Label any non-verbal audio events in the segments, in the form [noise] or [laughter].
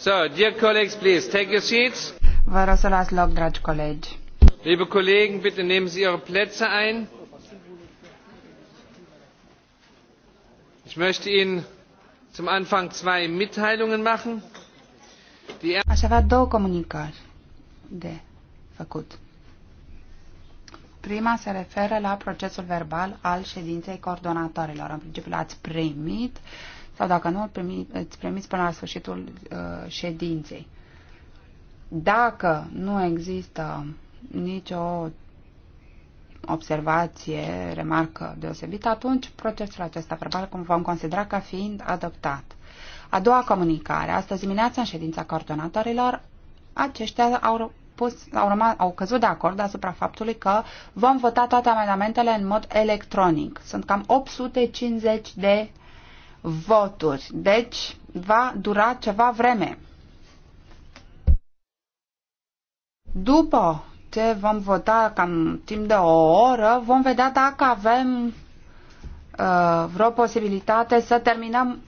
So, dear colleagues, please take your seats. Vă rog să luați loc, dragi colegi. Liebe Kollegen, bitte nehmen Sie Ihre Plätze ein. Ich möchte Ihnen zum Anfang zwei Mitteilungen machen. Die er- Aș avea două comunicări de făcut. Prima se referă la procesul verbal al ședinței coordonatorilor. În principiu l-ați primit. Uh, sau dacă nu, primi, îți primiți până la sfârșitul uh, ședinței. Dacă nu există nicio observație, remarcă deosebită, atunci procesul acesta verbal cum vom considera ca fiind adoptat. A doua comunicare. Astăzi dimineața, în ședința coordonatorilor, aceștia au, pus, au, rămas, au căzut de acord asupra faptului că vom vota toate amendamentele în mod electronic. Sunt cam 850 de voturi. Deci, va dura ceva vreme. După ce vom vota cam timp de o oră, vom vedea dacă avem uh, vreo posibilitate să terminăm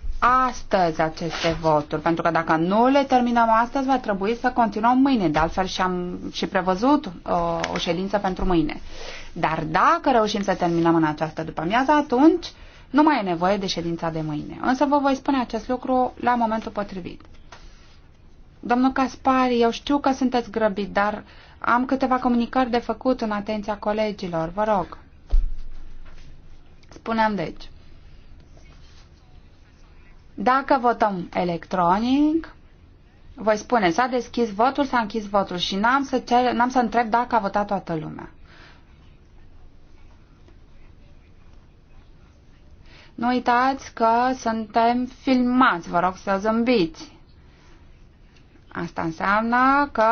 astăzi aceste voturi, pentru că dacă nu le terminăm astăzi, va trebui să continuăm mâine. De altfel și-am și prevăzut uh, o ședință pentru mâine. Dar dacă reușim să terminăm în această după amiază, atunci nu mai e nevoie de ședința de mâine, însă vă voi spune acest lucru la momentul potrivit. Domnul Caspari, eu știu că sunteți grăbit, dar am câteva comunicări de făcut în atenția colegilor, vă rog. Spuneam deci. Dacă votăm electronic, voi spune, s-a deschis votul, s-a închis votul și n-am să, cer, n-am să întreb dacă a votat toată lumea. Nu uitați că suntem filmați, vă rog să zâmbiți. Asta înseamnă că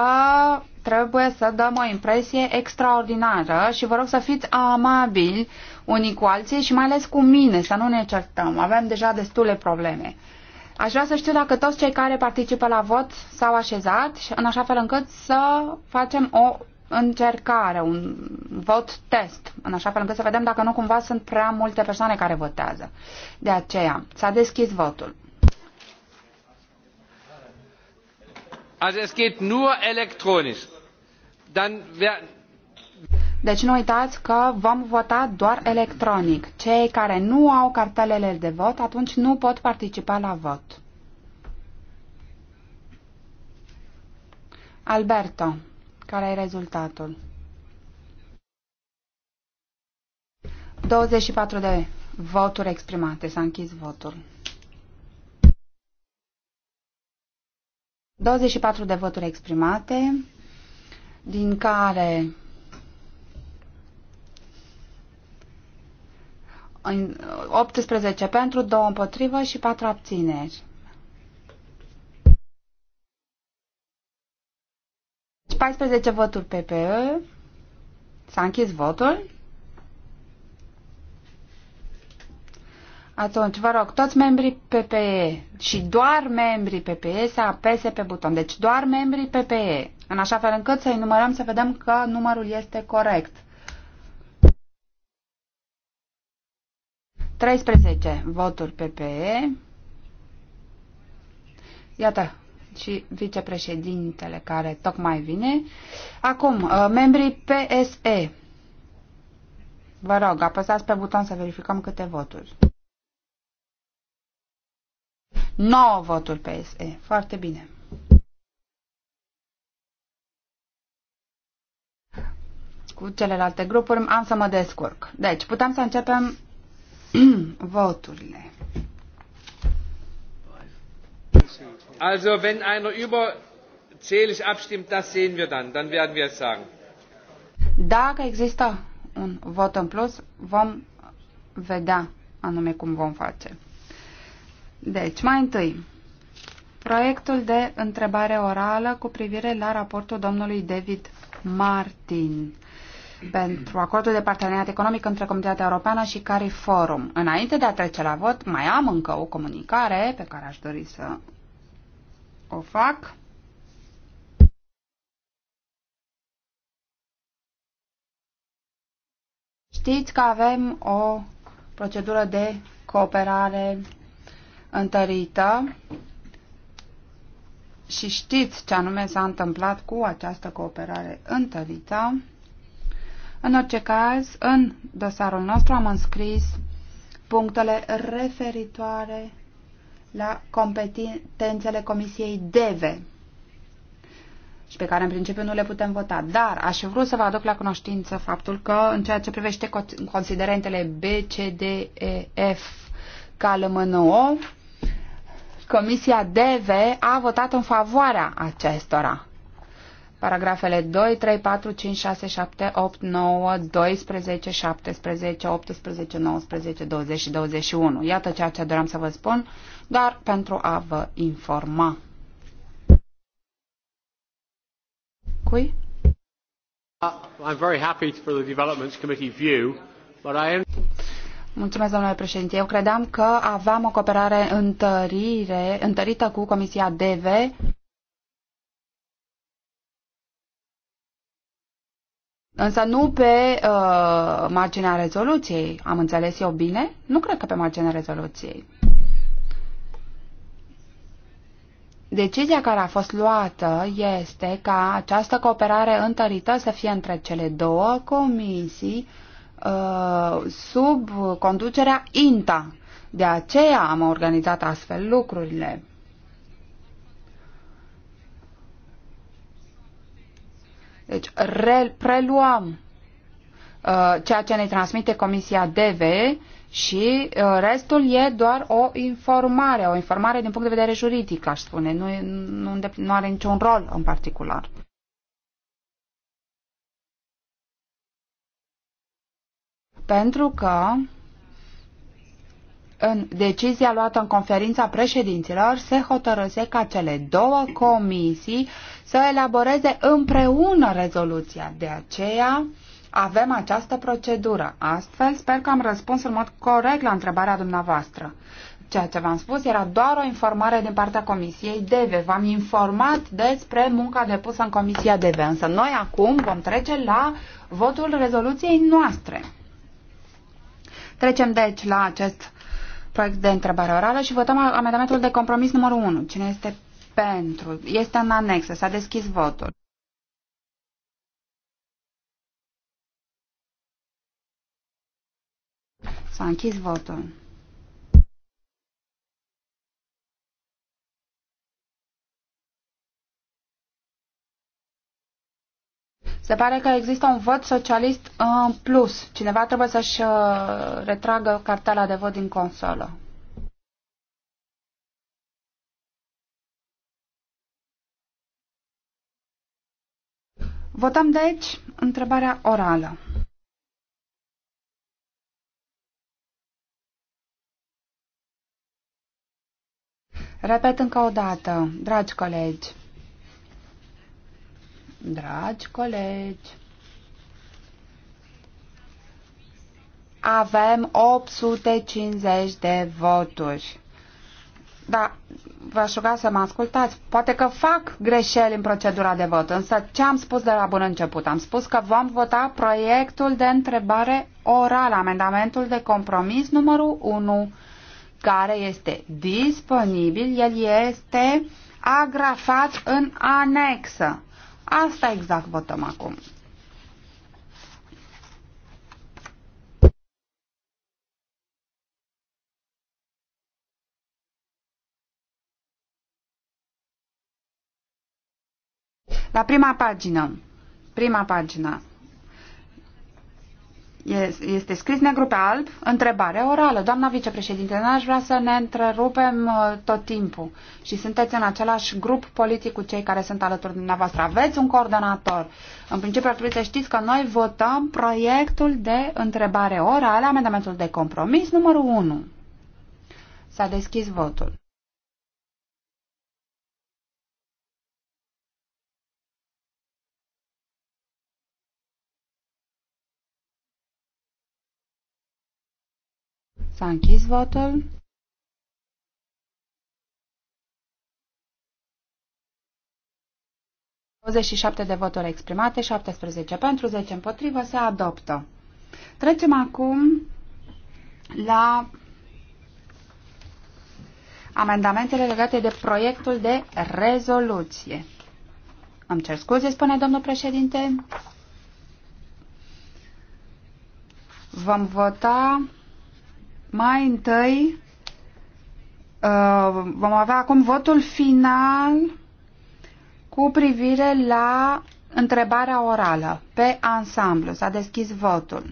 trebuie să dăm o impresie extraordinară și vă rog să fiți amabili unii cu alții și mai ales cu mine, să nu ne certăm. Avem deja destule probleme. Aș vrea să știu dacă toți cei care participă la vot s-au așezat în așa fel încât să facem o încercare, un vot test, în așa fel încât să vedem dacă nu cumva sunt prea multe persoane care votează. De aceea, s-a deschis votul. Also es geht nur elektronisch. Dann wer... Deci nu uitați că vom vota doar electronic. Cei care nu au cartelele de vot, atunci nu pot participa la vot. Alberto care e rezultatul. 24 de voturi exprimate. S-a închis votul. 24 de voturi exprimate, din care în 18 pentru, 2 împotrivă și 4 abțineri. 14 voturi PPE. S-a închis votul. Atunci, vă rog, toți membrii PPE și doar membrii PPE să apese pe buton. Deci doar membrii PPE, în așa fel încât să numărăm să vedem că numărul este corect. 13 voturi PPE. Iată, și vicepreședintele care tocmai vine. Acum, uh, membrii PSE. Vă rog, apăsați pe buton să verificăm câte voturi. 9 voturi PSE. Foarte bine. Cu celelalte grupuri am să mă descurc. Deci, putem să începem [clears throat] voturile. Also, wenn einer überzählig abstimmt, das sehen wir dann. Dann werden wir es sagen. Dacă există un vot în plus, vom vedea anume cum vom face. Deci, mai întâi, proiectul de întrebare orală cu privire la raportul domnului David Martin pentru acordul de parteneriat economic între Comunitatea Europeană și CARIFORUM. Înainte de a trece la vot, mai am încă o comunicare pe care aș dori să o fac. Știți că avem o procedură de cooperare întărită și știți ce anume s-a întâmplat cu această cooperare întărită. În orice caz, în dosarul nostru am înscris punctele referitoare la competențele Comisiei DEVE și pe care în principiu nu le putem vota. Dar aș vrea să vă aduc la cunoștință faptul că în ceea ce privește considerentele B, C, D, E, F, O, Comisia DEVE a votat în favoarea acestora paragrafele 2, 3, 4, 5, 6, 7, 8, 9, 12, 17, 18, 19, 20 și 21. Iată ceea ce doream să vă spun, doar pentru a vă informa. Cui? I'm very happy for the Developments Committee view, but I am... Mulțumesc, domnule președinte. Eu credeam că aveam o cooperare întărire, întărită cu Comisia DV Însă nu pe uh, marginea rezoluției. Am înțeles eu bine? Nu cred că pe marginea rezoluției. Decizia care a fost luată este ca această cooperare întărită să fie între cele două comisii uh, sub conducerea INTA. De aceea am organizat astfel lucrurile. Deci re, preluăm uh, ceea ce ne transmite Comisia DV și uh, restul e doar o informare, o informare din punct de vedere juridic, aș spune. Nu, nu, nu are niciun rol în particular. Pentru că în decizia luată în conferința președinților, se hotărăse ca cele două comisii să elaboreze împreună rezoluția. De aceea avem această procedură. Astfel, sper că am răspuns în mod corect la întrebarea dumneavoastră. Ceea ce v-am spus era doar o informare din partea Comisiei DEVE. V-am informat despre munca depusă în Comisia DEVE, însă noi acum vom trece la votul rezoluției noastre. Trecem deci la acest proiect de întrebare orală și votăm amendamentul de compromis numărul 1. Cine este pentru? Este în anexă. S-a deschis votul. S-a închis votul. Se pare că există un vot socialist în plus. Cineva trebuie să-și uh, retragă cartela de vot din consolă. Votăm deci întrebarea orală. Repet încă o dată, dragi colegi, Dragi colegi, avem 850 de voturi. Da, v-aș ruga să mă ascultați. Poate că fac greșeli în procedura de vot, însă ce am spus de la bun început? Am spus că vom vota proiectul de întrebare oral, amendamentul de compromis numărul 1, care este disponibil, el este agrafat în anexă. Asta exact votăm acum. La prima pagină. Prima pagină. Este scris negru pe alb, întrebare orală. Doamna vicepreședinte, n-aș vrea să ne întrerupem uh, tot timpul și sunteți în același grup politic cu cei care sunt alături dumneavoastră. Aveți un coordonator. În principiu ar trebui să știți că noi votăm proiectul de întrebare orală, amendamentul de compromis numărul 1. S-a deschis votul. S-a închis votul. șapte de voturi exprimate, 17 pentru, 10 împotrivă, se adoptă. Trecem acum la amendamentele legate de proiectul de rezoluție. Îmi cer scuze, spune domnul președinte. Vom vota mai întâi uh, vom avea acum votul final cu privire la întrebarea orală. Pe ansamblu s-a deschis votul.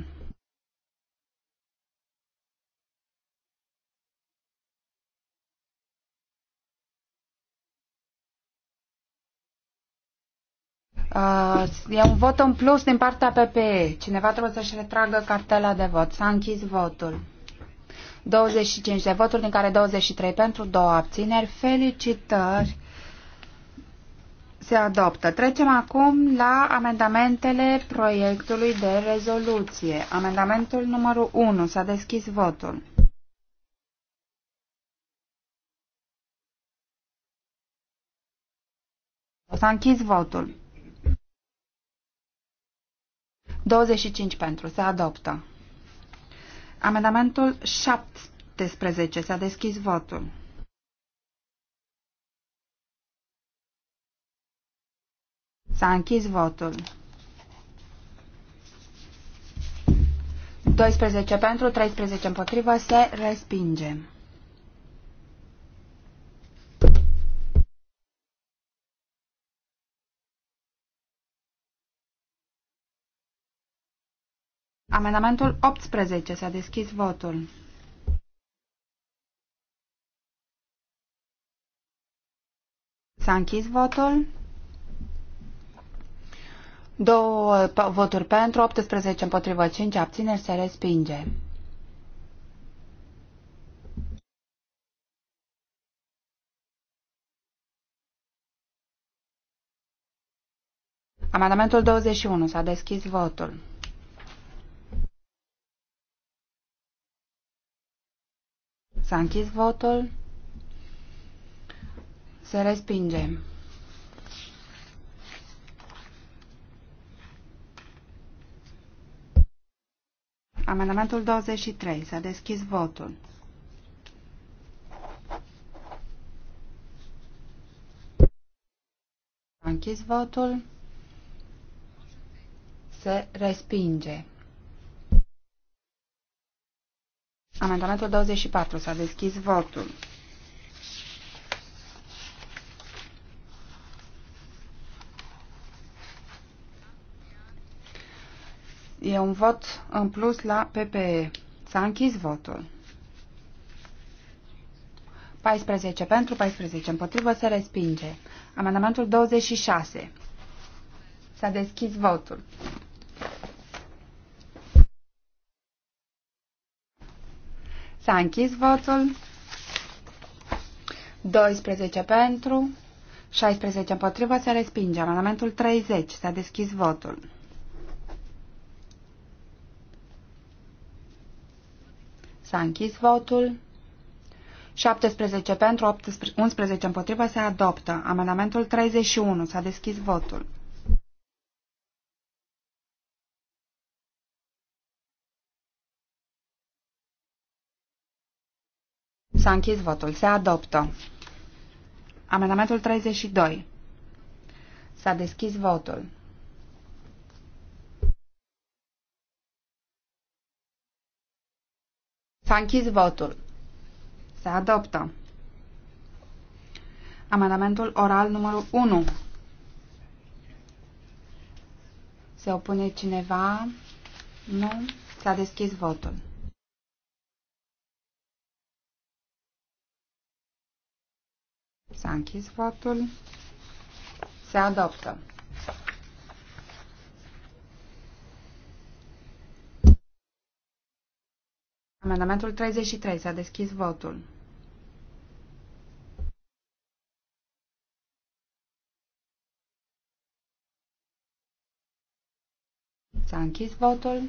Uh, e un vot în plus din partea PPE. Cineva trebuie să-și retragă cartela de vot. S-a închis votul. 25 de voturi, din care 23 pentru, două abțineri. Felicitări! Se adoptă. Trecem acum la amendamentele proiectului de rezoluție. Amendamentul numărul 1. S-a deschis votul. S-a închis votul. 25 pentru. Se adoptă. Amendamentul 17. S-a deschis votul. S-a închis votul. 12 pentru, 13 împotrivă, se respinge. Amendamentul 18. S-a deschis votul. S-a închis votul. Două voturi pentru, 18 împotrivă, 5 abțineri, se respinge. Amendamentul 21. S-a deschis votul. S-a închis votul. Se respinge. Amendamentul 23. S-a deschis votul. S-a închis votul. Se respinge. Amendamentul 24. S-a deschis votul. E un vot în plus la PPE. S-a închis votul. 14 pentru, 14 împotrivă, se respinge. Amendamentul 26. S-a deschis votul. S-a închis votul. 12 pentru, 16 împotrivă, se respinge. Amendamentul 30. S-a deschis votul. S-a închis votul. 17 pentru, 18, 11 împotrivă, se adoptă. Amendamentul 31. S-a deschis votul. S-a închis votul. Se adoptă. Amendamentul 32. S-a deschis votul. S-a închis votul. Se adoptă. Amendamentul oral numărul 1. Se opune cineva? Nu. S-a deschis votul. S-a închis votul. Se adoptă. Amendamentul 33. S-a deschis votul. S-a închis votul.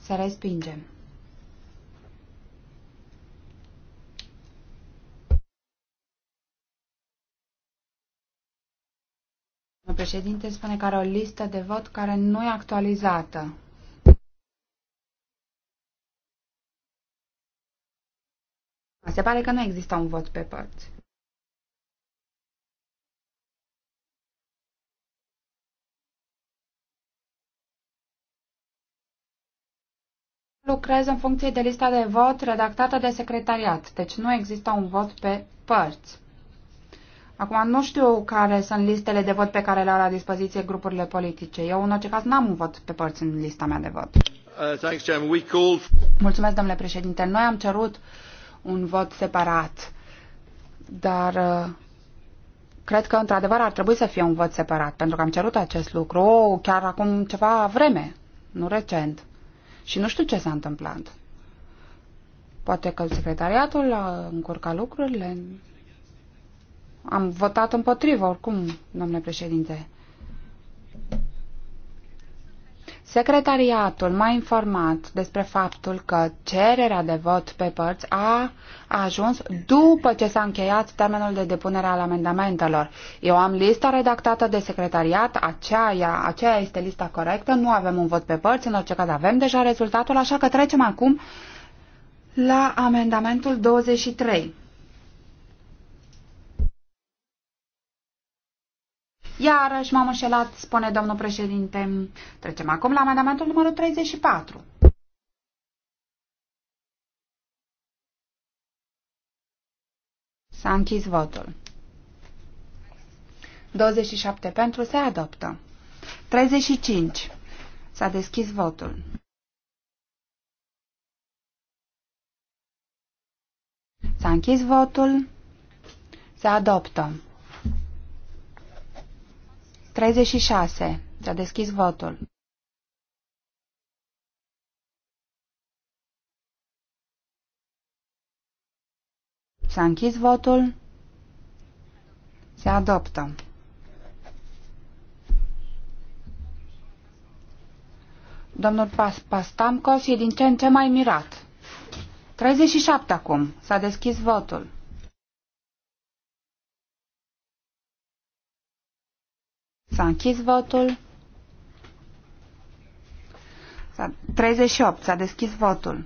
Se respinge. Domnul președinte spune că are o listă de vot care nu e actualizată. Se pare că nu există un vot pe părți. Lucrez în funcție de lista de vot redactată de secretariat, deci nu există un vot pe părți. Acum nu știu care sunt listele de vot pe care le au la dispoziție grupurile politice. Eu, în orice caz, n-am un vot pe părți în lista mea de vot. Uh, thanks, called... Mulțumesc, domnule președinte. Noi am cerut un vot separat, dar uh, cred că, într-adevăr, ar trebui să fie un vot separat, pentru că am cerut acest lucru chiar acum ceva vreme, nu recent. Și nu știu ce s-a întâmplat. Poate că secretariatul a încurcat lucrurile, am votat împotrivă, oricum, domnule președinte. Secretariatul m-a informat despre faptul că cererea de vot pe părți a ajuns după ce s-a încheiat termenul de depunere al amendamentelor. Eu am lista redactată de secretariat, aceea, aceea este lista corectă, nu avem un vot pe părți, în orice caz avem deja rezultatul, așa că trecem acum la amendamentul 23. Iarăși m-am înșelat, spune domnul președinte. Trecem acum la amendamentul numărul 34. S-a închis votul. 27 pentru se adoptă. 35. S-a deschis votul. S-a închis votul. Se adoptă. 36. S-a deschis votul. S-a închis votul. Se adoptă. Domnul Pas Pastamcos e din ce în ce mai mirat. 37 acum. S-a deschis votul. S-a închis votul. 38. S-a deschis votul.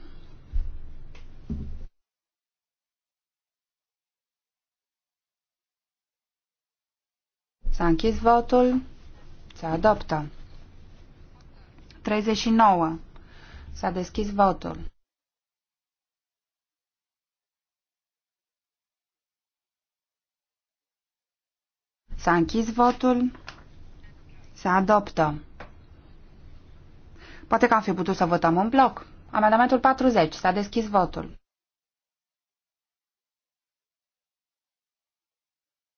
S-a închis votul. Se adoptă. 39. S-a deschis votul. S-a închis votul. Se adoptă. Poate că am fi putut să votăm în bloc. Amendamentul 40. S-a deschis votul.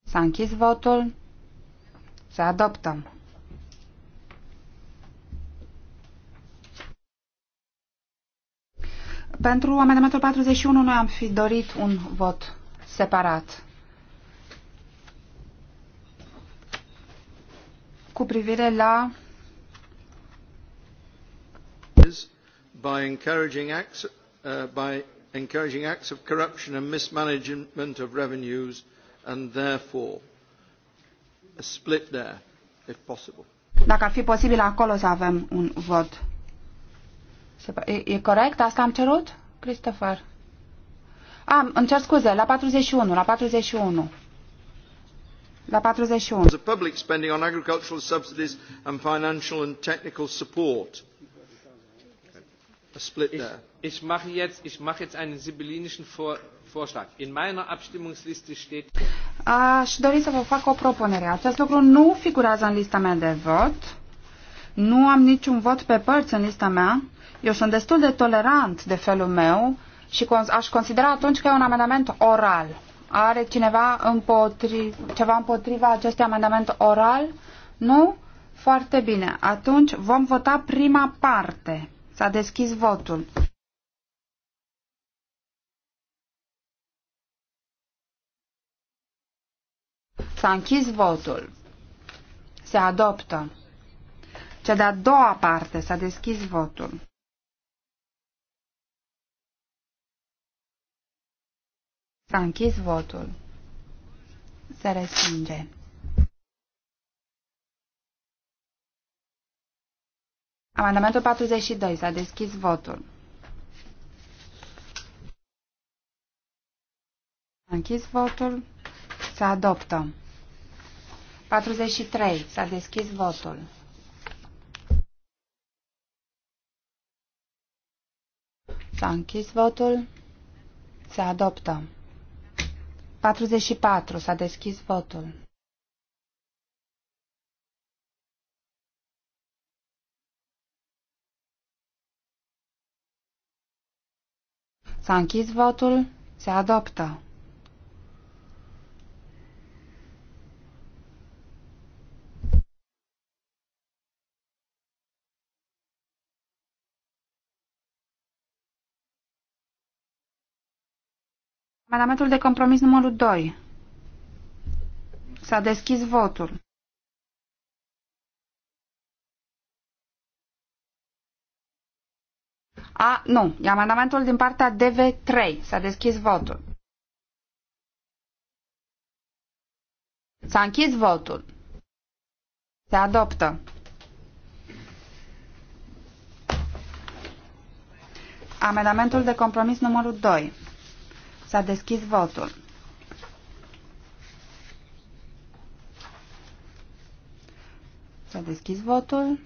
S-a închis votul. Se adoptă. Pentru amendamentul 41 noi am fi dorit un vot separat. cu privire la by encouraging acts, uh, by encouraging acts of corruption and mismanagement of revenues and therefore a split there if possible. Dacă ar fi posibil acolo să avem un vot. E, e corect? Asta am cerut? Christopher. Am, îmi cer scuze, la 41, la 41. La 41. Public spending on agricultural subsidies and financial and technical support. A split ich mache jetzt, ich mache jetzt einen sibyllinischen Vor Vorschlag. In meiner Abstimmungsliste steht. Aș dori să vă fac o propunere. Acest lucru nu figurează în lista mea de vot. Nu am niciun vot pe părți în lista mea. Eu sunt destul de tolerant de felul meu și aș considera atunci că e un amendament oral. Are cineva împotri, ceva împotriva acestui amendament oral? Nu? Foarte bine. Atunci vom vota prima parte. S-a deschis votul. S-a închis votul. Se adoptă. Cea de-a doua parte s-a deschis votul. S-a închis votul. Se respinge. Amendamentul 42. S-a deschis votul. S-a închis votul. Se adoptă. 43. S-a deschis votul. S-a închis votul. Se adoptă. 44. S-a deschis votul. S-a închis votul. Se adoptă. Amendamentul de compromis numărul 2. S-a deschis votul. A, nu, e amendamentul din partea DV3. S-a deschis votul. S-a închis votul. Se adoptă. Amendamentul de compromis numărul 2. S-a deschis votul. S-a deschis votul.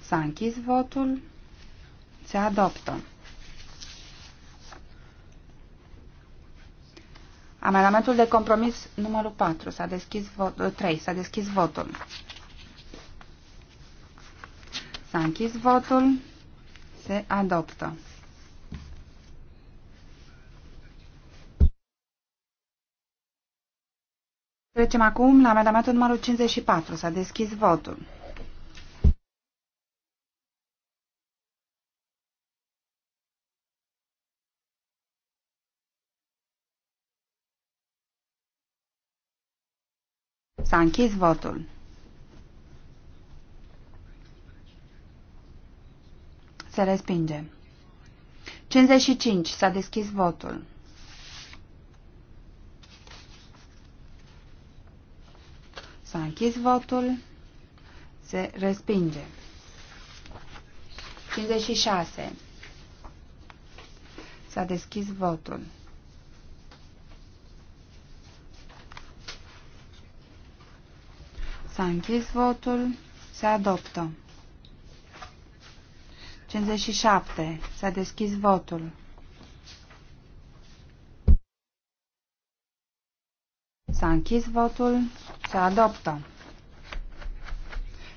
S-a închis votul. Se adoptă. Amendamentul de compromis numărul 4. S-a deschis votul. 3. Ă, S-a deschis votul. S-a închis votul. Se adoptă. Trecem acum la amendamentul numărul 54. S-a deschis votul. S-a închis votul. Se respinge. 55. S-a deschis votul. S-a închis votul. Se respinge. 56. S-a deschis votul. S-a închis votul. Se adoptă. 57. S-a deschis votul. S-a închis votul. Se adoptă.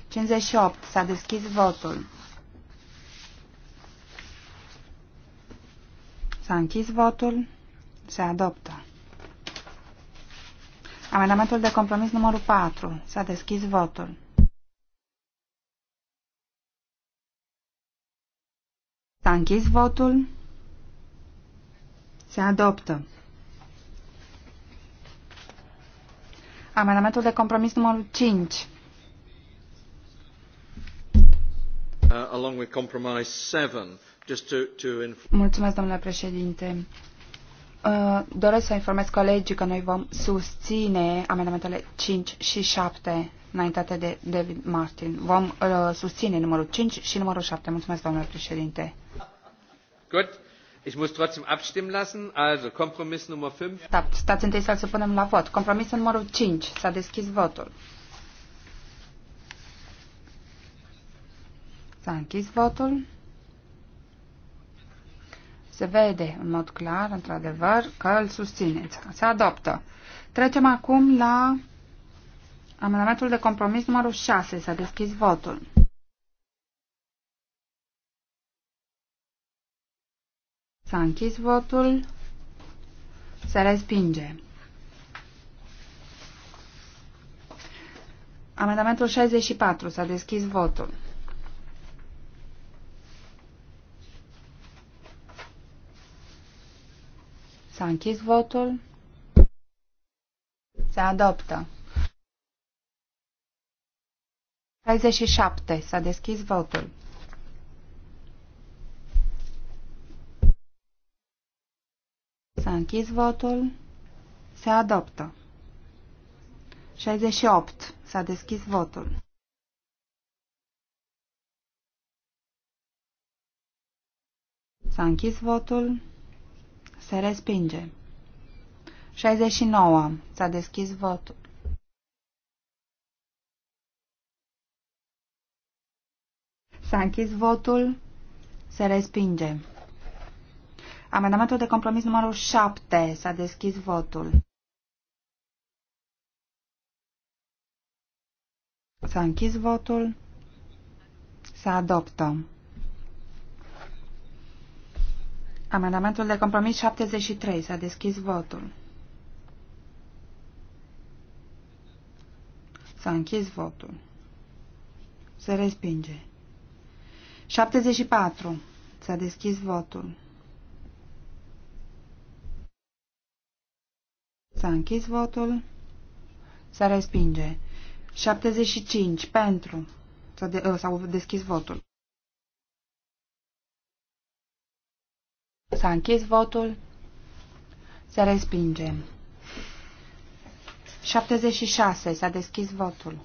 58. S-a deschis votul. S-a închis votul. Se adoptă. Amendamentul de compromis numărul 4. S-a deschis votul. S-a închis votul. Se adoptă. Amendamentul de compromis numărul 5. Uh, along with compromise 7, just to, to Mulțumesc, domnule președinte. Uh, doresc să informez colegii că noi vom susține amendamentele 5 și 7 înaintate de David Martin. Vom uh, susține numărul 5 și numărul 7. Mulțumesc, domnule președinte. Good. Ich muss trotzdem abstimmen lassen. Also, compromis numărul 5. Da, stați întâi să-l supunem la vot. Compromisul numărul 5. S-a deschis votul. S-a închis votul. Se vede în mod clar, într-adevăr, că îl susțineți. Se adoptă. Trecem acum la amendamentul de compromis numărul 6. S-a deschis votul. S-a închis votul. Se respinge. Amendamentul 64. S-a deschis votul. S-a închis votul. Se adoptă. 67. S-a deschis votul. S-a închis votul. Se adoptă. 68. S-a deschis votul. S-a închis votul. Se respinge. 69. S-a deschis votul. S-a închis votul. Se respinge. Amendamentul de compromis numărul 7. S-a deschis votul. S-a închis votul. Să adoptă. Amendamentul de compromis 73. S-a deschis votul. S-a închis votul. Se respinge. 74. S-a deschis votul. S-a închis votul. Se respinge. 75 pentru. S-a, de, uh, deschis votul. S-a închis votul. Se respinge. 76. S-a deschis votul.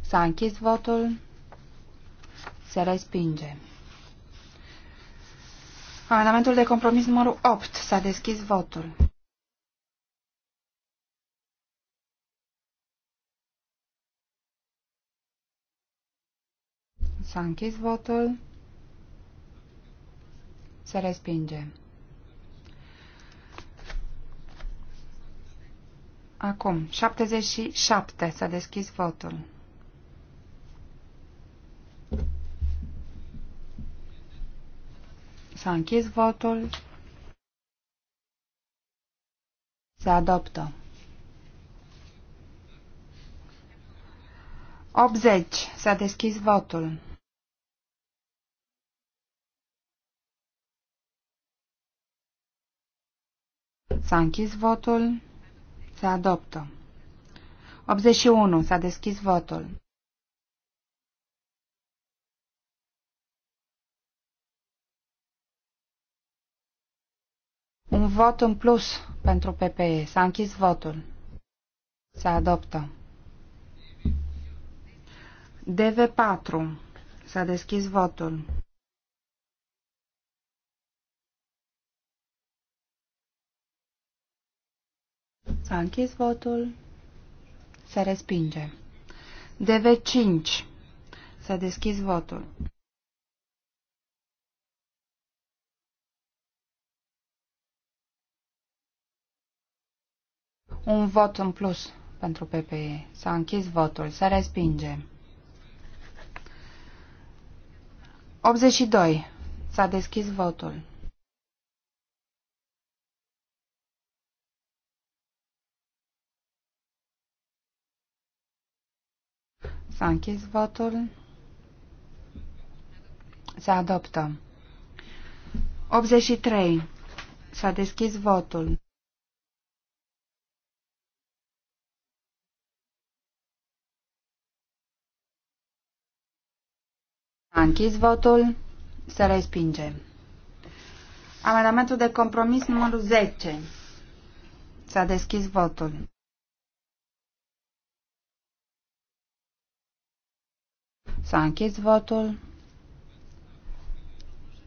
S-a închis votul. Se respinge. Amendamentul de compromis numărul 8. S-a deschis votul. S-a închis votul. Se respinge. Acum, 77. S-a deschis votul. S-a închis votul. Se adoptă. 80. S-a deschis votul. S-a închis votul. Se adoptă. 81. S-a deschis votul. Un vot în plus pentru PPE. S-a închis votul. Se adoptă. DV4. S-a deschis votul. S-a închis votul. Se respinge. DV5. S-a deschis votul. Un vot în plus pentru PPE. S-a închis votul. Se respinge. 82. S-a deschis votul. S-a închis votul. Se adoptă. 83. S-a deschis votul. A închis votul. Se respinge. Amendamentul de compromis numărul 10. S-a deschis votul. S-a închis votul.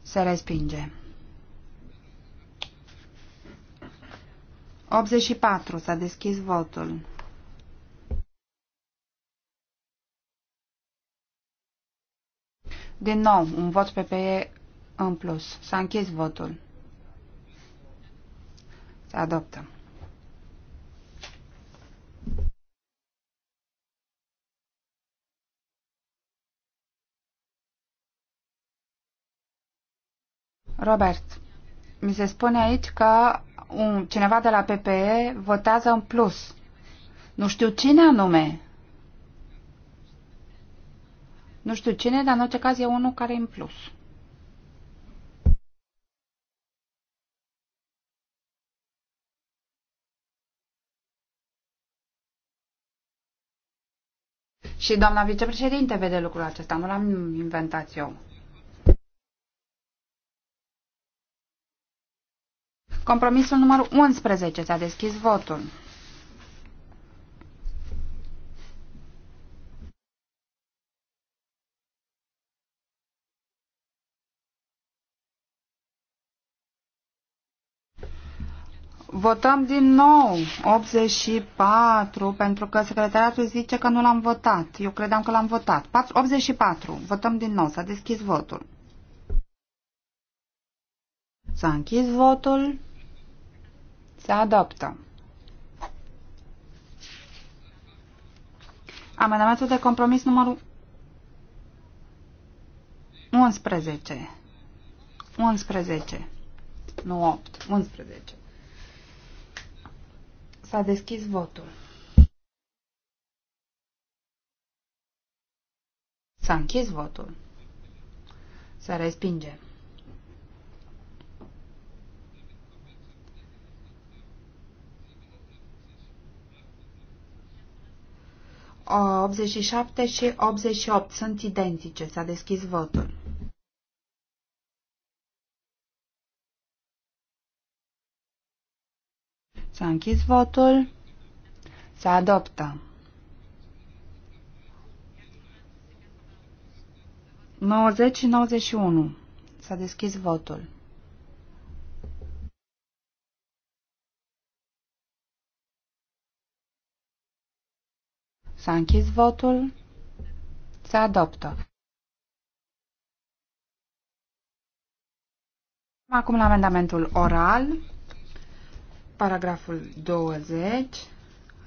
Se respinge. 84. S-a deschis votul. Din nou, un vot PPE în plus. S-a închis votul. Se adoptă. Robert, mi se spune aici că un, cineva de la PPE votează în plus. Nu știu cine anume nu știu cine, dar în orice caz e unul care e în plus. Și doamna vicepreședinte vede lucrul acesta, nu l-am inventat eu. Compromisul numărul 11 s-a deschis votul. Votăm din nou 84, pentru că secretariatul zice că nu l-am votat. Eu credeam că l-am votat. 84. Votăm din nou. S-a deschis votul. S-a închis votul. Se adoptă. Amendamentul de compromis numărul 11. 11. Nu 8. 11. S-a deschis votul. S-a închis votul. Se respinge. O, 87 și 88 sunt identice. S-a deschis votul. S-a închis votul. Se adoptă. 90 și 91. S-a deschis votul. S-a închis votul. Se adoptă. Acum la amendamentul oral. Paragraful 20.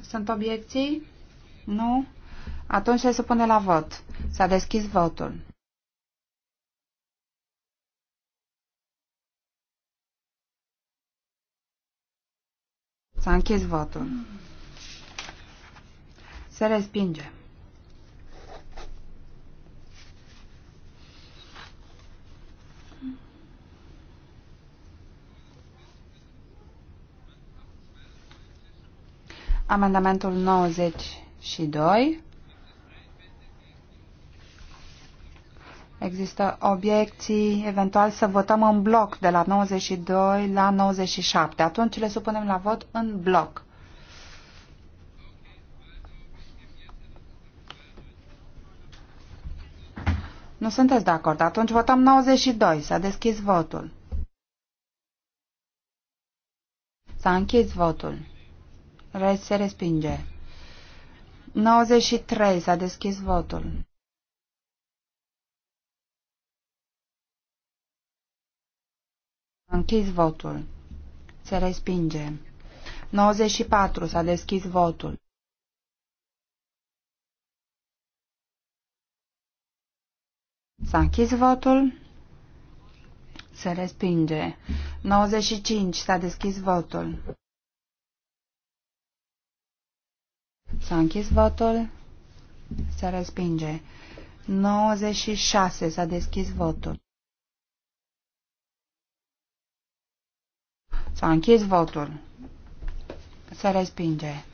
Sunt obiecții? Nu? Atunci se supune la vot. S-a deschis votul. S-a închis votul. Se respinge. Amendamentul 92. Există obiecții, eventual să votăm în bloc de la 92 la 97. Atunci le supunem la vot în bloc. Nu sunteți de acord. Atunci votăm 92. S-a deschis votul. S-a închis votul. Se respinge. 93. S-a deschis votul. Închis votul. Se respinge. 94. S-a deschis votul. S-a închis votul. Se respinge. 95. S-a deschis votul. S-a închis votul. Se respinge. 96. S-a deschis votul. S-a închis votul. Se respinge.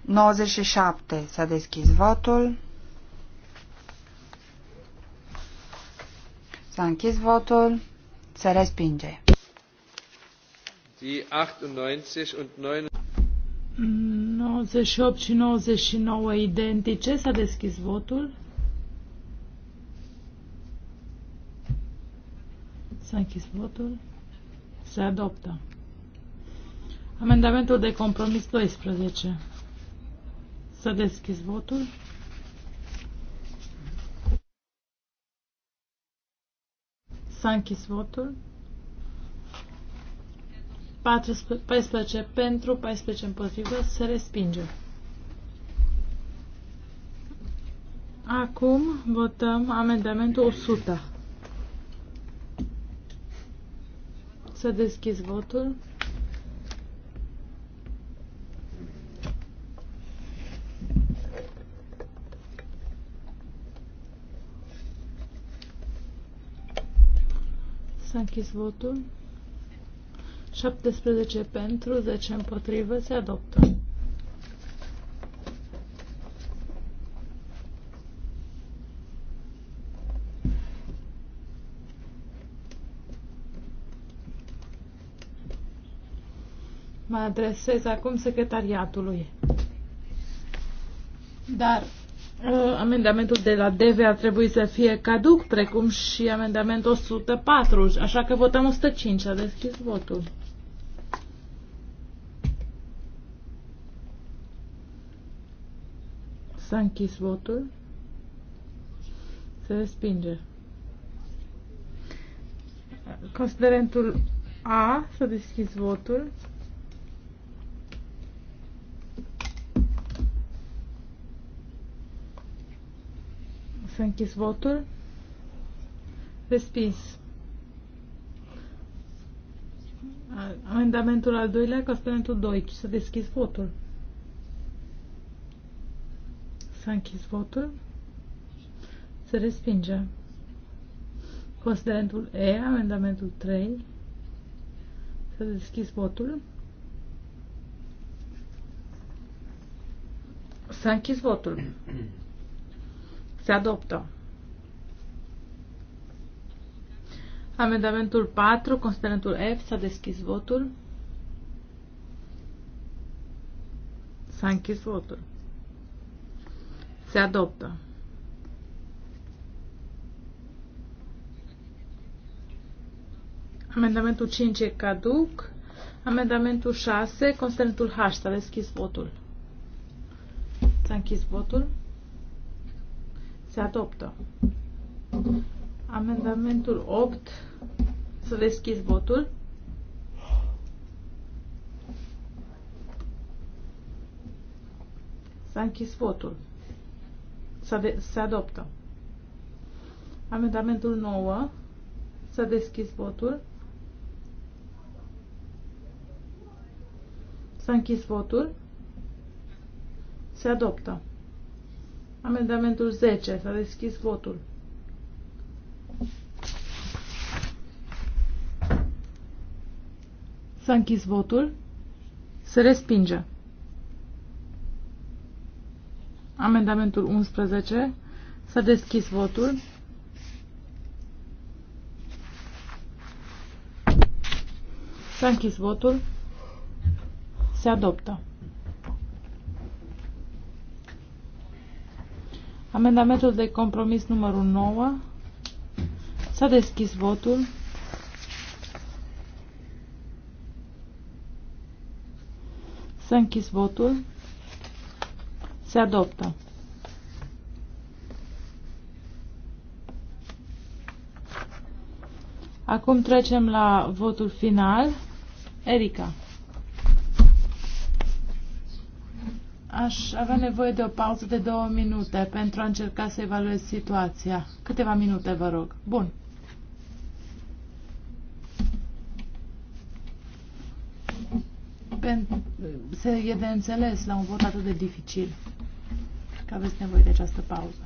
97. S-a deschis votul. S-a închis votul. Se respinge. Die 98 und 9 mm, 98 și 99 identice. S-a deschis votul. S-a închis votul. Se adoptă. Amendamentul de compromis 12. S-a deschis votul. S-a închis votul. 14 pentru, 14 împotrivă, se respinge. Acum votăm amendamentul 100. Să deschis votul. S-a închis votul. 17 pentru, 10 împotrivă, se adoptă. Mă adresez acum secretariatului. Dar uh, amendamentul de la DV ar trebui să fie caduc, precum și amendamentul 104, așa că votăm 105. A deschis votul. S-a închis votul. Se respinge. Considerentul A, să deschis votul. S-a închis votul. Respins. Amendamentul al doilea, considerentul 2, să deschis votul. S-a închis votul. Se respinge. Considerentul E, amendamentul 3. S-a deschis votul. S-a închis votul. Se adoptă. Amendamentul 4, considerentul F, s-a deschis votul. S-a închis votul. Se adoptă. Amendamentul 5 e caduc. Amendamentul 6, constantul H, s-a deschis votul. S-a închis votul. Se adoptă. Amendamentul 8, s-a deschis votul. S-a închis votul se adoptă. Amendamentul 9. să deschis votul. S-a închis votul. Se adoptă. Amendamentul 10. S-a deschis votul. S-a închis votul. Se respinge. Amendamentul 11. S-a deschis votul. S-a închis votul. Se adoptă. Amendamentul de compromis numărul 9. S-a deschis votul. S-a închis votul. Se adoptă. Acum trecem la votul final. Erika. Aș avea nevoie de o pauză de două minute pentru a încerca să evaluez situația. Câteva minute, vă rog. Bun. Se e de înțeles la un vot atât de dificil că aveți nevoie de această pauză.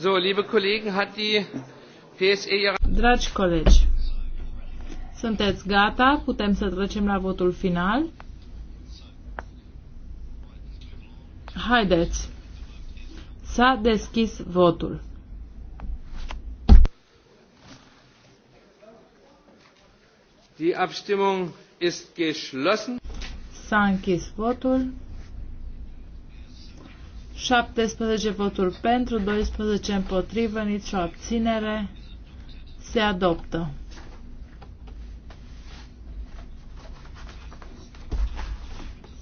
So, liebe Kollegen, Dragi colegi, sunteți gata? Putem să trecem la votul final? Haideți! S-a deschis votul. Die Abstimmung ist geschlossen. S-a închis votul. 17 voturi pentru, 12 împotrivă, nicio abținere. Se adoptă.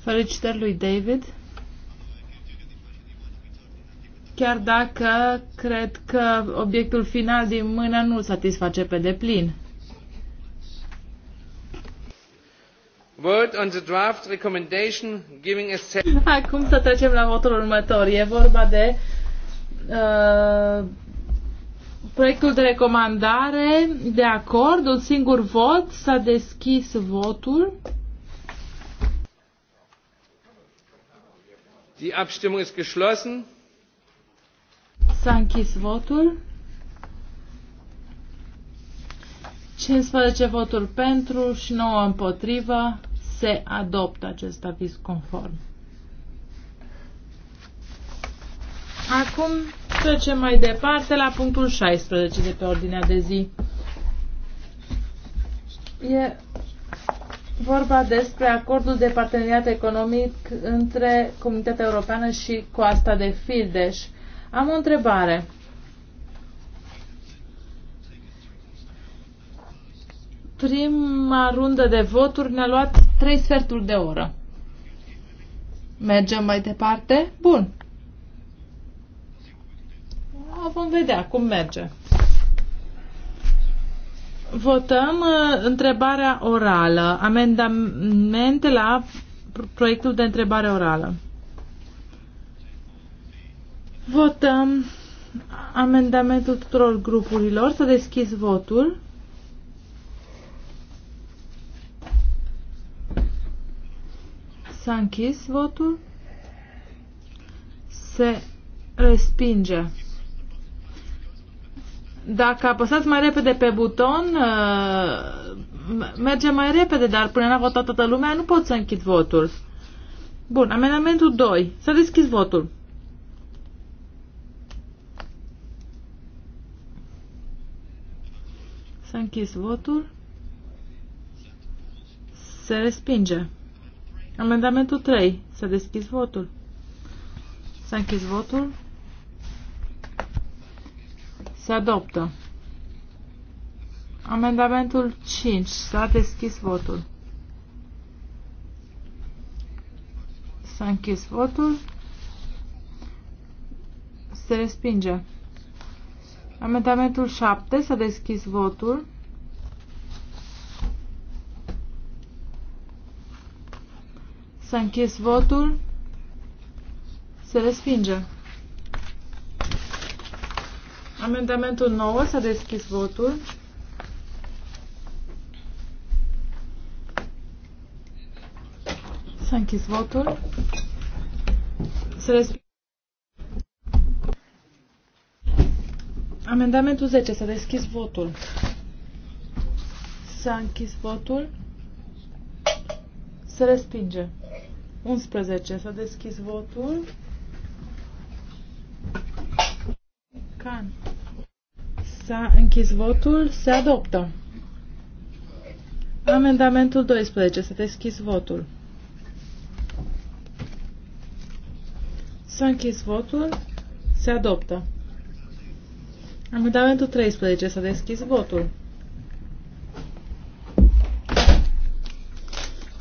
Felicitări lui David. Chiar dacă cred că obiectul final din mână nu satisface pe deplin. on the draft recommendation giving a... Acum să trecem la votul următor. E vorba de uh, proiectul de recomandare de acord, un singur vot, s-a deschis votul. Die Abstimmung ist geschlossen. S-a închis votul. 15 voturi pentru și 9 împotrivă se adoptă acest aviz conform. Acum trecem mai departe la punctul 16 de pe ordinea de zi. E vorba despre acordul de parteneriat economic între Comunitatea Europeană și Coasta de Fildeș. Am o întrebare. prima rundă de voturi ne-a luat trei sferturi de oră. Mergem mai departe? Bun. Vom vedea cum merge. Votăm uh, întrebarea orală, amendamente la proiectul de întrebare orală. Votăm amendamentul tuturor grupurilor. Să deschizi votul. S-a închis votul. Se respinge. Dacă apăsați mai repede pe buton, uh, merge mai repede, dar până n-a votat toată lumea, nu pot să închid votul. Bun, amendamentul 2. S-a deschis votul. S-a închis votul. Se respinge. Amendamentul 3. S-a deschis votul. S-a închis votul. Se adoptă. Amendamentul 5. S-a deschis votul. S-a închis votul. Se respinge. Amendamentul 7. S-a deschis votul. S-a închis votul. Se respinge. Amendamentul 9. S-a deschis votul. S-a închis votul. Se respinge. Amendamentul 10. S-a deschis votul. S-a închis votul. Se respinge. 11. S-a deschis votul. Can. S-a închis votul. Se adoptă. Amendamentul 12. S-a deschis votul. S-a închis votul. Se adoptă. Amendamentul 13. S-a deschis votul.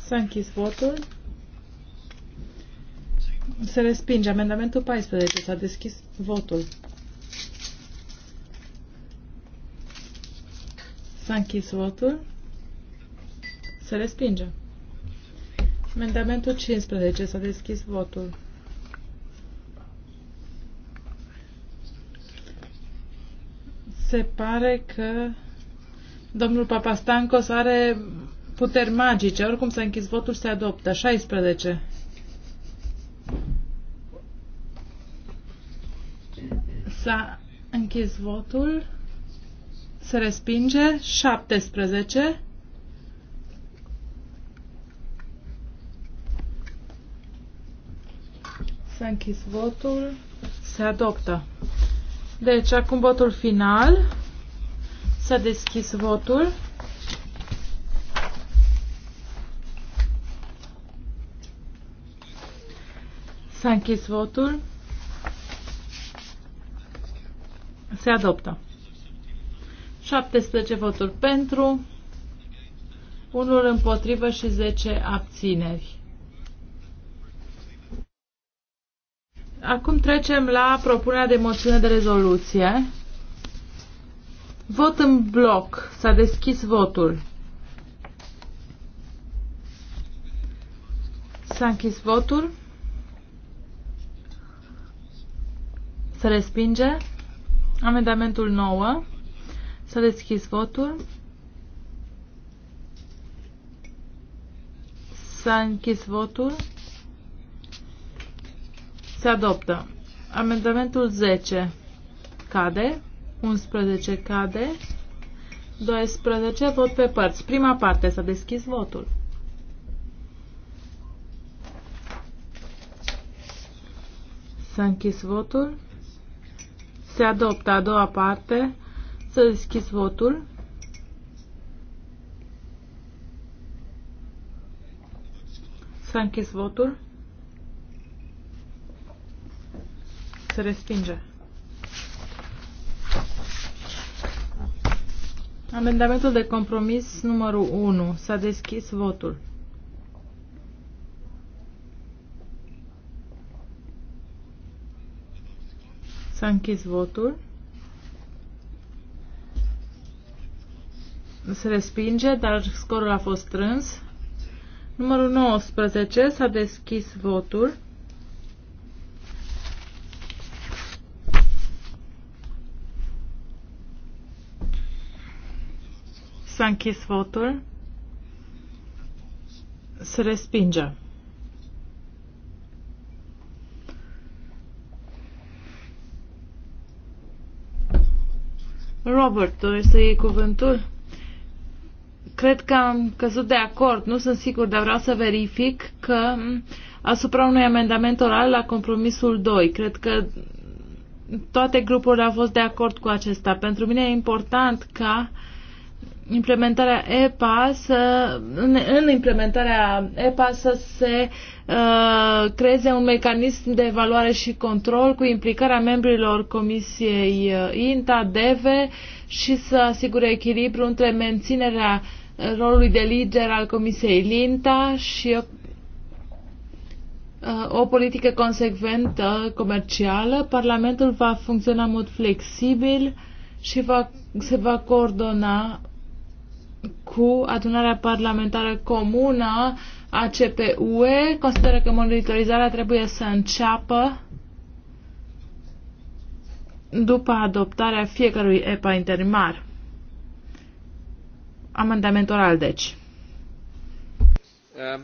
S-a închis votul. Se respinge amendamentul 14. S-a deschis votul. S-a închis votul. Se respinge. Amendamentul 15. S-a deschis votul. Se pare că domnul Papastancos are puteri magice. Oricum s-a închis votul, se adoptă. 16. S-a închis votul. Se respinge. 17. S-a închis votul. Se adoptă. Deci, acum votul final. S-a deschis votul. S-a închis votul. Se adoptă. 17 voturi pentru, unul împotrivă și 10 abțineri. Acum trecem la propunerea de moțiune de rezoluție. Vot în bloc. S-a deschis votul. S-a închis votul. Se respinge. Amendamentul 9. Să deschis votul. S-a închis votul. Se adoptă. Amendamentul 10 cade. 11 cade. 12 vot pe părți. Prima parte s-a deschis votul. S-a închis votul. Se adoptă a doua parte. Să deschis votul. S-a închis votul. Se respinge. Amendamentul de compromis numărul 1. S-a deschis votul. S-a închis votul. Se respinge, dar scorul a fost strâns. Numărul 19 s-a deschis votul. S-a închis votul. Se respinge. Robert, doresc să iei cuvântul? Cred că am căzut de acord, nu sunt sigur, dar vreau să verific că asupra unui amendament oral la compromisul 2. Cred că toate grupurile au fost de acord cu acesta. Pentru mine e important ca uh, implementarea EPA să, în, în implementarea EPA să se uh, creeze un mecanism de evaluare și control cu implicarea membrilor Comisiei uh, INTA, DEVE și să asigure echilibru între menținerea rolului de lider al Comisiei LINTA și o, uh, o politică consecventă comercială. Parlamentul va funcționa în mod flexibil și va, se va coordona cu adunarea parlamentară comună a CPUE. Consideră că monitorizarea trebuie să înceapă după adoptarea fiecărui EPA interimar. Amendament oral, deci. Um,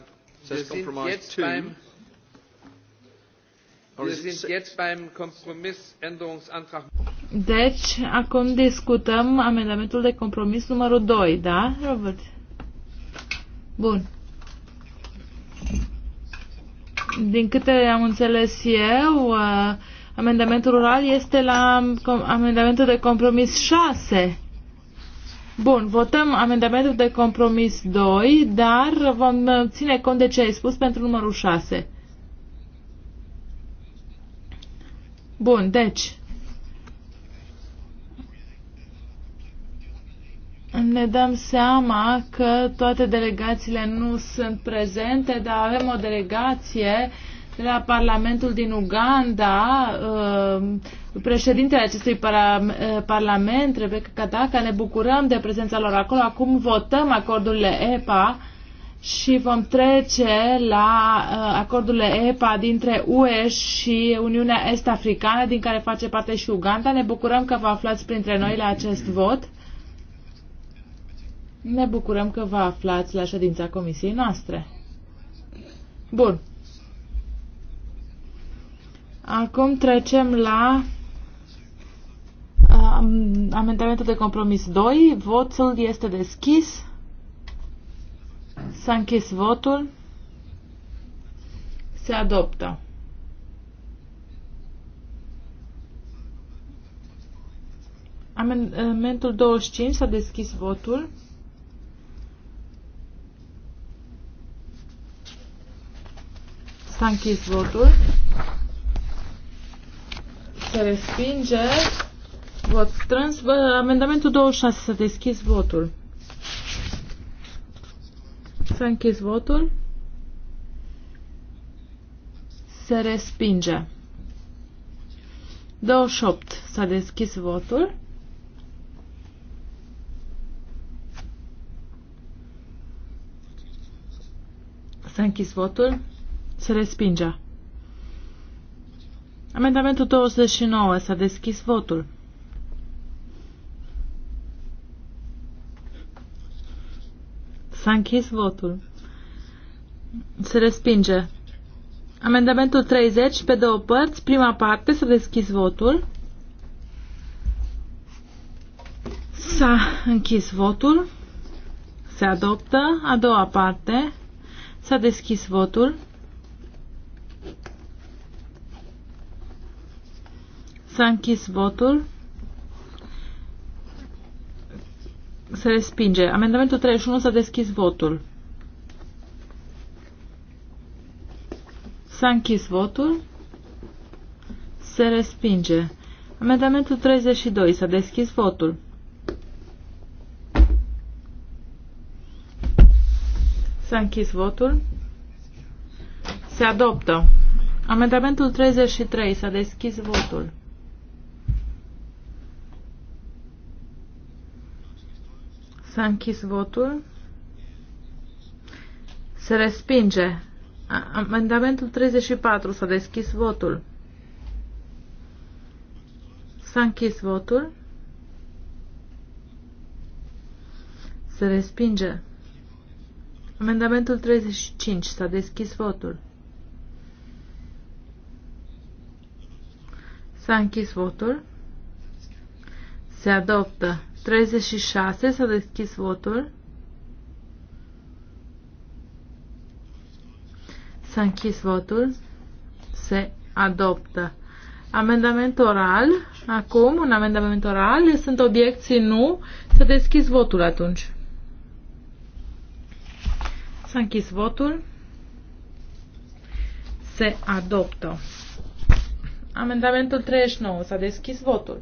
deci, acum discutăm amendamentul de compromis numărul 2, da, Robert? Bun. Din câte am înțeles eu, uh, amendamentul rural este la amendamentul de compromis 6. Bun, votăm amendamentul de compromis 2, dar vom ține cont de ce ai spus pentru numărul 6. Bun, deci, ne dăm seama că toate delegațiile nu sunt prezente, dar avem o delegație de la Parlamentul din Uganda, uh, președintele acestui uh, parlament, Rebecca Kadaka, ne bucurăm de prezența lor acolo. Acum votăm acordurile EPA și vom trece la uh, acordurile EPA dintre UE și Uniunea Est-Africană, din care face parte și Uganda. Ne bucurăm că vă aflați printre noi la acest vot. Ne bucurăm că vă aflați la ședința comisiei noastre. Bun. Acum trecem la uh, amendamentul de compromis 2. Votul este deschis. S-a închis votul. Se adoptă. Amendamentul 25 s-a deschis votul. S-a închis votul. Se respinge. Vot strâns. Amendamentul 26 s-a deschis votul. S-a închis votul. Se respinge. 28. S-a deschis votul. S-a închis votul. Se respinge. Amendamentul 29. S-a deschis votul. S-a închis votul. Se respinge. Amendamentul 30 pe două părți. Prima parte, să deschis votul. S-a închis votul. Se adoptă. A doua parte. S-a deschis votul. S-a închis votul. Se respinge. Amendamentul 31 s-a deschis votul. S-a închis votul. Se respinge. Amendamentul 32 s-a deschis votul. S-a închis votul. Se adoptă. Amendamentul 33 s-a deschis votul. S-a închis votul. Se respinge. Amendamentul 34. S-a deschis votul. S-a închis votul. Se respinge. Amendamentul 35. S-a deschis votul. S-a închis votul. Se adoptă. 36. S-a deschis votul. S-a închis votul. Se adoptă. Amendament oral. Acum, un amendament oral. Sunt obiecții? Nu. Să deschis votul atunci. S-a închis votul. Se adoptă. Amendamentul 39. S-a deschis votul.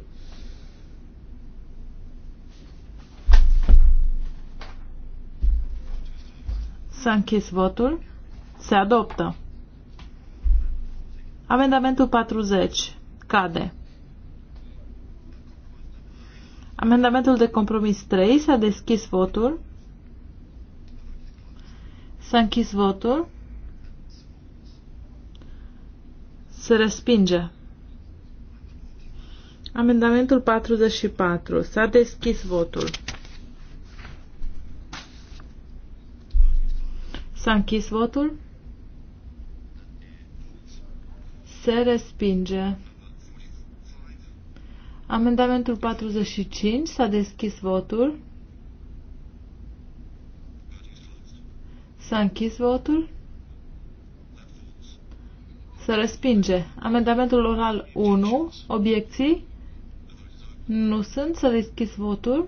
S-a închis votul. Se adoptă. Amendamentul 40. Cade. Amendamentul de compromis 3. S-a deschis votul. S-a închis votul. Se respinge. Amendamentul 44. S-a deschis votul. S-a închis votul. Se respinge. Amendamentul 45. S-a deschis votul. S-a închis votul. Se respinge. Amendamentul oral 1. Obiecții? Nu sunt. S-a deschis votul.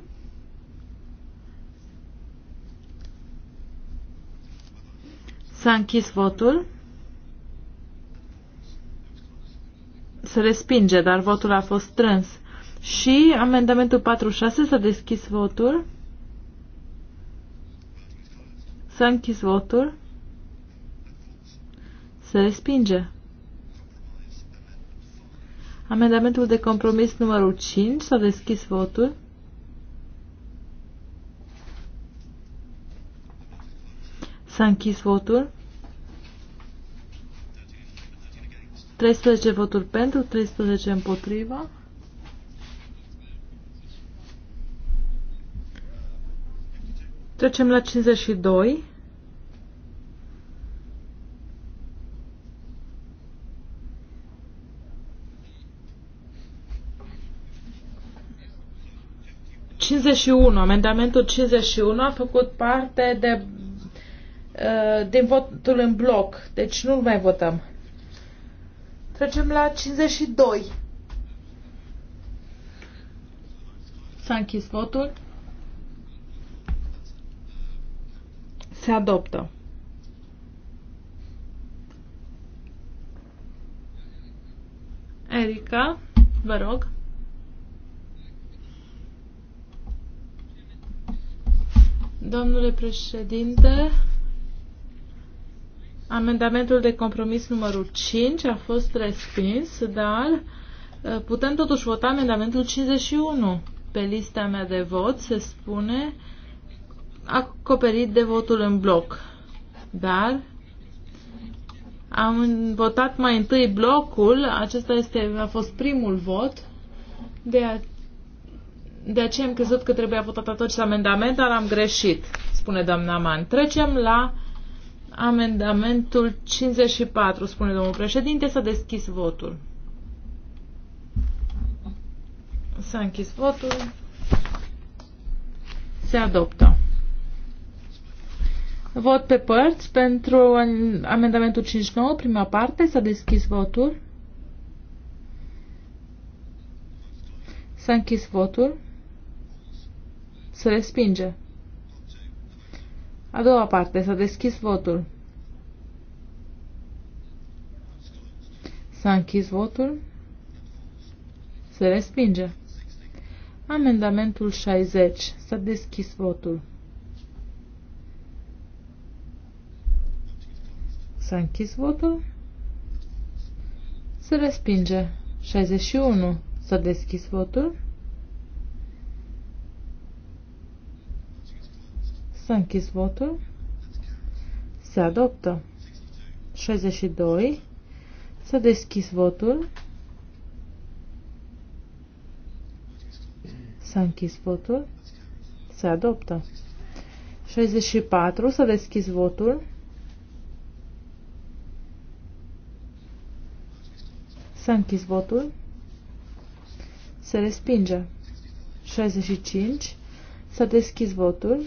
S-a închis votul. Se respinge, dar votul a fost strâns. Și amendamentul 46 s-a deschis votul. S-a închis votul. Se respinge. Amendamentul de compromis numărul 5 s-a deschis votul. S-a închis votul. 13 voturi pentru, 13 împotriva. Trecem la 52. Amendamentul 51 a făcut parte de Uh, de votul în bloc. Deci nu mai votăm. Trecem la 52. S-a închis votul. Se adoptă. Erica, vă rog. Domnule președinte, Amendamentul de compromis numărul 5 a fost respins, dar uh, putem totuși vota amendamentul 51. Pe lista mea de vot se spune acoperit de votul în bloc. Dar am votat mai întâi blocul, acesta este, a fost primul vot, de, a, de aceea am crezut că trebuia votat atunci amendament, dar am greșit, spune doamna Man. Trecem la Amendamentul 54, spune domnul președinte, s-a deschis votul. S-a închis votul. Se adoptă. Vot pe părți pentru amendamentul 59, prima parte, s-a deschis votul. S-a închis votul. Se respinge. A doua parte. S-a deschis votul. S-a închis votul. Se respinge. Amendamentul 60. S-a deschis votul. S-a închis votul. Se respinge. 61. S-a deschis votul. S-a închis votul. Se adoptă. 62. S-a deschis votul. S-a închis votul. Se adoptă. 64. S-a deschis votul. S-a închis votul. Se respinge. 65. S-a deschis votul.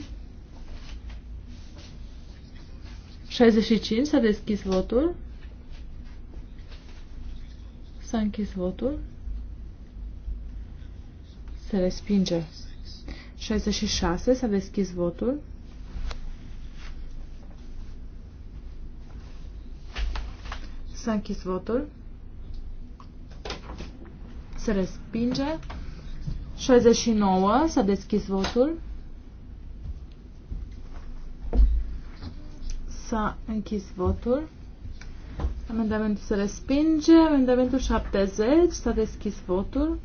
65 s-a deschis votul. S-a închis votul. Se respinge. 66 s-a deschis votul. S-a închis votul. Se respinge. 69 s-a deschis votul. S-a închis votul. Amendamentul se respinge. Amendamentul 70. S-a deschis votul.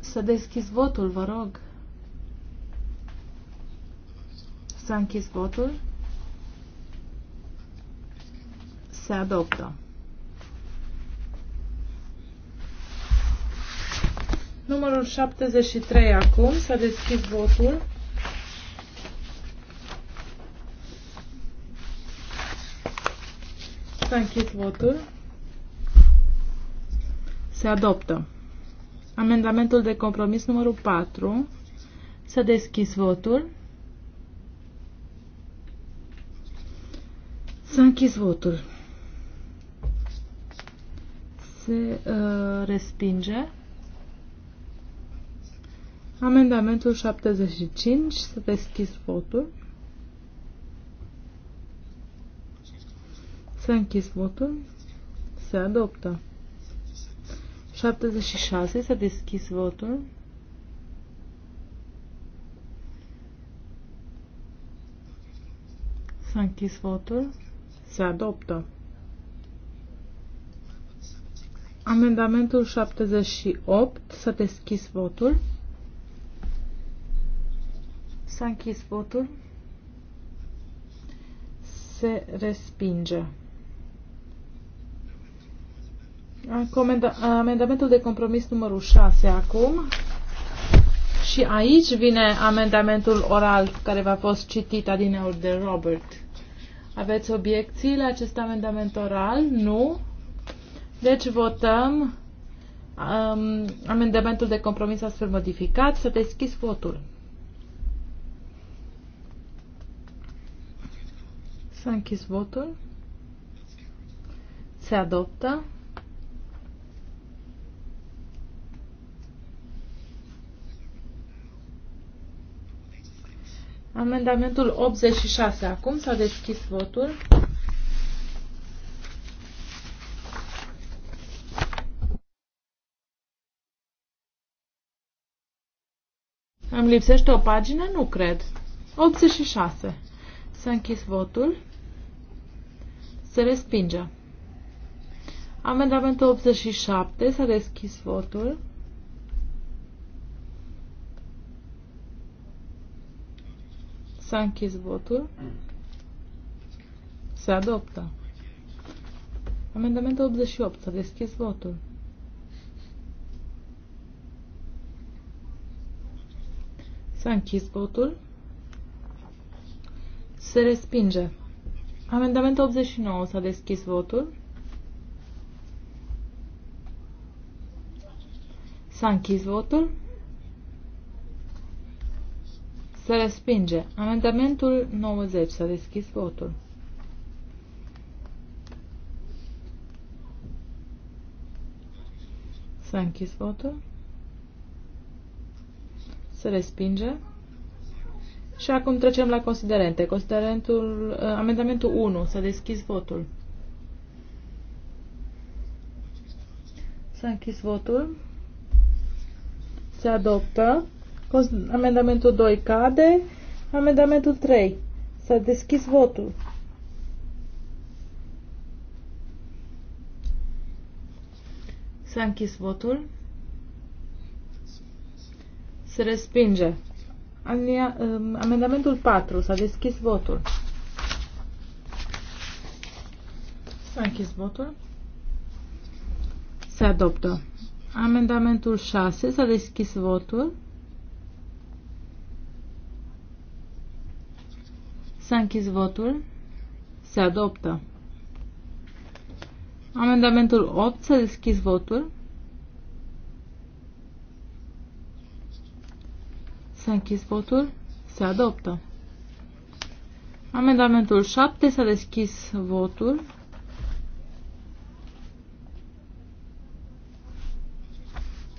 Să deschis votul, vă rog. S-a închis votul. Se adoptă. Numărul 73 acum. Să deschid votul. S-a închis votul. Se adoptă. Amendamentul de compromis numărul 4. Să deschis votul. S-a închis votul. Se uh, respinge. Amendamentul 75, să deschis votul. Să închis votul. Se adoptă. 76, să deschis votul. S-a închis votul. Se adoptă. Amendamentul 78. S-a deschis votul. S-a închis votul. Se respinge. Amendamentul de compromis numărul 6 acum. Și aici vine amendamentul oral care v-a fost citit adineori de Robert. Aveți obiecții la acest amendament oral? Nu? Deci votăm um, amendamentul de compromis astfel modificat. Să deschis votul. S-a închis votul. Se adoptă. Amendamentul 86. Acum s-a deschis votul. Îmi lipsește o pagină? Nu cred. 86. S-a închis votul. Se respinge. Amendamentul 87. S-a deschis votul. S-a închis votul. Se adoptă. Amendamentul 88. S-a deschis votul. S-a închis votul. Se respinge. Amendamentul 89. S-a deschis votul. S-a închis votul. Se respinge. Amendamentul 90. S-a deschis votul. S-a închis votul. Se respinge. Și acum trecem la considerente. Considerentul, uh, amendamentul 1. să deschizi deschis votul. S-a închis votul. Se adoptă. Amendamentul 2 cade. Amendamentul 3. S-a deschis votul. S-a închis votul. Se respinge uh, amendamentul 4. S-a deschis votul. S-a închis votul. Se adoptă. Amendamentul 6. S-a deschis votul. S-a închis votul. Se adoptă. Amendamentul 8. S-a deschis votul. S-a închis votul. Se adoptă. Amendamentul 7. S-a deschis votul.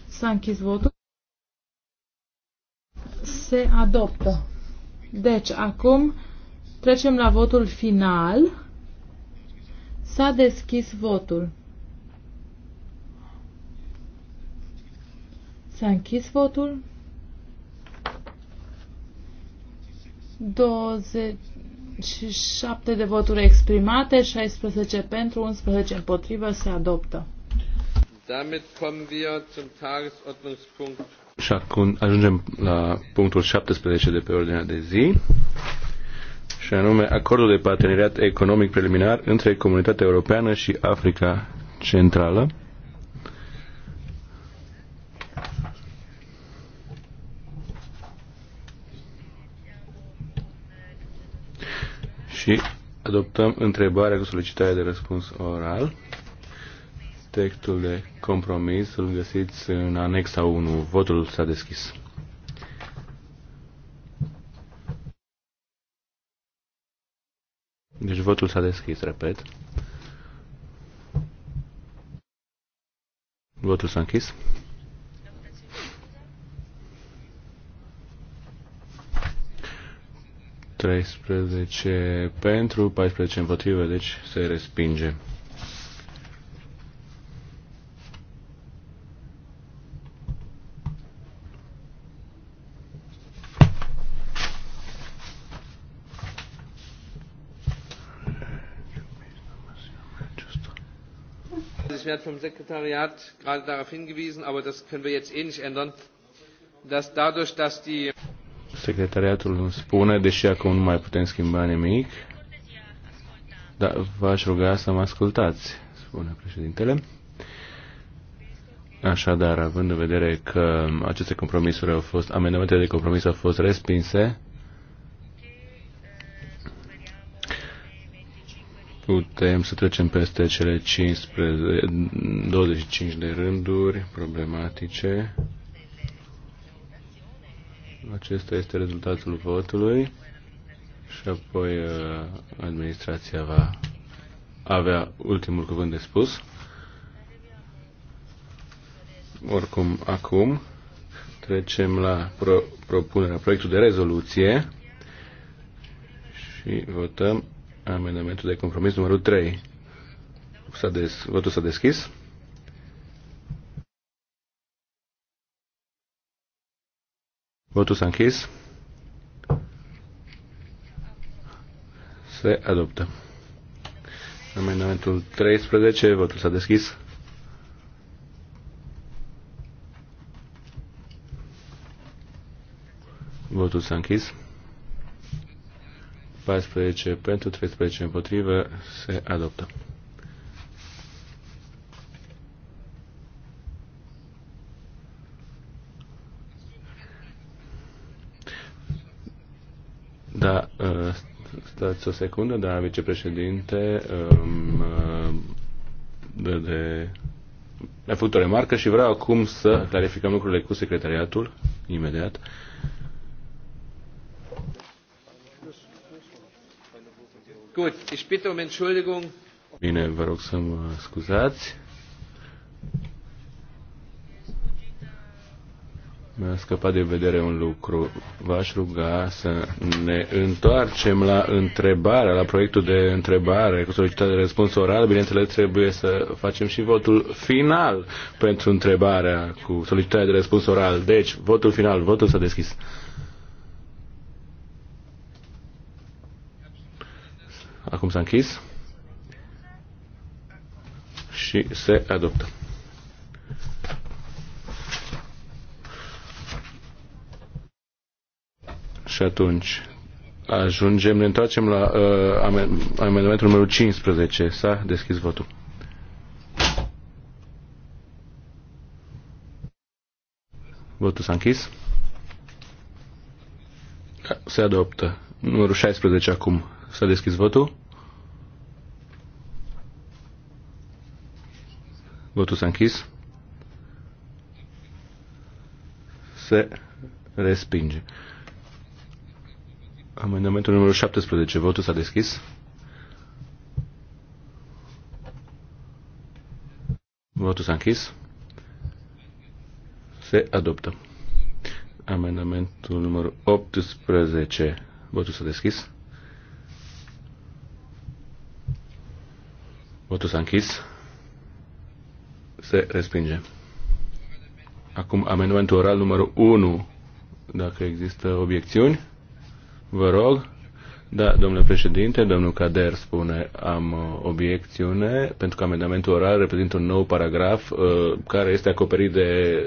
S-a închis votul. Se adoptă. Deci, acum trecem la votul final. S-a deschis votul. S-a închis votul. 27 de voturi exprimate, 16 pentru, 11 împotrivă, se adoptă. Damit kommen wir zum Tagesordnungspunkt. Și acum ajungem la punctul 17 de pe ordinea de zi, și anume acordul de parteneriat economic preliminar între Comunitatea Europeană și Africa Centrală. și adoptăm întrebarea cu solicitare de răspuns oral. Textul de compromis îl găsiți în anexa 1. Votul s-a deschis. Deci votul s-a deschis, repet. Votul s-a închis. 13 pentru, 14 împotrivă, deci se respinge. Ich werde vom Sekretariat gerade darauf hingewiesen, aber das können wir jetzt eh nicht ändern, dass dadurch, dass die secretariatul îmi spune, deși acum nu mai putem schimba nimic, dar v-aș ruga să mă ascultați, spune președintele. Așadar, având în vedere că aceste compromisuri au fost, amendamentele de compromis au fost respinse, putem să trecem peste cele 15, 25 de rânduri problematice. Acesta este rezultatul votului și apoi uh, administrația va avea ultimul cuvânt de spus. Oricum, acum trecem la pro propunerea proiectului de rezoluție și votăm amendamentul de compromis numărul 3. S-a des, votul s-a deschis. Votul s-a închis. Se adoptă. Amendamentul 13, votul s-a deschis. Votul s-a închis. 14 pentru, 13 împotrivă, se adoptă. Stați o secundă, da, vicepreședinte um, uh, de, de... a făcut o remarcă și vreau acum să clarificăm lucrurile cu secretariatul, imediat. Gut, ich bitte um Entschuldigung. Bine, vă rog să mă scuzați. Mi-a scăpat de vedere un lucru. V-aș ruga să ne întoarcem la întrebare, la proiectul de întrebare cu solicitare de răspuns oral. Bineînțeles, trebuie să facem și votul final pentru întrebarea cu solicitarea de răspuns oral. Deci, votul final, votul s-a deschis. Acum s-a închis și se adoptă. Și atunci ajungem, ne întoarcem la uh, amendamentul numărul 15. S-a deschis votul. Votul s-a închis. Se adoptă. Numărul 16 acum. S-a deschis votul. Votul s-a închis. Se respinge. Amendamentul numărul 17. Votul s-a deschis. Votul s-a închis. Se adoptă. Amendamentul numărul 18. Votul s-a deschis. Votul s-a închis. Se respinge. Acum amendamentul oral numărul 1. Dacă există obiecțiuni. Vă rog. Da, domnule președinte, domnul Cader spune, am uh, obiecțiune, pentru că amendamentul oral reprezintă un nou paragraf uh, care este acoperit de...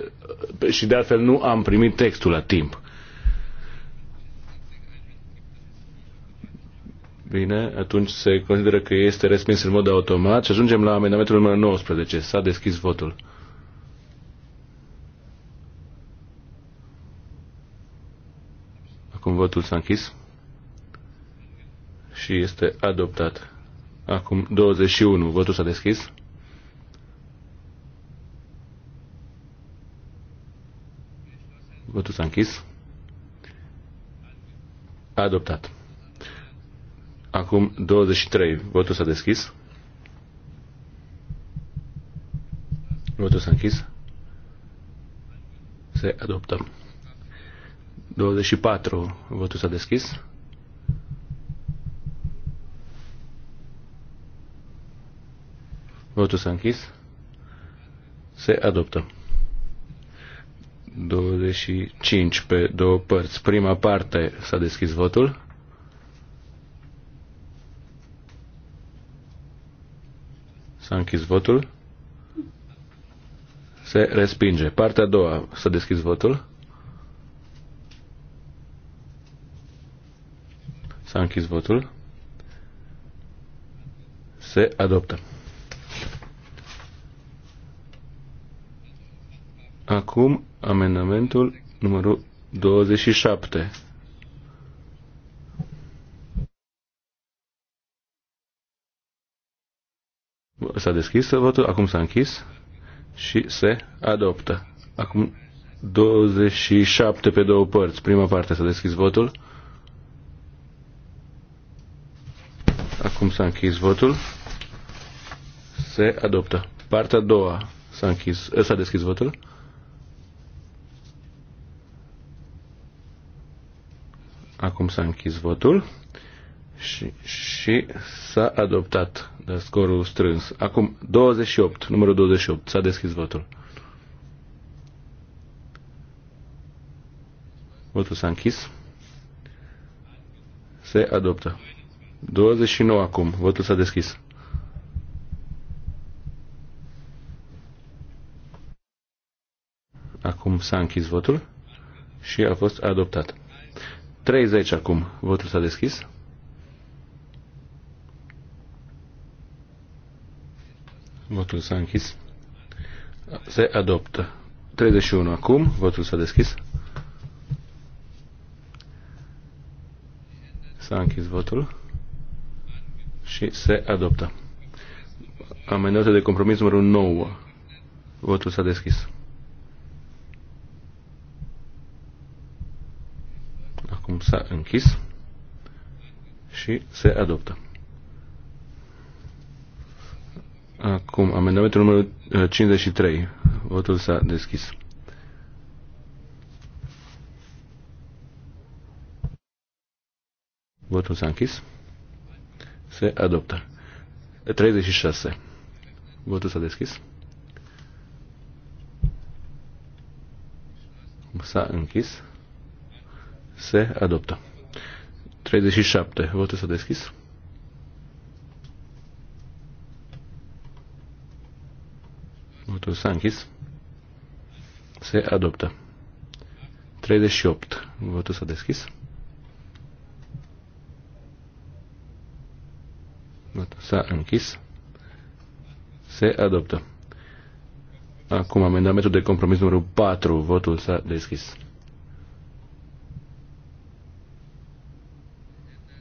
Uh, și de altfel nu am primit textul la timp. Bine, atunci se consideră că este respins în mod automat și ajungem la amendamentul numărul 19. S-a deschis votul. Acum votul s-a închis și este adoptat. Acum 21. Votul s-a deschis. Votul s-a închis. Adoptat. Acum 23. Votul s-a deschis. Votul s-a închis. Se adoptă. 24. Votul s-a deschis. Votul s-a închis. Se adoptă. 25 pe două părți. Prima parte s-a deschis votul. S-a închis votul. Se respinge. Partea a doua s-a deschis votul. S-a închis votul. Se adoptă. Acum amendamentul numărul 27. S-a deschis votul, acum s-a închis și se adoptă. Acum 27 pe două părți. Prima parte s-a deschis votul. Acum s-a închis votul. Se adoptă. Partea a doua s-a închis. Eh, s-a deschis votul. Acum s-a închis votul și, și s-a adoptat de scorul strâns. Acum 28, numărul 28, s-a deschis votul. Votul s-a închis. Se adoptă. 29 acum. Votul s-a deschis. Acum s-a închis votul și a fost adoptat. 30 acum. Votul s-a deschis. Votul s-a închis. Se adoptă. 31 acum. Votul s-a deschis. S-a închis votul și se adoptă. Amendată de compromis numărul 9. Votul s-a deschis. Acum s-a închis și se adoptă. Acum, amendamentul numărul 53. Uh, Votul s-a deschis. Votul s-a închis se adoptă. 36. Votul s-a deschis. S-a închis. Se adoptă. 37. Votul s-a deschis. Votul s-a închis. Se adoptă. 38. Votul s-a deschis. Votul s-a închis. Se adoptă. Acum amendamentul de compromis numărul 4. Votul s-a deschis.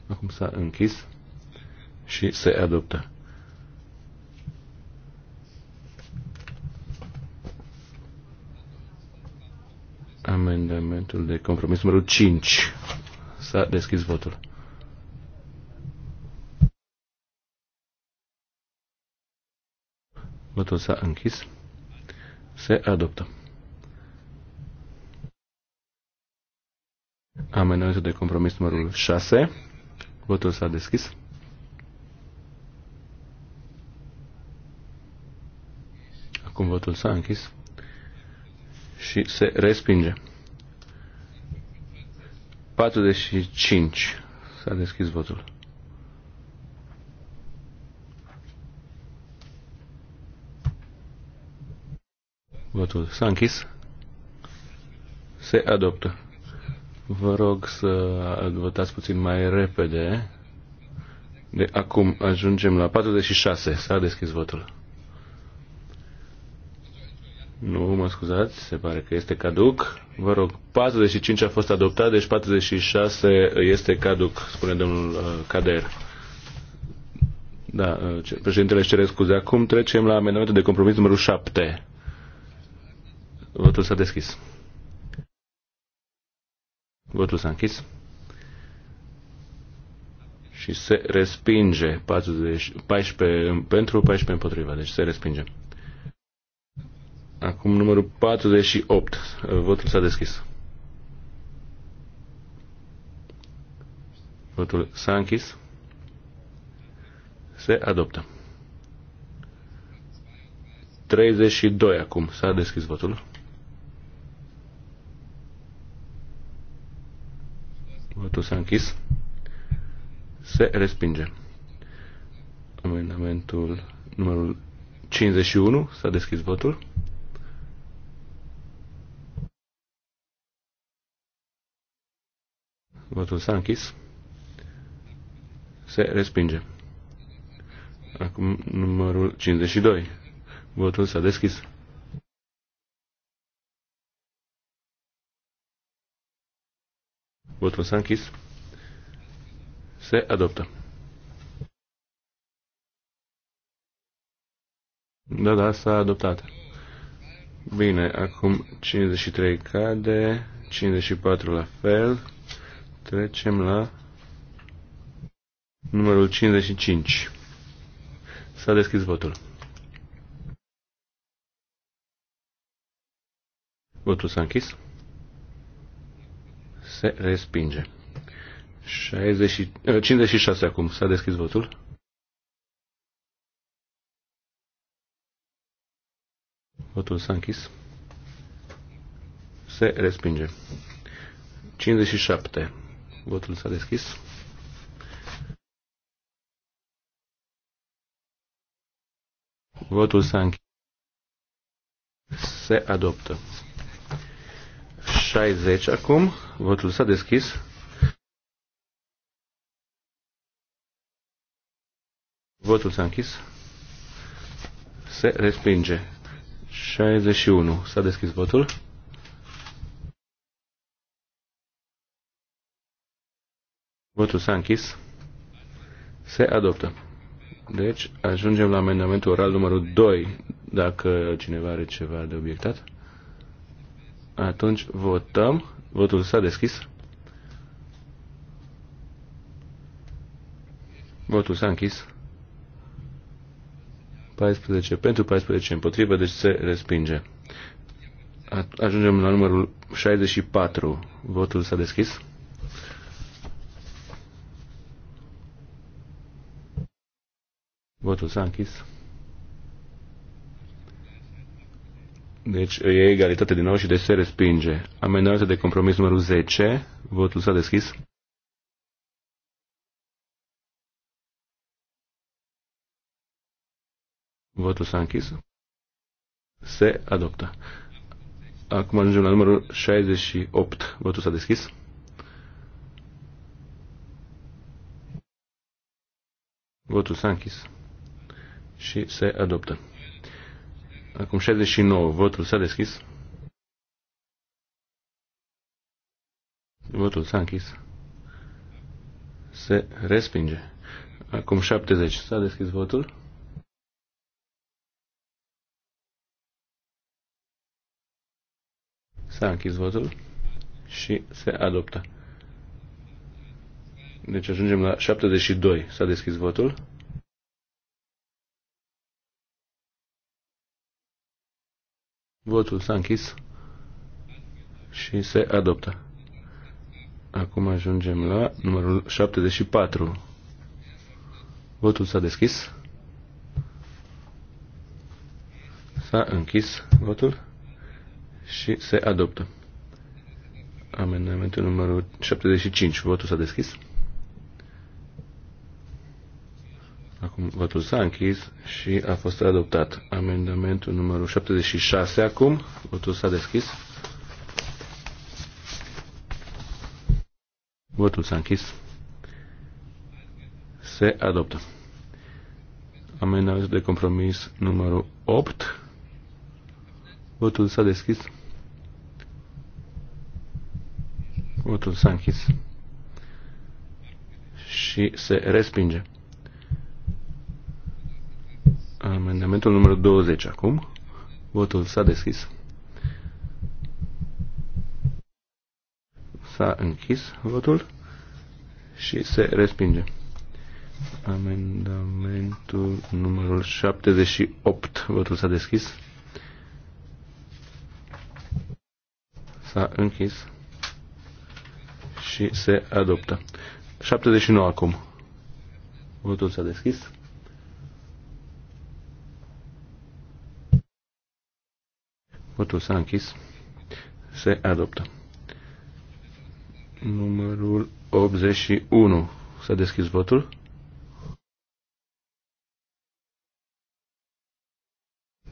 Acum s-a închis și se adoptă. Amendamentul de compromis numărul 5. S-a deschis votul. Votul s-a închis. Se adoptă. Amenajul de compromis numărul 6. Votul s-a deschis. Acum votul s-a închis și se respinge. 45. S-a deschis votul. Votul s-a închis. Se adoptă. Vă rog să votați puțin mai repede. De acum ajungem la 46. S-a deschis votul. Nu, mă scuzați, se pare că este caduc. Vă rog, 45 a fost adoptat, deci 46 este caduc, spune domnul Cader. Uh, da, uh, președintele își cere scuze. Acum trecem la amendamentul de compromis numărul 7. Votul s-a deschis. Votul s-a închis. Și se respinge 40, 14 pentru, 14 împotriva. Deci se respinge. Acum numărul 48. Votul s-a deschis. Votul s-a închis. Se adoptă. 32 acum. S-a deschis votul. Votul s-a închis. Se respinge. Amendamentul numărul 51. S-a deschis votul. Votul s-a închis. Se respinge. Acum numărul 52. Votul s-a deschis. Votul s-a închis. Se adoptă. Da, da, s-a adoptat. Bine, acum 53 cade, 54 la fel. Trecem la numărul 55. S-a deschis votul. Votul s-a închis se respinge. 60, 56 eh, acum. S-a deschis votul. Votul s-a închis. Se respinge. 57. Votul s-a deschis. Votul s-a închis. Se adoptă. 60 acum. Votul s-a deschis. Votul s-a închis. Se respinge. 61. S-a deschis votul. Votul s-a închis. Se adoptă. Deci ajungem la amendamentul oral numărul 2, dacă cineva are ceva de obiectat. Atunci votăm. Votul s-a deschis. Votul s-a închis. 14 pentru 14 împotrivă, deci se respinge. Ajungem la numărul 64. Votul s-a deschis. Votul s-a închis. Deci e egalitate din nou și de se respinge. Amendamentul de compromis numărul 10. Votul s-a deschis. Votul s-a închis. Se adoptă. Acum ajungem la numărul 68. Votul s-a deschis. Votul s-a închis. Și se adoptă. Acum 69. Votul s-a deschis. Votul s-a închis. Se respinge. Acum 70. S-a deschis votul. S-a închis votul și se adoptă. Deci ajungem la 72. S-a deschis votul. Votul s-a închis și se adoptă. Acum ajungem la numărul 74. Votul s-a deschis. S-a închis votul și se adoptă. Amendamentul numărul 75. Votul s-a deschis. Acum votul s-a închis și a fost adoptat. Amendamentul numărul 76 acum. Votul s-a deschis. Votul s-a închis. Se adoptă. Amendamentul de compromis numărul 8. Votul s-a deschis. Votul s-a închis. Și se respinge. Amendamentul numărul 20 acum. Votul s-a deschis. S-a închis votul și se respinge. Amendamentul numărul 78. Votul s-a deschis. S-a închis și se adoptă. 79 acum. Votul s-a deschis. Votul s-a închis. Se adoptă. Numărul 81. S-a deschis votul.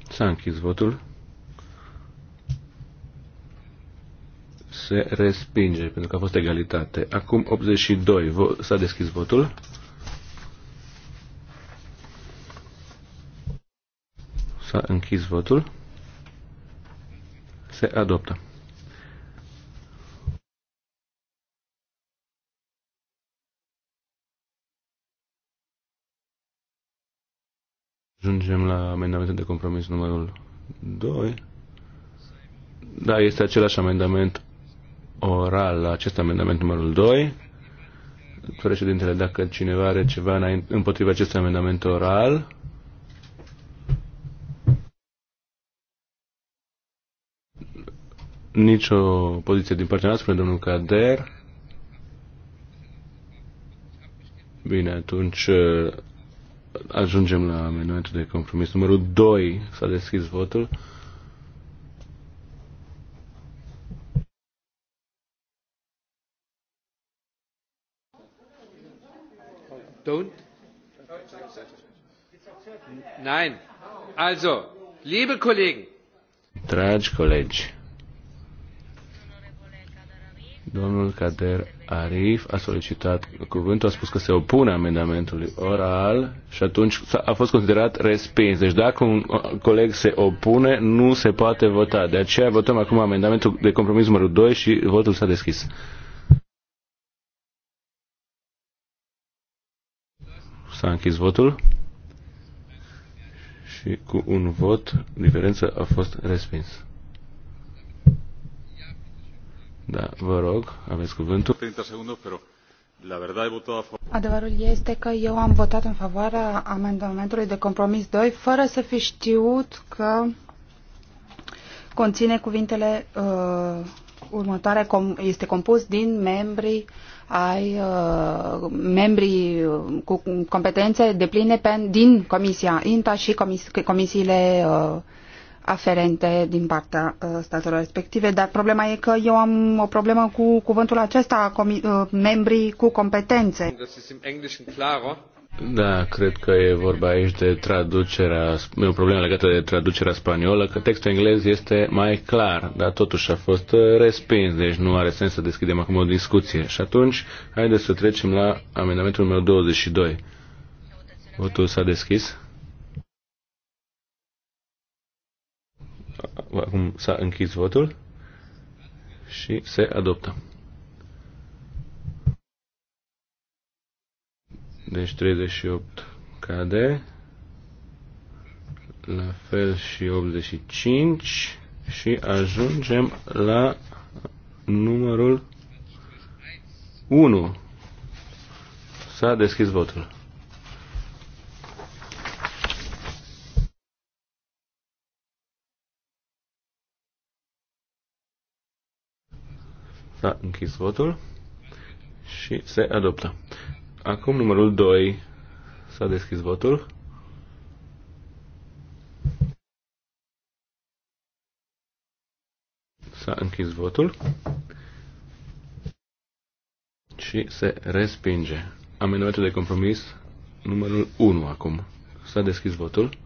S-a închis votul. Se respinge, pentru că a fost egalitate. Acum 82. S-a deschis votul. S-a închis votul. Se adoptă. Ajungem la amendamentul de compromis numărul 2. Da, este același amendament oral la acest amendament numărul 2. Președintele, dacă cineva are ceva împotriva acestui amendament oral, nicio poziție din partea noastră, domnul Cader. Bine, atunci uh, ajungem la amendamentul de compromis. Numărul 2 s-a deschis votul. Don't. Nein. Also, liebe Kollegen. Dragi colegi. Domnul Kader Arif a solicitat cuvântul, a spus că se opune amendamentului oral și atunci a fost considerat respins. Deci dacă un coleg se opune, nu se poate vota. De aceea votăm acum amendamentul de compromis numărul 2 și votul s-a deschis. S-a închis votul și cu un vot diferență a fost respins. Da, vă rog, aveți cuvântul. 30 secunde, pero Adevărul este că eu am votat în favoarea amendamentului de compromis 2 fără să fi știut că conține cuvintele uh, următoare, com- este compus din membrii ai uh, membrii uh, cu competențe depline pe, din Comisia INTA și comis- comisiile uh, aferente din partea uh, statelor respective, dar problema e că eu am o problemă cu cuvântul acesta, uh, membrii cu competențe. Da, cred că e vorba aici de traducerea, e o problemă legată de traducerea spaniolă, că textul englez este mai clar, dar totuși a fost uh, respins, deci nu are sens să deschidem acum o discuție. Și atunci, haideți să trecem la amendamentul meu 22. Votul s-a deschis. Acum s-a închis votul și se adoptă. Deci 38 cade. La fel și 85 și ajungem la numărul 1. S-a deschis votul. S-a închis votul și se adoptă. Acum numărul 2. S-a deschis votul. S-a închis votul și se respinge. Amendamentul de compromis numărul 1 acum. S-a deschis votul.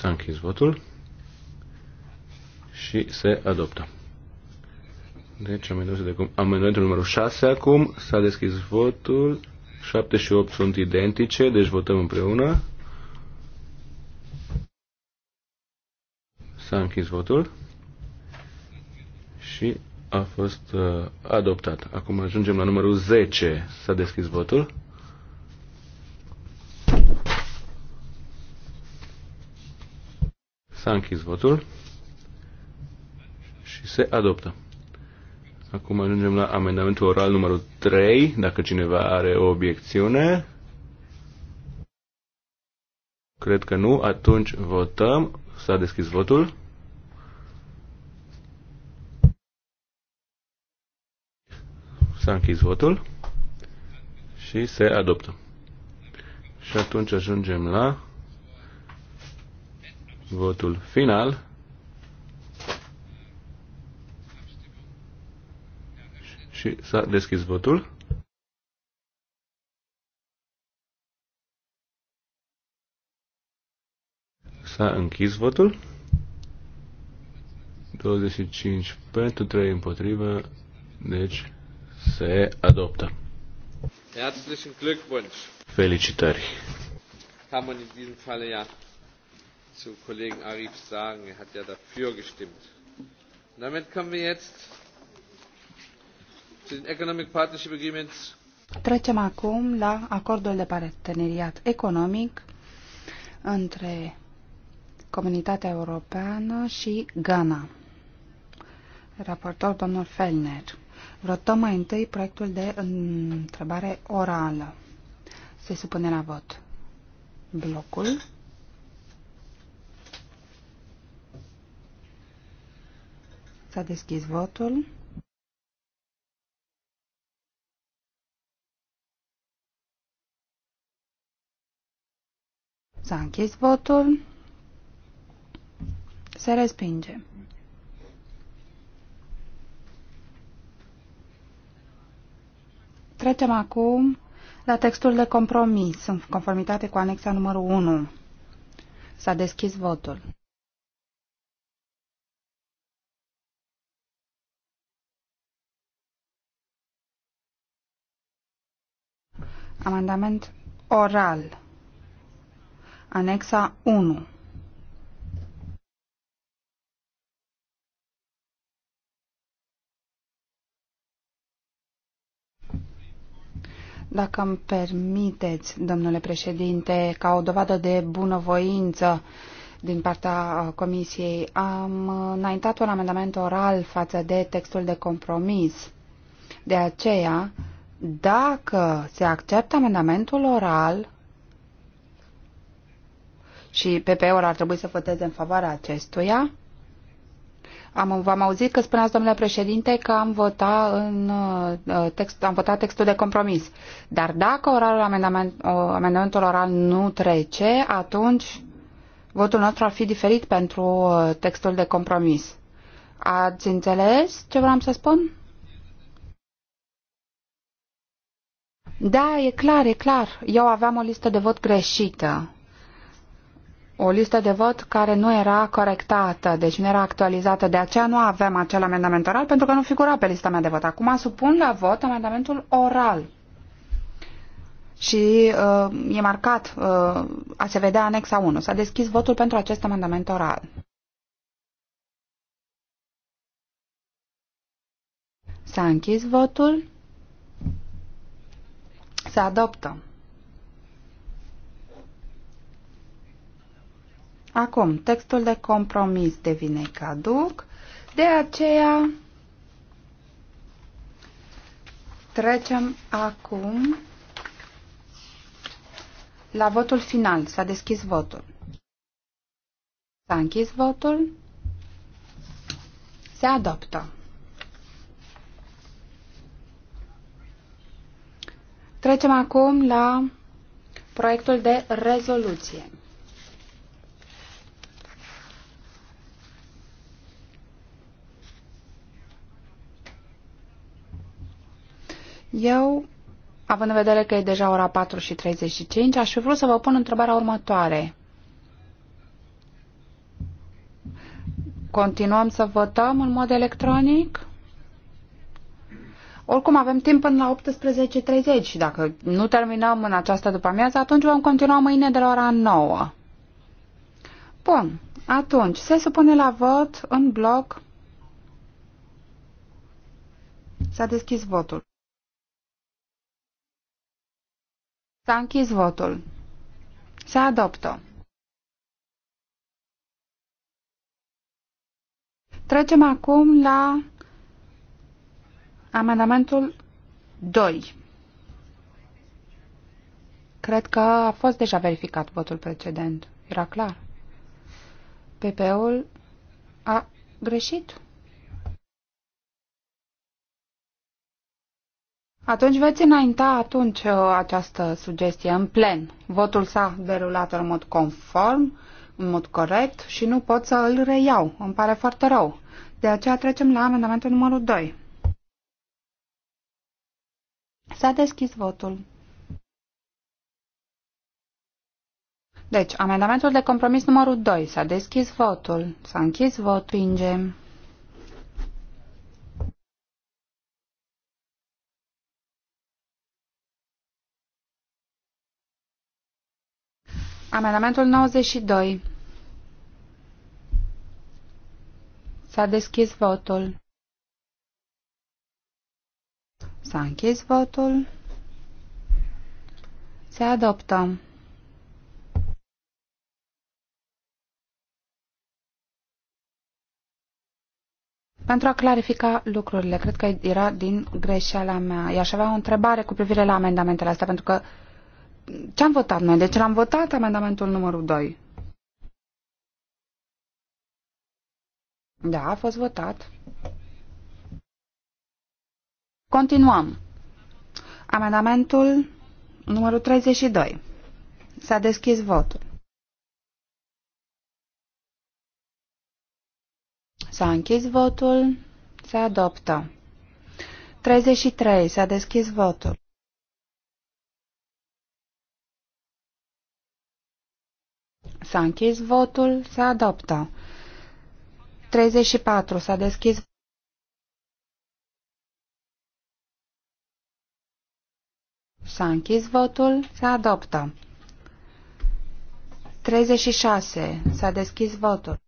S-a închis votul și se adoptă. Deci amendamentul, de cum, amendamentul numărul 6 acum s-a deschis votul. 7 și 8 sunt identice, deci votăm împreună. S-a închis votul și a fost uh, adoptat. Acum ajungem la numărul 10. S-a deschis votul. S-a închis votul și se adoptă. Acum ajungem la amendamentul oral numărul 3, dacă cineva are o obiecțiune. Cred că nu, atunci votăm. S-a deschis votul. S-a închis votul și se adoptă. Și atunci ajungem la Votul final. Și s-a deschis votul. S-a închis votul. 25 pentru 3 împotrivă, deci se adoptă. Herzlichen Glückwunsch. Felicitări. Kann man in diesem Falle ja zu Kollegen Arif sagen. Er hat ja dafür gestimmt. Und damit kommen wir jetzt zu den Economic Partnership Agreements. Trecem acum la acordul de parteneriat economic între Comunitatea Europeană și Ghana. Raportor domnul Fellner. Votăm mai întâi proiectul de întrebare orală. Se supune la vot. Blocul. S-a deschis votul. S-a închis votul. Se respinge. Trecem acum la textul de compromis, în conformitate cu anexa numărul 1. S-a deschis votul. Amendament oral. Anexa 1. Dacă îmi permiteți, domnule președinte, ca o dovadă de bunăvoință din partea uh, Comisiei, am înaintat un amendament oral față de textul de compromis. De aceea, dacă se acceptă amendamentul oral și pp ul ar trebui să voteze în favoarea acestuia, am, v-am auzit că spuneați, domnule președinte, că am votat, în, uh, text, am votat textul de compromis. Dar dacă oralul amendament, amendamentul oral nu trece, atunci votul nostru ar fi diferit pentru uh, textul de compromis. Ați înțeles ce vreau să spun? Da, e clar, e clar. Eu aveam o listă de vot greșită. O listă de vot care nu era corectată, deci nu era actualizată. De aceea nu avem acel amendament oral, pentru că nu figura pe lista mea de vot. Acum supun la vot amendamentul oral. Și uh, e marcat, uh, a se vedea anexa 1. S-a deschis votul pentru acest amendament oral. S-a închis votul. Se adoptă. Acum, textul de compromis devine caduc, de aceea trecem acum la votul final. S-a deschis votul. S-a închis votul. Se adoptă. Trecem acum la proiectul de rezoluție. Eu, având în vedere că e deja ora 4 și 35, aș fi vrut să vă pun întrebarea următoare. Continuăm să votăm în mod electronic? Oricum avem timp până la 18.30 și dacă nu terminăm în această după-amiază, atunci vom continua mâine de la ora 9. Bun, atunci se supune la vot în bloc. S-a deschis votul. S-a închis votul. Se adoptă. Trecem acum la Amendamentul 2. Cred că a fost deja verificat votul precedent. Era clar. PP-ul a greșit. Atunci veți înainta atunci uh, această sugestie în plen. Votul s-a derulat în mod conform, în mod corect și nu pot să îl reiau. Îmi pare foarte rău. De aceea trecem la amendamentul numărul 2. S-a deschis votul. Deci, amendamentul de compromis numărul 2. S-a deschis votul. S-a închis votul. Pingem. Amendamentul 92. S-a deschis votul. S-a închis votul. Se adoptă. Pentru a clarifica lucrurile, cred că era din greșeala mea. I-aș avea o întrebare cu privire la amendamentele astea, pentru că ce am votat noi? Deci am votat amendamentul numărul 2. Da, a fost votat. Continuăm. Amendamentul numărul 32. S-a deschis votul. S-a închis votul. Se adoptă. 33. S-a deschis votul. S-a închis votul. Se adoptă. 34. S-a deschis S-a închis votul. Se adoptă. 36. S-a deschis votul.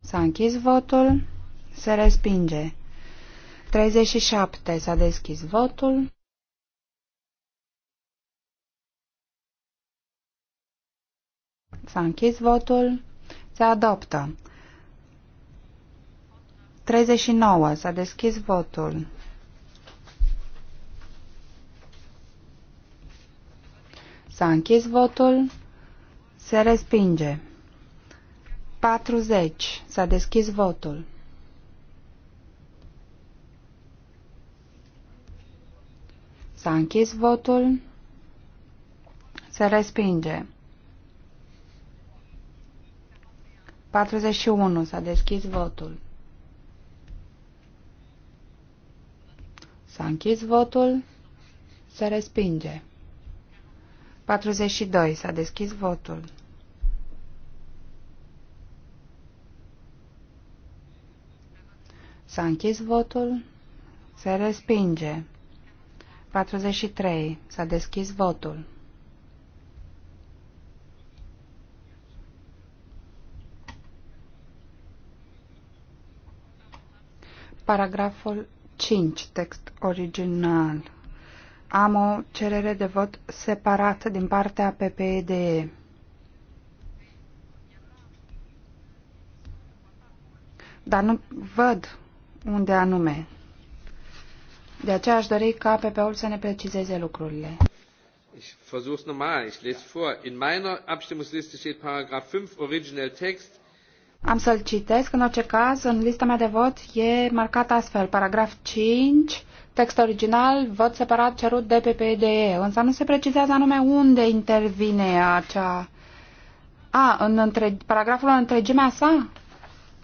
S-a închis votul. Se respinge. 37. S-a deschis votul. S-a închis votul. Se adoptă. 39. S-a deschis votul. S-a închis votul. Se respinge. 40. S-a deschis votul. S-a închis votul. Se respinge. 41. S-a deschis votul. S-a închis votul. Se respinge. 42. S-a deschis votul. S-a închis votul. Se respinge. 43. S-a deschis votul. Paragraful 5. Text original am o cerere de vot separat din partea PPDE. Dar nu văd unde anume. De aceea aș dori ca PP-ul să ne precizeze lucrurile. Ich versuch's nochmal. Ich lese vor. In meiner Abstimmungsliste steht Paragraph 5 Original Text am să-l citesc. În orice caz, în lista mea de vot e marcat astfel. Paragraf 5, text original, vot separat cerut de PPDE. Însă nu se precizează anume unde intervine acea... A, în între... paragraful în întregimea sa?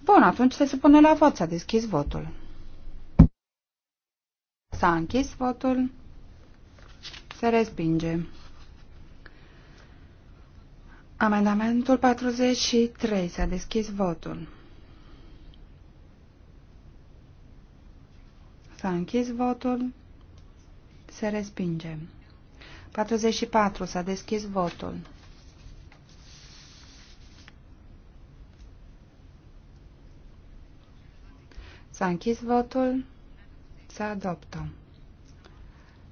Bun, atunci se supune la vot. S-a deschis votul. S-a închis votul. Se respinge. Amendamentul 43. S-a deschis votul. S-a închis votul. Se respinge. 44. S-a deschis votul. S-a închis votul. Se adoptă.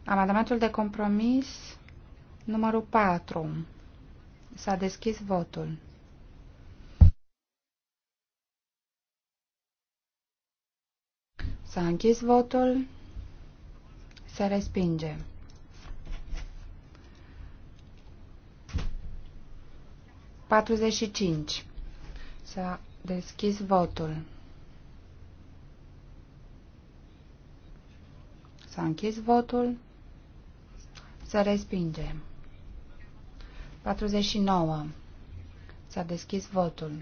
Amendamentul de compromis numărul 4. S-a deschis votul. S-a închis votul. Se respinge. Patruzeci și cinci. S-a deschis votul. S-a închis votul. Se respinge. 49. S-a deschis votul.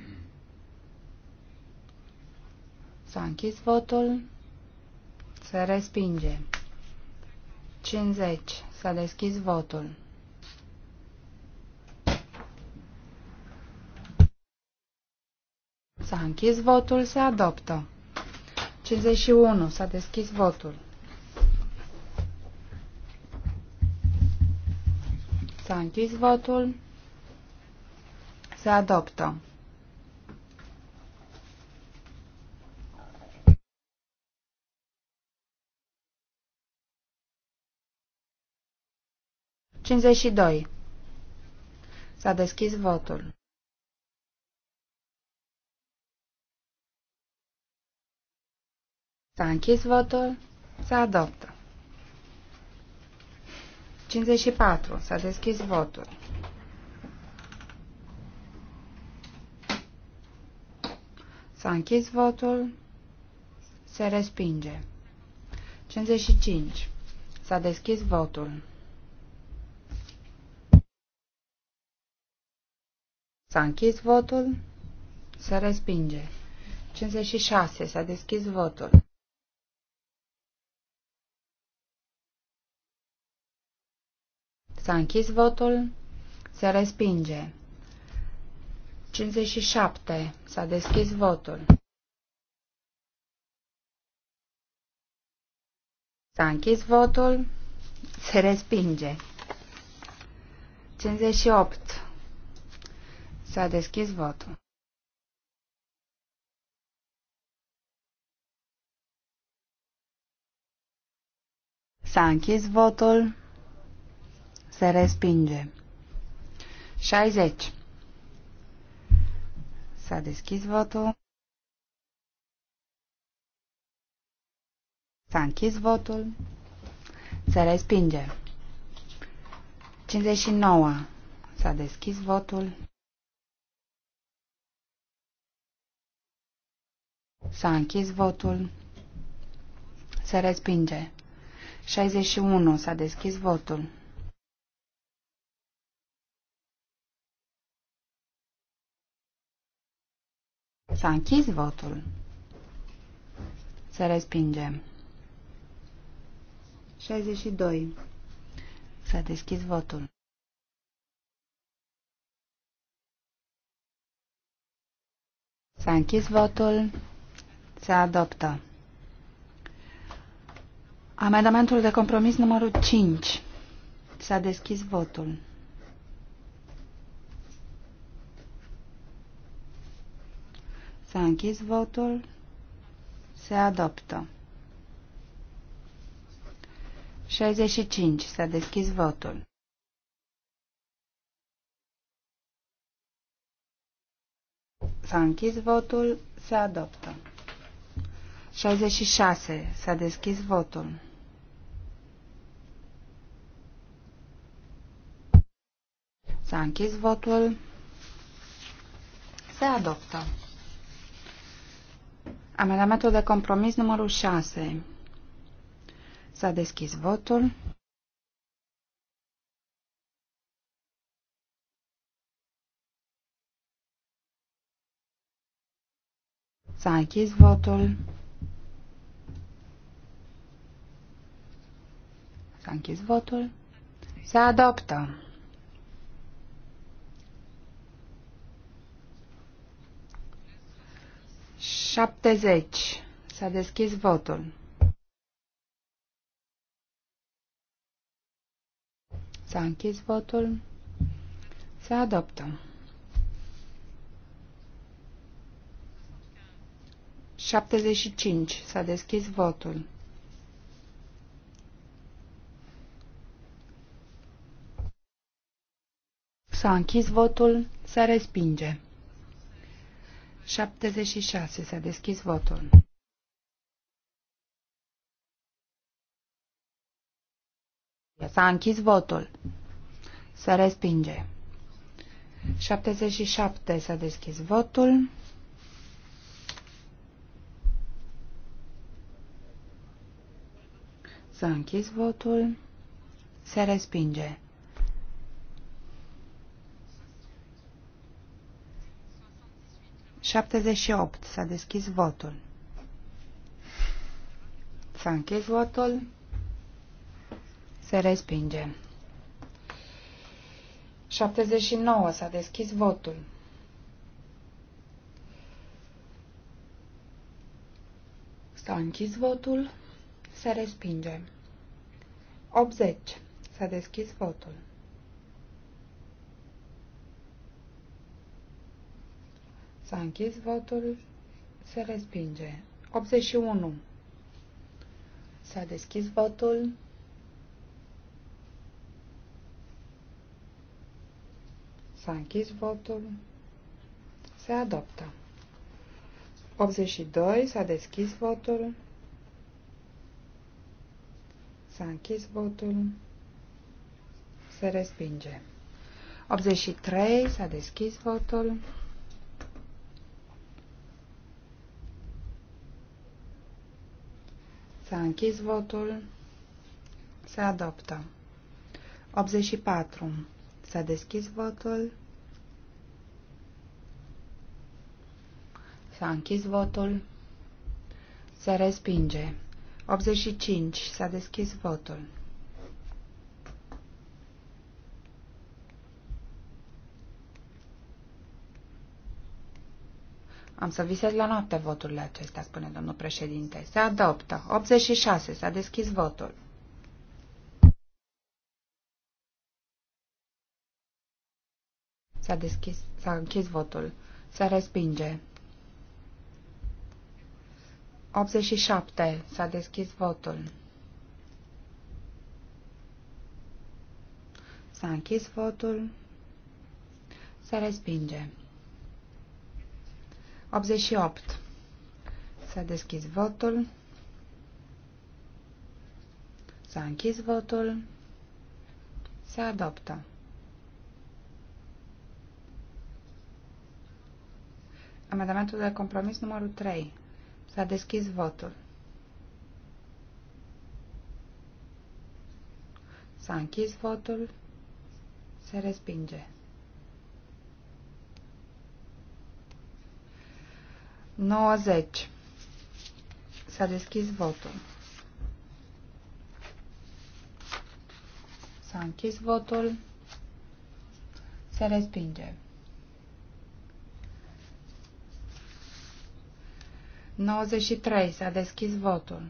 S-a închis votul. Se respinge. 50. S-a deschis votul. S-a închis votul, se adoptă. 51. S-a deschis votul. S-a închis votul. Se adoptă. Cincizeci doi. S-a deschis votul. S-a închis votul. Se adoptă. 54. S-a deschis votul. S-a închis votul. Se respinge. 55. S-a deschis votul. S-a închis votul. Se respinge. 56. S-a deschis votul. S-a închis votul. Se respinge. 57. S-a deschis votul. S-a închis votul. Se respinge. 58. S-a deschis votul. S-a închis votul. Se respinge. 60. S-a deschis votul. S-a închis votul. Se respinge. 59. S-a deschis votul. S-a închis votul. Se respinge. 61. S-a deschis votul. S-a închis votul. Se respinge. 62. S-a deschis votul. S-a închis votul. Se adoptă. Amendamentul de compromis numărul 5. S-a deschis votul. S-a închis votul. Se adoptă. 65. S-a deschis votul. S-a închis votul. Se adoptă. 66. S-a deschis votul. S-a închis votul. Se adoptă. Amendamentul de compromis numărul 6. S-a deschis votul. S-a închis votul. S-a închis votul. Se adoptă. 70. S-a deschis votul. S-a închis votul. Se adoptă. 75. S-a deschis votul. S-a închis votul. Se respinge. 76. S-a deschis votul. S-a închis votul. Se respinge. 77. S-a deschis votul. S-a închis votul. Se respinge. 78. S-a deschis votul. S-a închis votul. Se respinge. 79. S-a deschis votul. S-a închis votul. Se respinge. 80. S-a deschis votul. S-a închis votul. Se respinge. 81. S-a deschis votul. S-a închis votul. Se adoptă. 82. S-a deschis votul. S-a închis votul. Se respinge. 83. S-a deschis votul. S-a închis votul. Se adoptă. 84. S-a deschis votul. S-a închis votul. Se respinge. 85. S-a deschis votul. Am să visez la noapte voturile acestea, spune domnul președinte. Se adoptă. 86. S-a deschis votul. S-a deschis, s-a închis votul. Se respinge. 87. S-a deschis votul. S-a închis votul. Se respinge. 88. S-a deschis votul. S-a închis votul. Se adoptă. Amendamentul de compromis numărul 3. S-a deschis votul. S-a închis votul. Se respinge. 90. S-a deschis votul. S-a închis votul. Se respinge. 93. S-a deschis votul.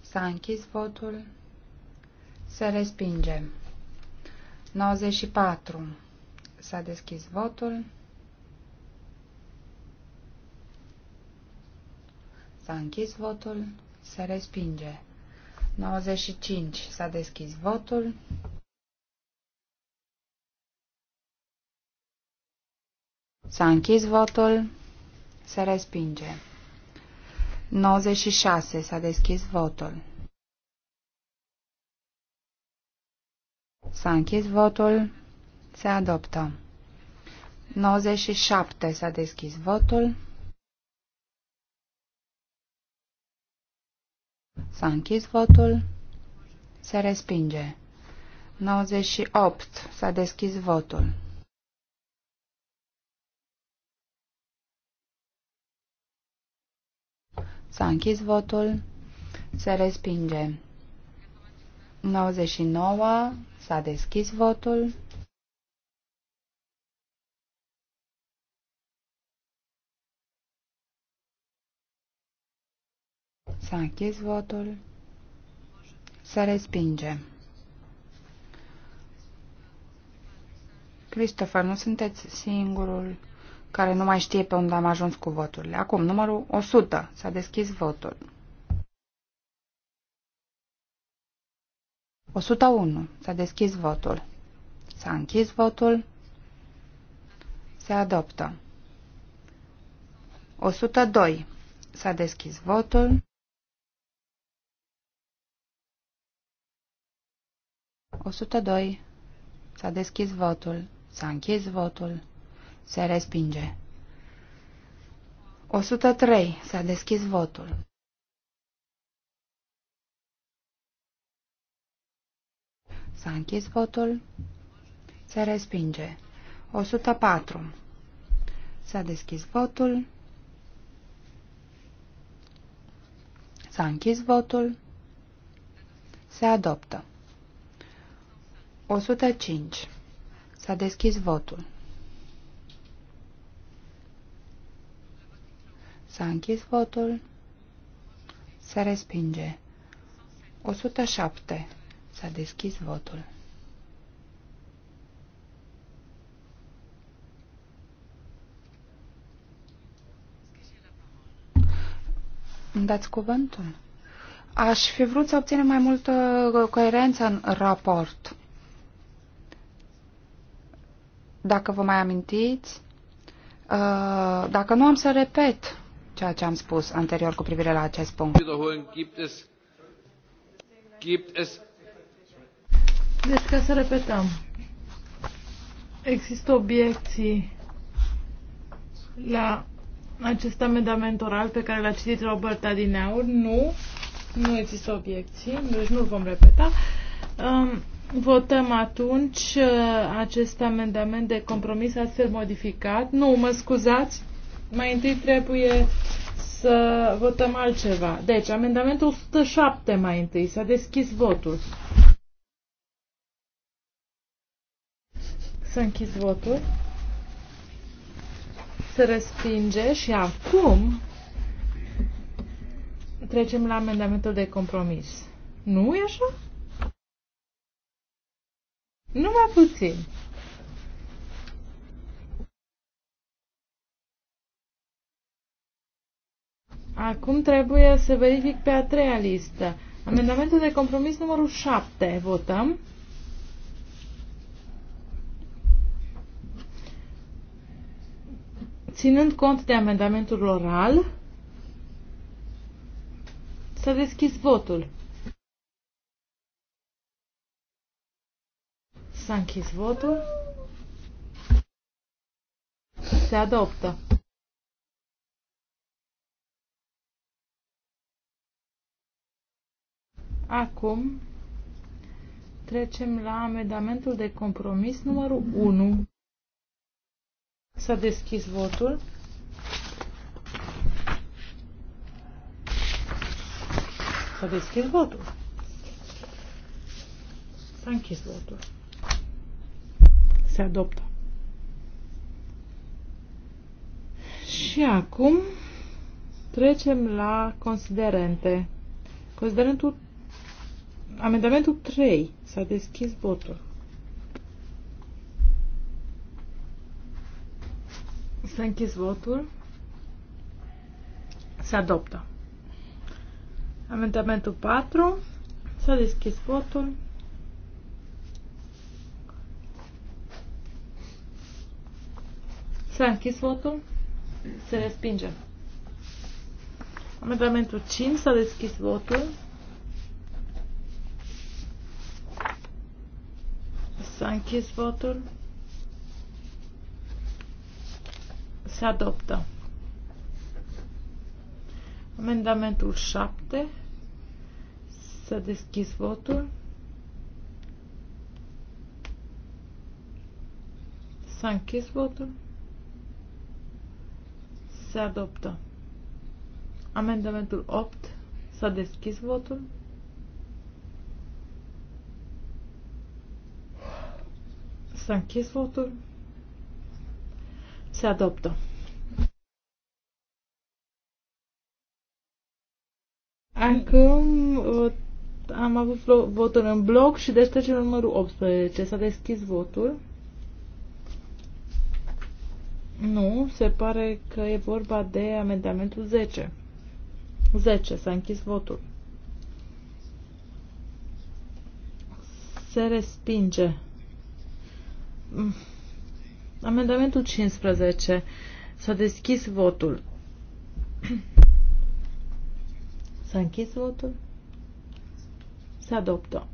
S-a închis votul. Se respinge. 94. S-a deschis votul. S-a închis votul. Se respinge. 95. S-a deschis votul. S-a închis votul. Se respinge. 96. S-a deschis votul. S-a închis votul. Se adoptă. 97. S-a deschis votul. S-a închis votul. Se respinge. 98. S-a deschis votul. S-a închis votul. Se respinge. 99. S-a deschis votul. să închis votul. să respingem. Christopher, nu sunteți singurul care nu mai știe pe unde am ajuns cu voturile. Acum, numărul 100. S-a deschis votul. 101. S-a deschis votul. S-a închis votul. Se adoptă. 102. S-a deschis votul. 102. S-a deschis votul. S-a închis votul. Se respinge. 103. S-a deschis votul. S-a închis votul. Se respinge. 104. S-a deschis votul. S-a închis votul. Se adoptă. 105. S-a deschis votul. S-a închis votul. Se respinge. 107. S-a deschis votul. Îmi dați cuvântul? Aș fi vrut să obținem mai multă coerență în raport. Dacă vă mai amintiți, uh, dacă nu am să repet ceea ce am spus anterior cu privire la acest punct. Deci ca să repetăm, există obiecții la acest amendament oral pe care l-a citit Robert Adineaur? Nu, nu există obiecții, deci nu vom repeta. Um, Votăm atunci uh, acest amendament de compromis astfel modificat. Nu, mă scuzați, mai întâi trebuie să votăm altceva. Deci, amendamentul 107 mai întâi. S-a deschis votul. S-a închis votul. Se respinge și acum trecem la amendamentul de compromis. Nu e așa? Numai puțin. Acum trebuie să verific pe a treia listă. Amendamentul de compromis numărul 7. Votăm. Ținând cont de amendamentul oral, s-a deschis votul. S-a închis votul. Se adoptă. Acum trecem la amendamentul de compromis numărul 1. S-a deschis votul. S-a deschis votul. S-a închis votul. Se adoptă. Și acum trecem la considerente. Considerentul amendamentul 3 s-a deschis votul. S-a închis votul. Se adoptă. Amendamentul 4 s-a deschis votul. S-a închis votul. Se respinge. Amendamentul 5. S-a deschis votul. S-a închis votul. Se adoptă. Amendamentul 7. S-a deschis votul. S-a închis votul se adoptă. Amendamentul 8. S-a deschis votul. S-a închis votul. Se adoptă. Acum uh, am avut votul în bloc și deci numărul 18. S-a deschis votul. Nu, se pare că e vorba de amendamentul 10. 10. S-a închis votul. Se respinge. Mm. Amendamentul 15. S-a deschis votul. [clears throat] S-a închis votul. Se adoptă.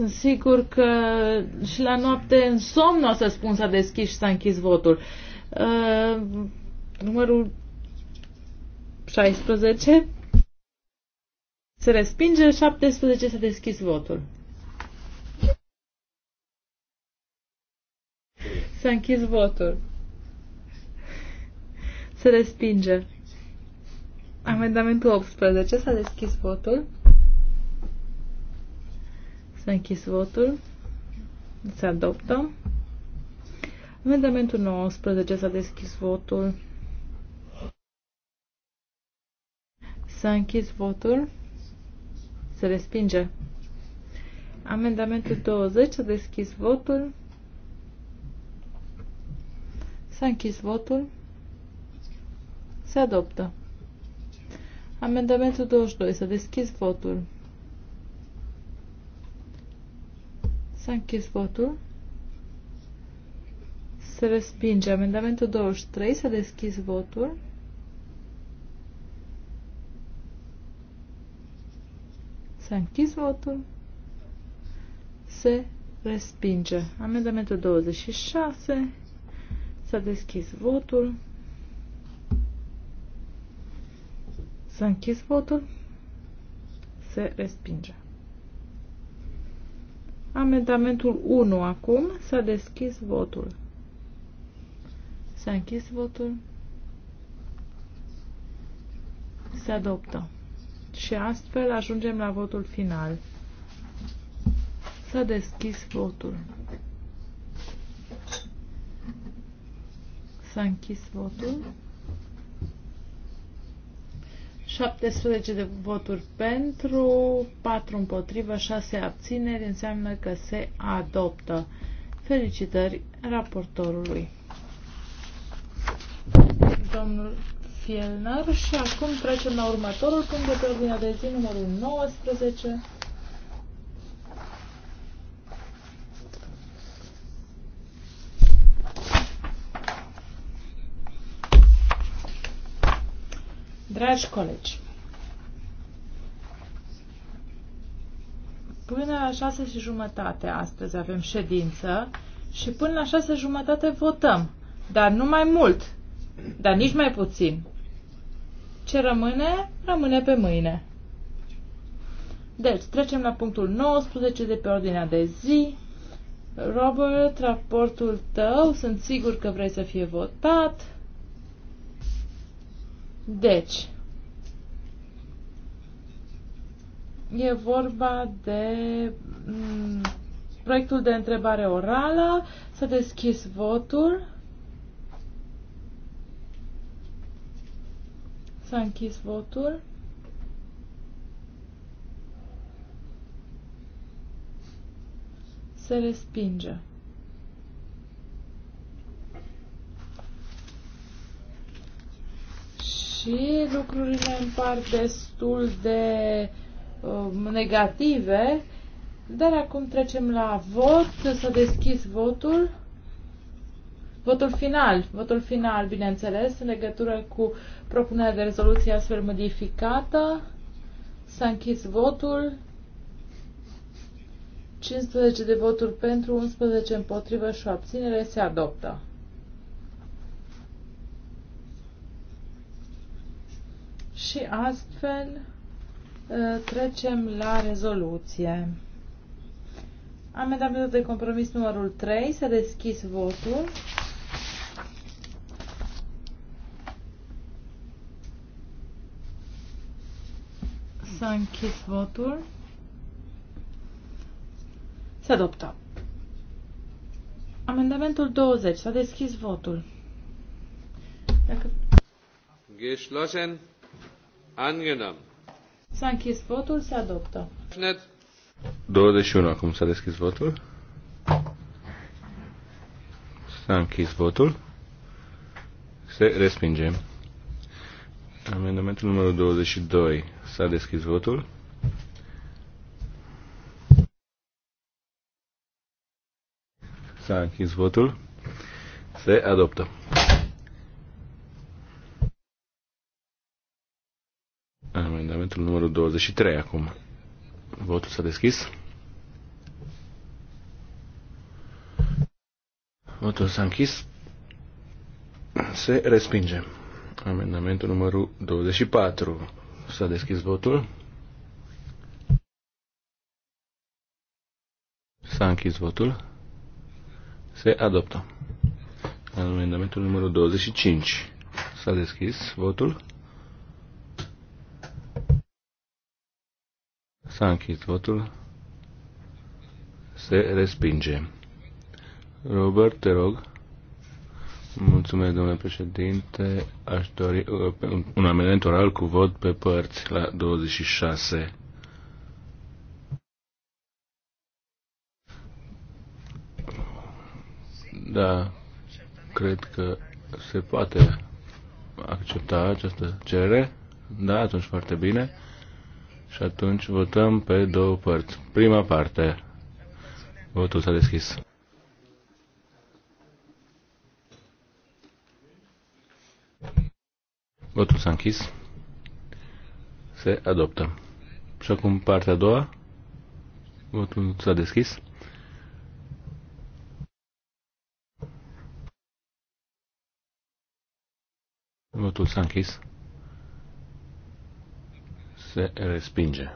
Sunt sigur că și la noapte în somn o să spun s-a deschis și s-a închis votul. Uh, numărul 16 se respinge, 17 s-a deschis votul. S-a închis votul. Se respinge. Amendamentul 18 s-a deschis votul. S-a închis votul. Se adoptă. Amendamentul 19. S-a deschis votul. S-a închis votul. Se respinge. Amendamentul 20. S-a deschis votul. S-a închis votul. Se adoptă. Amendamentul 22. S-a deschis votul. S-a închis votul. Se respinge. Amendamentul 23. S-a deschis votul. S-a închis votul. Se respinge. Amendamentul 26. S-a deschis votul. S-a închis votul. Se respinge. Amendamentul 1 acum. S-a deschis votul. S-a închis votul. Se adoptă. Și astfel ajungem la votul final. S-a deschis votul. S-a închis votul. 17 de voturi pentru, 4 împotrivă, 6 abțineri, înseamnă că se adoptă. Felicitări raportorului. Domnul Fielner și acum trecem la următorul punct de pe ordinea de zi, numărul 19. Dragi colegi, până la șase și jumătate astăzi avem ședință și până la șase jumătate votăm, dar nu mai mult, dar nici mai puțin. Ce rămâne, rămâne pe mâine. Deci, trecem la punctul 19 de pe ordinea de zi. Robert, raportul tău, sunt sigur că vrei să fie votat. Deci, e vorba de mm, proiectul de întrebare orală. Să deschis votul. S-a închis votul. Se respinge. și lucrurile par destul de uh, negative, dar acum trecem la vot, să deschis votul. Votul final, votul final, bineînțeles, în legătură cu propunerea de rezoluție astfel modificată. S-a închis votul. 15 de voturi pentru, 11 împotrivă și o abținere se adoptă. Și astfel ă, trecem la rezoluție. Amendamentul de compromis numărul 3. să deschis votul. S-a închis votul. Se adoptă. Amendamentul 20. S-a deschis votul. Dacă... Geschlossen. Angenommen. S-a închis votul, se adoptă. 21. Acum s-a deschis votul. S-a închis votul. Se respinge. Amendamentul numărul 22. S-a deschis votul. S-a închis votul. Se adoptă. Amendamentul numărul 23 acum. Votul s-a deschis. Votul s-a închis. Se respinge. Amendamentul numărul 24. S-a deschis votul. S-a închis votul. Se adoptă. Amendamentul numărul 25. S-a deschis votul. S-a închis votul. Se respinge. Robert, te rog. Mulțumesc, domnule președinte. Aș dori uh, un amendament oral cu vot pe părți la 26. Da, cred că se poate accepta această cerere. Da, atunci foarte bine. Și atunci votăm pe două părți. Prima parte. Votul s-a deschis. Votul s-a închis. Se adoptă. Și acum partea a doua. Votul s-a deschis. Votul s-a închis se respinge.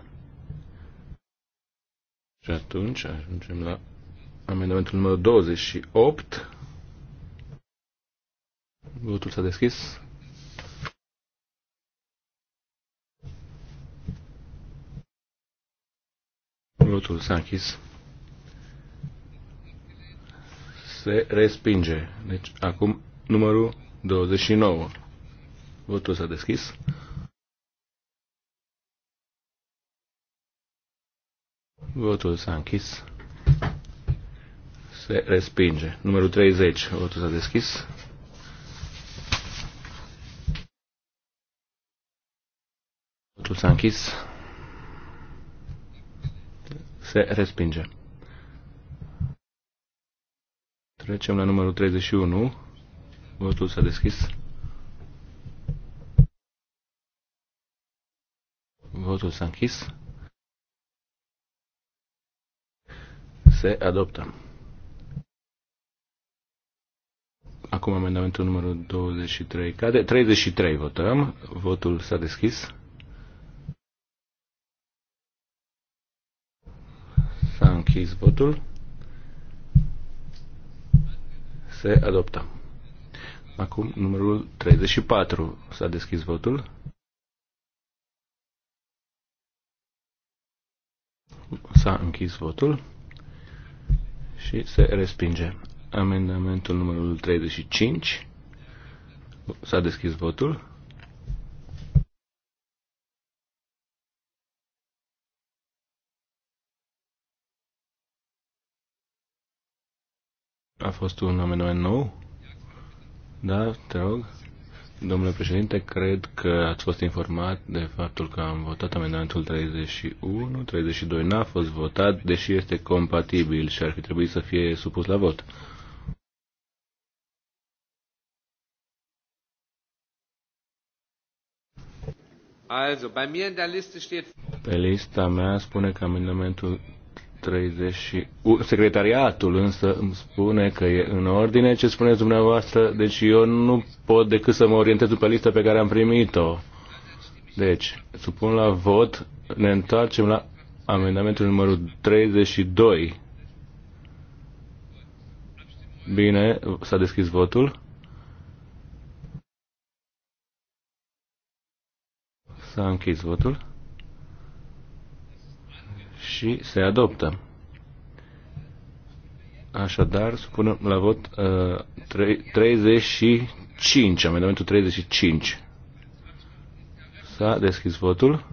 Și atunci ajungem la amendamentul numărul 28. Votul s-a deschis. Votul s-a închis. Se respinge. Deci acum numărul 29. Votul s-a deschis. Votul s-a închis. Se respinge. Numărul 30. Votul s-a deschis. Votul s-a închis. Se respinge. Trecem la numărul 31. Votul s-a deschis. Votul s-a închis se adoptă. Acum amendamentul numărul 23 cade. 33 votăm. Votul s-a deschis. S-a închis votul. Se adoptă. Acum numărul 34. S-a deschis votul. S-a închis votul și se respinge. Amendamentul numărul 35. S-a deschis votul. A fost un amendament nou? Da, te rog. Domnule președinte, cred că ați fost informat de faptul că am votat amendamentul 31, 32 n-a fost votat, deși este compatibil și ar fi trebuit să fie supus la vot. Pe lista mea spune că amendamentul 30 Secretariatul însă îmi spune că e în ordine ce spuneți dumneavoastră, deci eu nu pot decât să mă orientez după lista pe care am primit-o. Deci, supun la vot, ne întoarcem la amendamentul numărul 32. Bine, s-a deschis votul. S-a închis votul și se adoptă. Așadar, supunem la vot uh, 35, amendamentul 35. S-a deschis votul.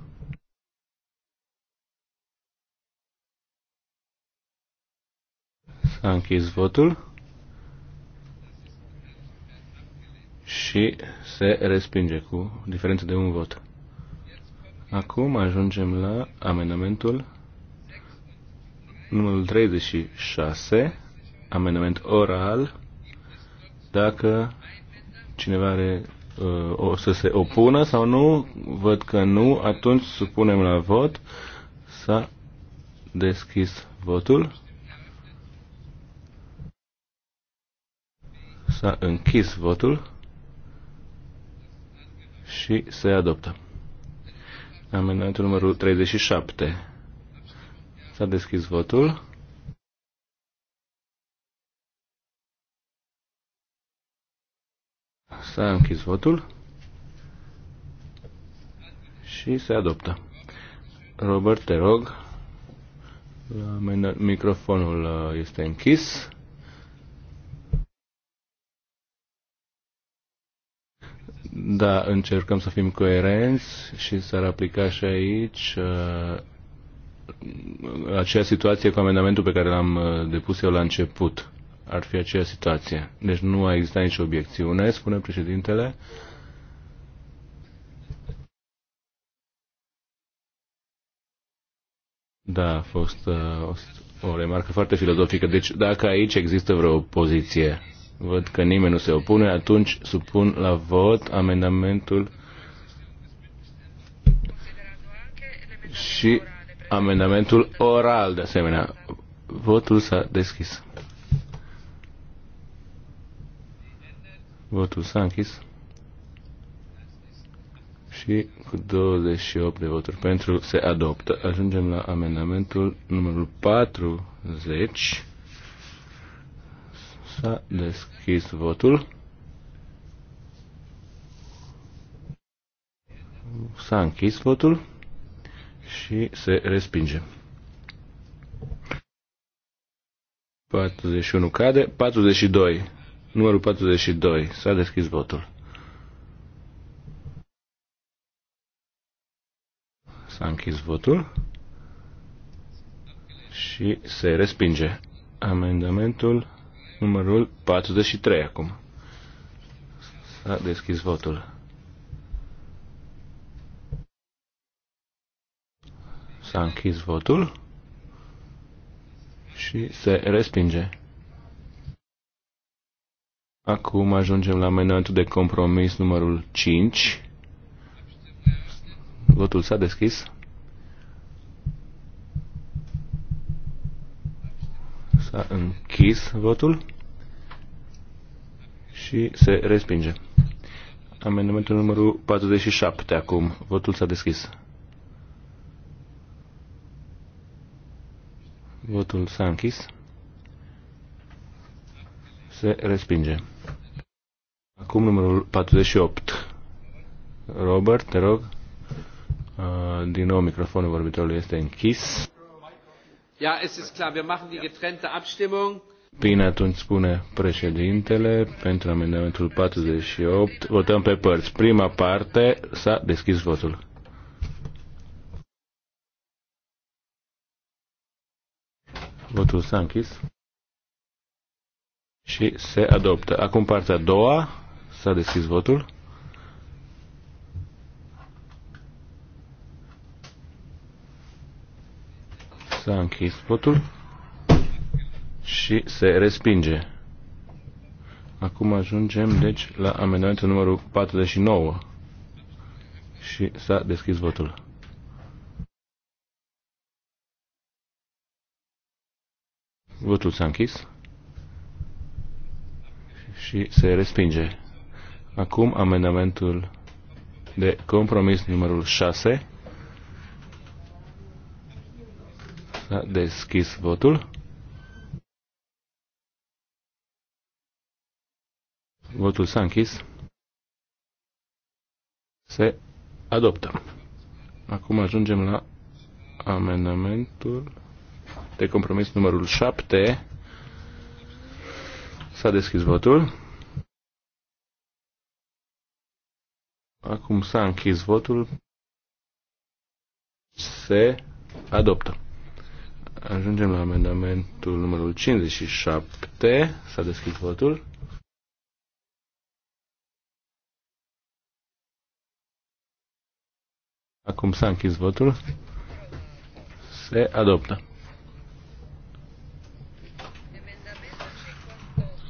S-a închis votul. Și se respinge cu diferență de un vot. Acum ajungem la amendamentul numărul 36, amendament oral, dacă cineva are, uh, o să se opună sau nu, văd că nu, atunci supunem la vot, s-a deschis votul, s-a închis votul și se adoptă. Amendamentul numărul 37. S-a deschis votul. S-a închis votul și se adoptă. Robert, te rog, microfonul uh, este închis. Da, încercăm să fim coerenți și s-ar aplica și aici uh, aceea situație cu amendamentul pe care l-am uh, depus eu la început. Ar fi aceeași situație. Deci nu a existat nicio obiecțiune, spune președintele. Da, a fost uh, o remarcă foarte filozofică. Deci dacă aici există vreo opoziție, văd că nimeni nu se opune, atunci supun la vot amendamentul și amendamentul oral, de asemenea. Votul s-a deschis. Votul s-a închis. Și cu 28 de voturi pentru se adoptă. Ajungem la amendamentul numărul 40. S-a deschis votul. S-a închis votul și se respinge. 41 cade, 42, numărul 42, s-a deschis votul. S-a închis votul și se respinge amendamentul numărul 43 acum. S-a deschis votul. S-a închis votul și se respinge. Acum ajungem la amendamentul de compromis numărul 5. Votul s-a deschis. S-a închis votul și se respinge. Amendamentul numărul 47 acum. Votul s-a deschis. Votul s-a închis. Se respinge. Acum numărul 48. Robert, te rog. Din nou microfonul vorbitorului este închis. Ja, es ist klar, wir machen die getrennte Abstimmung. Bine, atunci spune președintele, pentru amendamentul 48, votăm pe părți. Prima parte s-a deschis votul. Votul s-a închis. Și se adoptă. Acum partea a doua. S-a deschis votul. S-a închis votul și se respinge. Acum ajungem, deci, la amendamentul numărul 49 și s-a deschis votul. Votul s-a închis și se respinge. Acum amendamentul de compromis numărul 6. S-a deschis votul. Votul s-a închis. Se adoptă. Acum ajungem la amendamentul de compromis numărul 7. S-a deschis votul. Acum s-a închis votul. Se adoptă. Ajungem la amendamentul numărul 57. S-a deschis votul. Acum s-a închis votul. Se adoptă.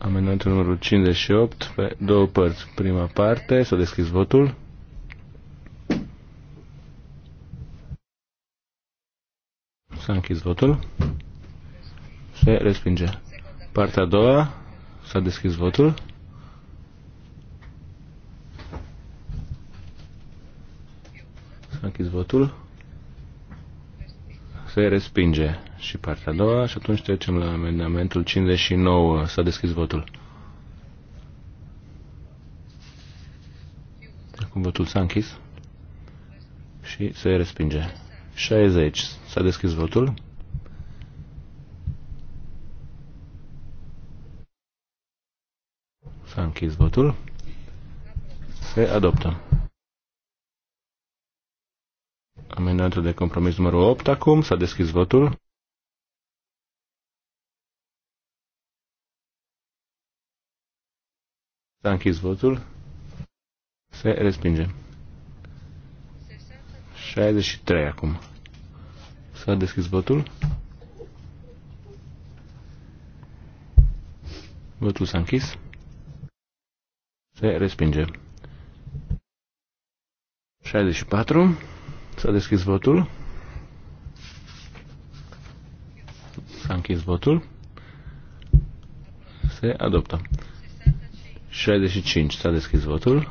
Amendamentul numărul 58, pe două părți. Prima parte, să deschis votul. S-a închis votul. Se respinge. Partea a doua, s-a deschis votul. S-a închis votul. Se respinge și partea a doua și atunci trecem la amendamentul 59. S-a deschis votul. Acum votul s-a închis și se respinge. 60. S-a deschis votul. S-a închis votul. Se adoptă. Amendamentul de compromis numărul 8 acum. S-a deschis votul. S-a închis votul. Se respinge. 63 acum. S-a deschis votul. Votul s-a închis. Se respinge. 64. S-a deschis votul. S-a închis votul. Se adoptă. 65. S-a deschis votul.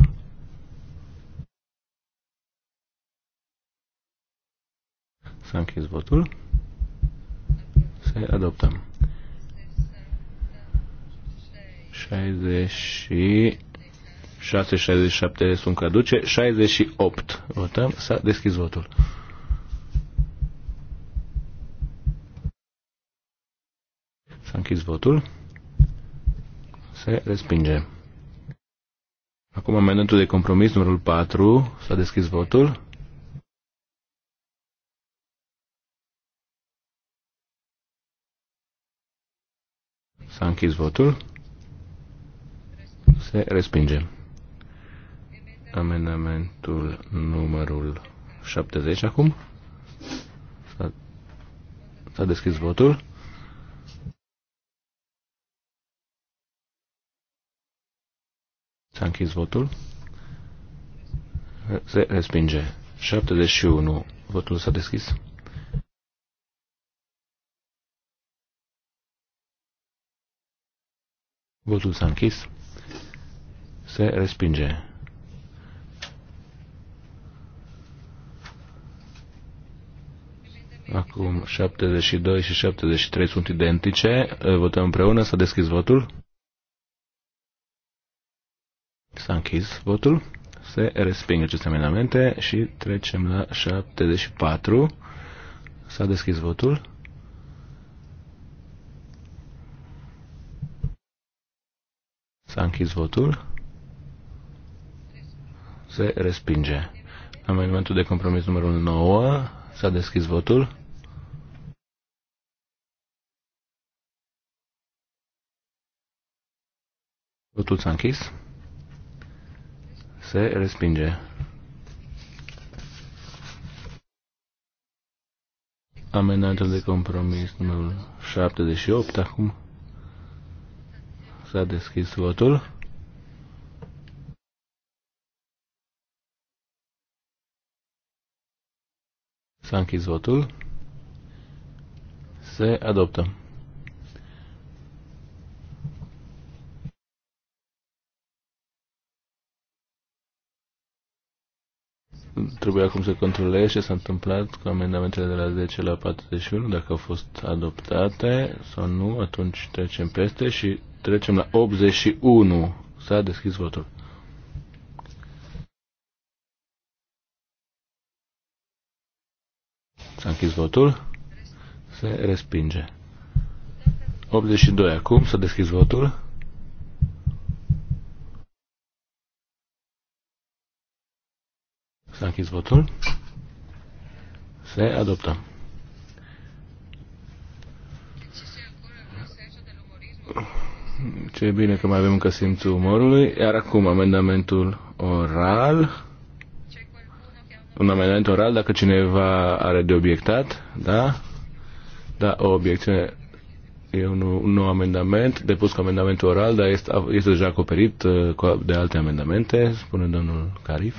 S-a închis votul. Se adoptăm. 66, 67 sunt caduce. 68. Votăm. S-a deschis votul. S-a închis votul. Se respinge. Acum amendamentul de compromis numărul 4. S-a deschis votul. S-a închis votul. Se respinge. Amendamentul numărul 70 acum. S-a deschis votul. S-a închis votul. Se respinge. 71. Votul s-a deschis. Votul s-a închis. Se respinge. Acum 72 și 73 sunt identice. Votăm împreună. S-a deschis votul. S-a închis votul. Se resping aceste amendamente și trecem la 74. S-a deschis votul. S-a închis votul. Se respinge. Amendamentul de compromis numărul 9. S-a deschis votul. Votul s-a închis. Se respinge. Amenajul de compromis numărul 78 acum. S-a deschis votul. S-a închis votul. Se adoptă. trebuie acum să controlez ce s-a întâmplat cu amendamentele de la 10 la 41, dacă au fost adoptate sau nu, atunci trecem peste și trecem la 81. S-a deschis votul. S-a închis votul. Se respinge. 82 acum, s-a deschis votul. S-a închis votul. Se adoptă. Ce bine că mai avem încă simțul umorului. Iar acum amendamentul oral. Un amendament oral, dacă cineva are de obiectat, da? Da, o obiecție. e un, un nou amendament, depus cu amendamentul oral, dar este, este deja acoperit uh, de alte amendamente, spune domnul Carif.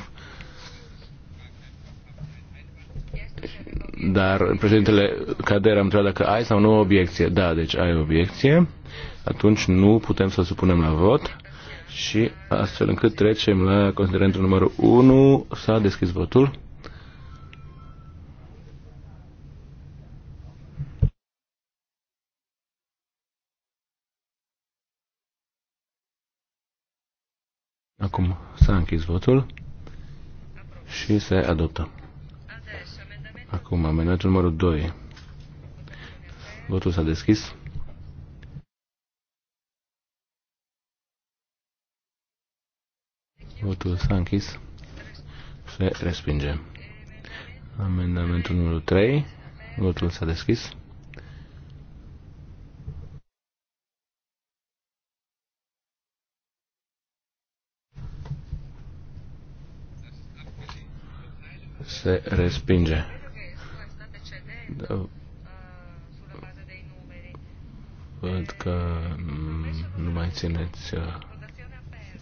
Dar președintele Cader am întrebat dacă ai sau nu o obiecție. Da, deci ai obiecție. Atunci nu putem să o supunem la vot și astfel încât trecem la considerentul numărul 1. S-a deschis votul. Acum s-a închis votul și se adoptă. Acum, amendamentul numărul 2. Votul s-a deschis. Votul s-a închis. Se respinge. Amendamentul numărul 3. Votul s-a deschis. Se respinge. Uh, văd că nu mai țineți...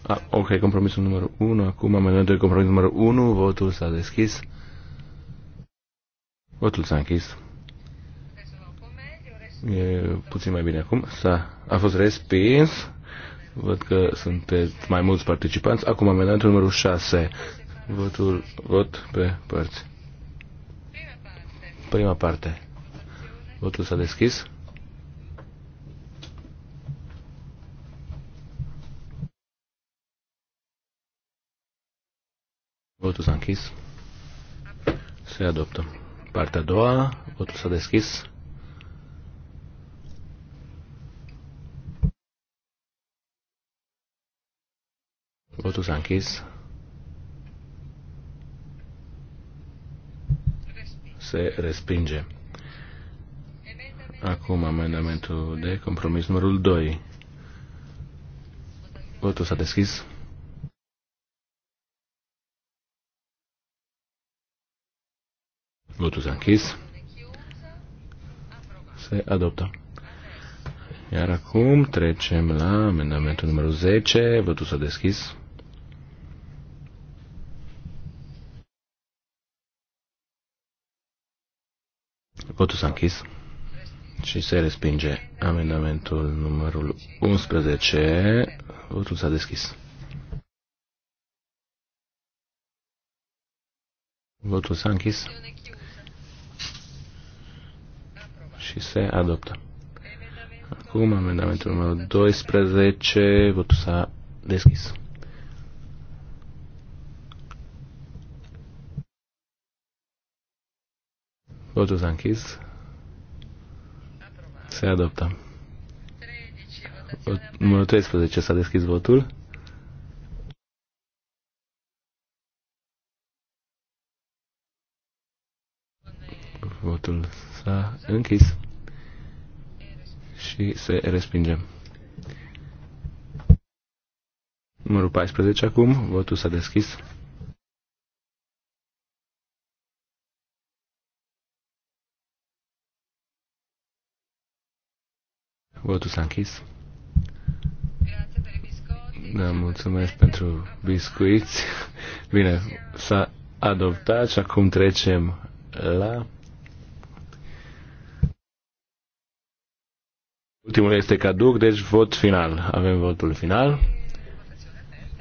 Ah, ok, compromisul numărul 1. Acum amendament de compromis numărul 1. Votul s-a deschis. Votul s-a închis. E puțin mai bine acum. S-a, a fost respins. Văd că sunteți mai mulți participanți. Acum amendamentul numărul 6. Votul, vot pe părți. Prima parte. Votul s-a deschis. Votul s-a închis. Se adoptă. Partea a doua. Votul s-a deschis. Votul s-a închis. se respinge. Acum amendamentul de compromis numărul 2. Votul s-a deschis. Votul s-a închis. Se adoptă. Iar acum trecem la amendamentul numărul 10. Votul s-a deschis. Votul s-a închis și se respinge amendamentul numărul 11. Votul s-a deschis. Votul s-a închis și se adoptă. Acum amendamentul numărul 12. Votul s-a deschis. Votul s-a închis. Se adoptă. Numărul 13 s-a deschis votul. Votul s-a închis și se respinge. Numărul 14 acum, votul s-a deschis. Votul s-a închis. Da, mulțumesc pentru biscuiți. [laughs] Bine, s-a adoptat și acum trecem la... Ultimul este caduc, deci vot final. Avem votul final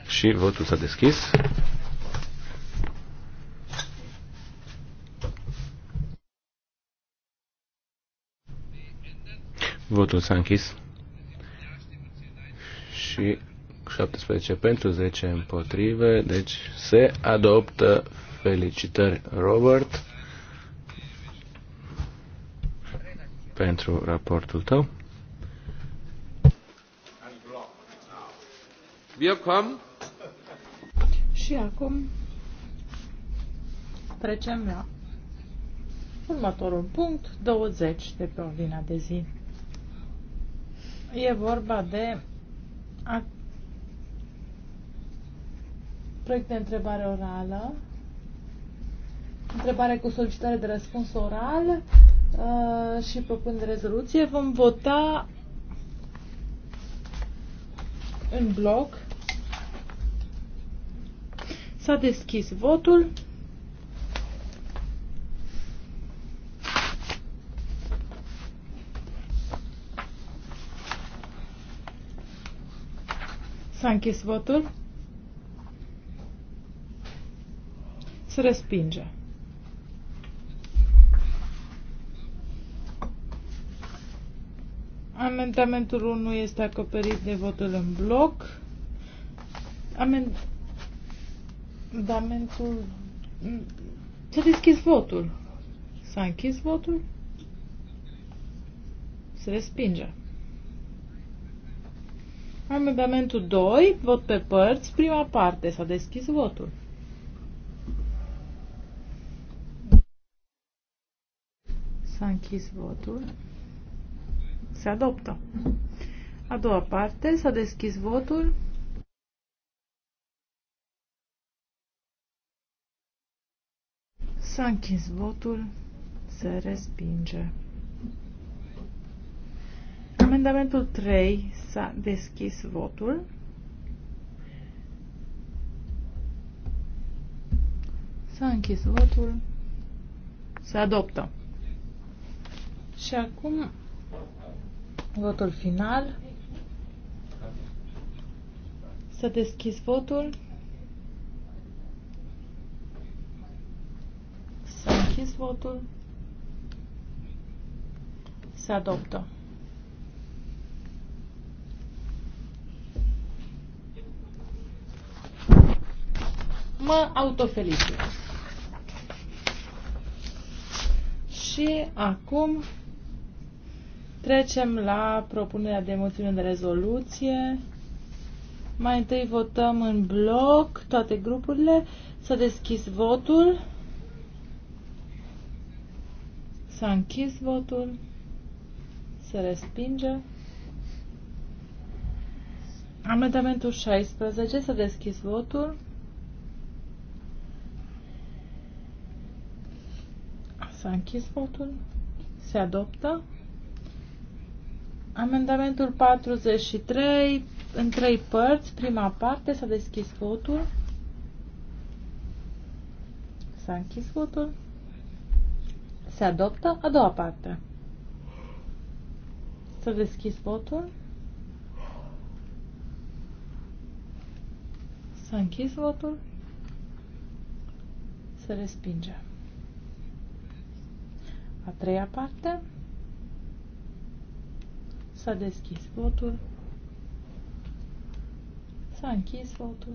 și votul s-a deschis. Votul s-a închis. Și 17 pentru, 10 împotrive. Deci se adoptă. Felicitări, Robert, pentru raportul tău. Și acum trecem la următorul punct, 20 de pe ordinea de zi. E vorba de a... proiect de întrebare orală, întrebare cu solicitare de răspuns oral uh, și propun de rezoluție. Vom vota în bloc. S-a deschis votul. S-a închis votul. Se respinge. Amendamentul 1 este acoperit de votul în bloc. Amendamentul... S-a deschis votul. S-a închis votul. Se respinge. Amendamentul 2, vot pe părți, prima parte. S-a deschis votul. S-a închis votul. Se adoptă. A doua parte, s-a deschis votul. S-a închis votul. Se respinge. Amendamentul 3 s-a deschis votul. S-a închis votul. Se adoptă. Și acum votul final. S-a deschis votul. S-a închis votul. Se adoptă. mă autofelicit. Și acum trecem la propunerea de moțiune de rezoluție. Mai întâi votăm în bloc toate grupurile. S-a deschis votul. S-a închis votul. Se respinge. Amendamentul 16. S-a deschis votul. S-a închis votul. Se adoptă. Amendamentul 43 în trei părți. Prima parte s-a deschis votul. S-a închis votul. Se adoptă a doua parte. S-a deschis votul. S-a închis votul. Se respinge. A treia parte. S-a deschis votul. S-a închis votul.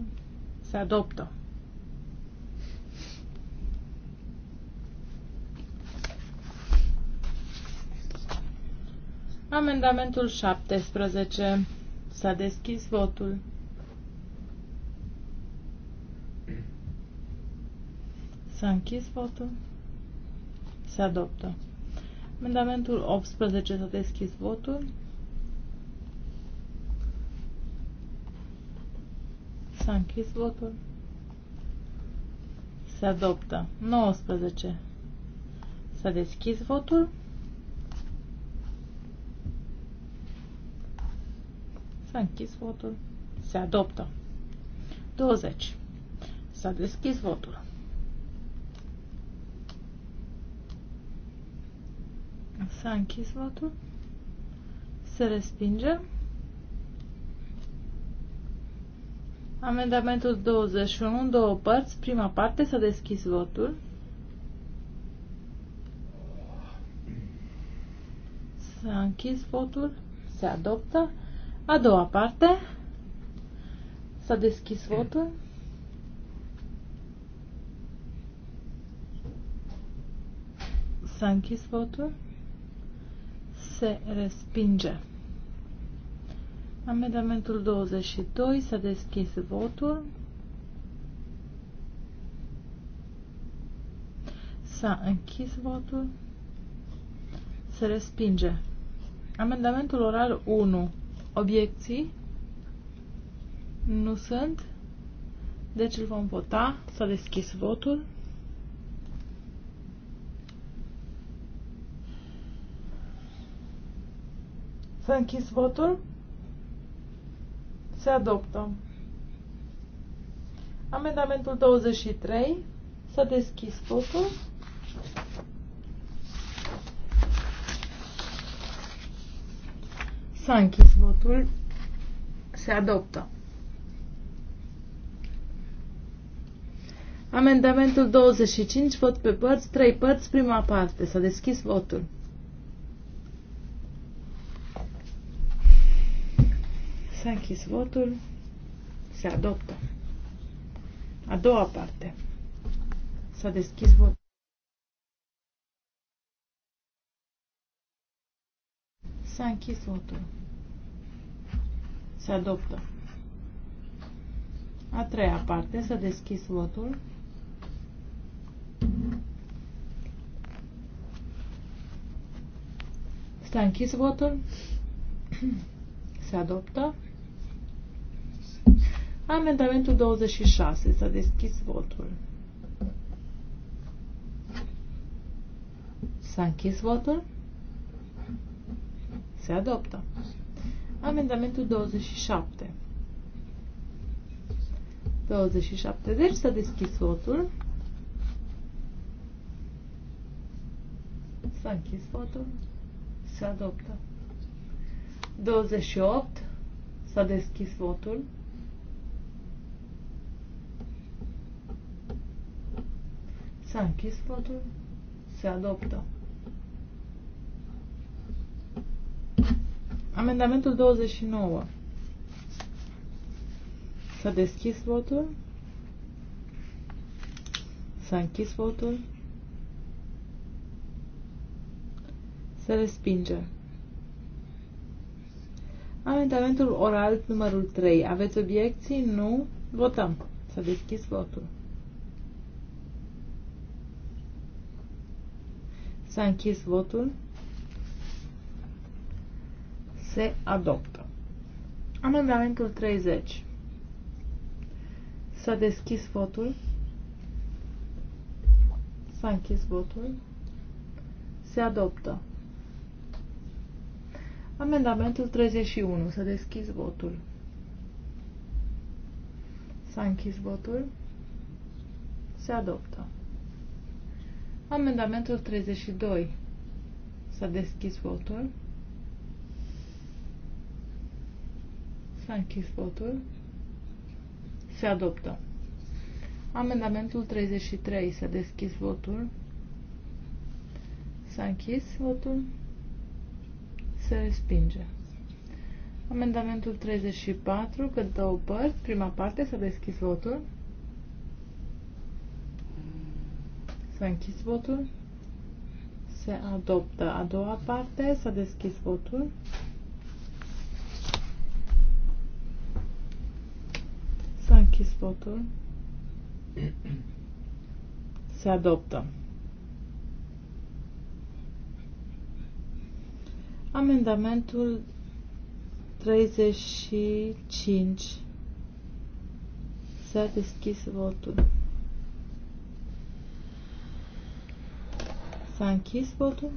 Se adoptă. Amendamentul 17. S-a deschis votul. S-a închis votul. Se adoptă. Amendamentul 18 s-a deschis votul. S-a închis votul. Se adoptă. 19. S-a deschis votul. S-a închis votul. Se adoptă. 20. S-a deschis votul. S-a închis votul. Se respinge. Amendamentul 21, în două părți. Prima parte s-a deschis votul. S-a închis votul. Se adoptă. A doua parte. S-a deschis votul. S-a închis votul se respinge. Amendamentul 22 s-a deschis votul. S-a închis votul. Se respinge. Amendamentul oral 1. Obiecții? Nu sunt. Deci îl vom vota. S-a deschis votul. S-a închis votul. Se adoptă. Amendamentul 23. S-a deschis votul. S-a închis votul. Se adoptă. Amendamentul 25, vot pe părți, trei părți, prima parte. S-a deschis votul. S-a închis votul. Se adoptă. A doua parte. S-a deschis votul. S-a închis votul. Se adoptă. A treia parte. S-a deschis votul. S-a închis votul. [clears throat] Se adoptă. Amendamentul 26. S-a deschis votul. S-a închis votul. Se adoptă. Amendamentul 27. 27. Deci s-a deschis votul. S-a închis votul. Se adoptă. 28. S-a deschis votul. S-a închis votul. Se adoptă. Amendamentul 29. S-a deschis votul. S-a închis votul. Se respinge. Amendamentul oral numărul 3. Aveți obiecții? Nu. Votăm. S-a deschis votul. S-a închis votul. Se adoptă. Amendamentul 30. S-a deschis votul. S-a închis votul. Se adoptă. Amendamentul 31. S-a deschis votul. S-a închis votul. Se adoptă. Amendamentul 32. S-a deschis votul. S-a închis votul. Se adoptă. Amendamentul 33. S-a deschis votul. S-a închis votul. Se respinge. Amendamentul 34, pe două părți, prima parte, s-a deschis votul. S-a închis votul. Se adoptă a doua parte. S-a deschis votul. S-a închis votul. Se adoptă. Amendamentul 35. S-a deschis votul. S-a închis votul.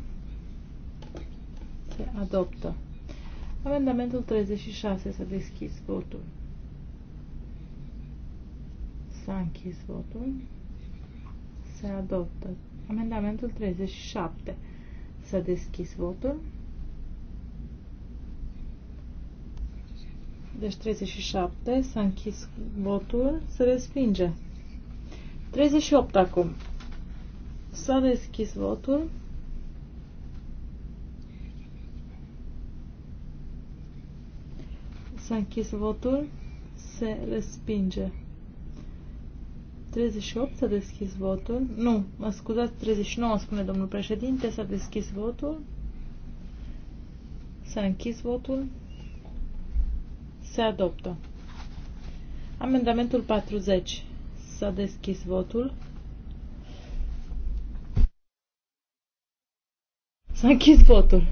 Se adoptă. Amendamentul 36. S-a deschis votul. S-a închis votul. Se adoptă. Amendamentul 37. S-a deschis votul. Deci 37. S-a închis votul. Se respinge. 38 acum. S-a deschis votul. S-a închis votul. Se respinge. 38 s-a deschis votul. Nu, mă scuzați, 39 spune domnul președinte, s-a deschis votul. S-a închis votul. Se adoptă. Amendamentul 40. S-a deschis votul. S-a închis votul.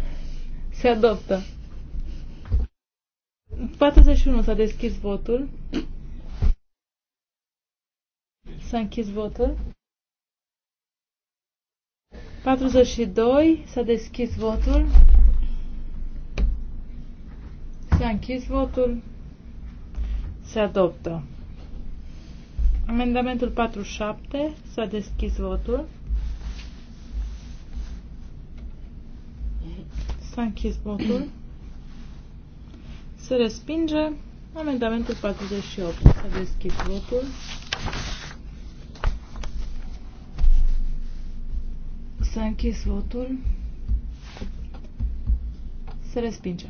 Se adoptă. 41 s-a deschis votul. S-a închis votul. 42 s-a deschis votul. S-a închis votul. Se adoptă. Amendamentul 47 s-a deschis votul. S-a închis votul. Se respinge amendamentul 48. S-a deschis votul. S-a închis votul. Se respinge.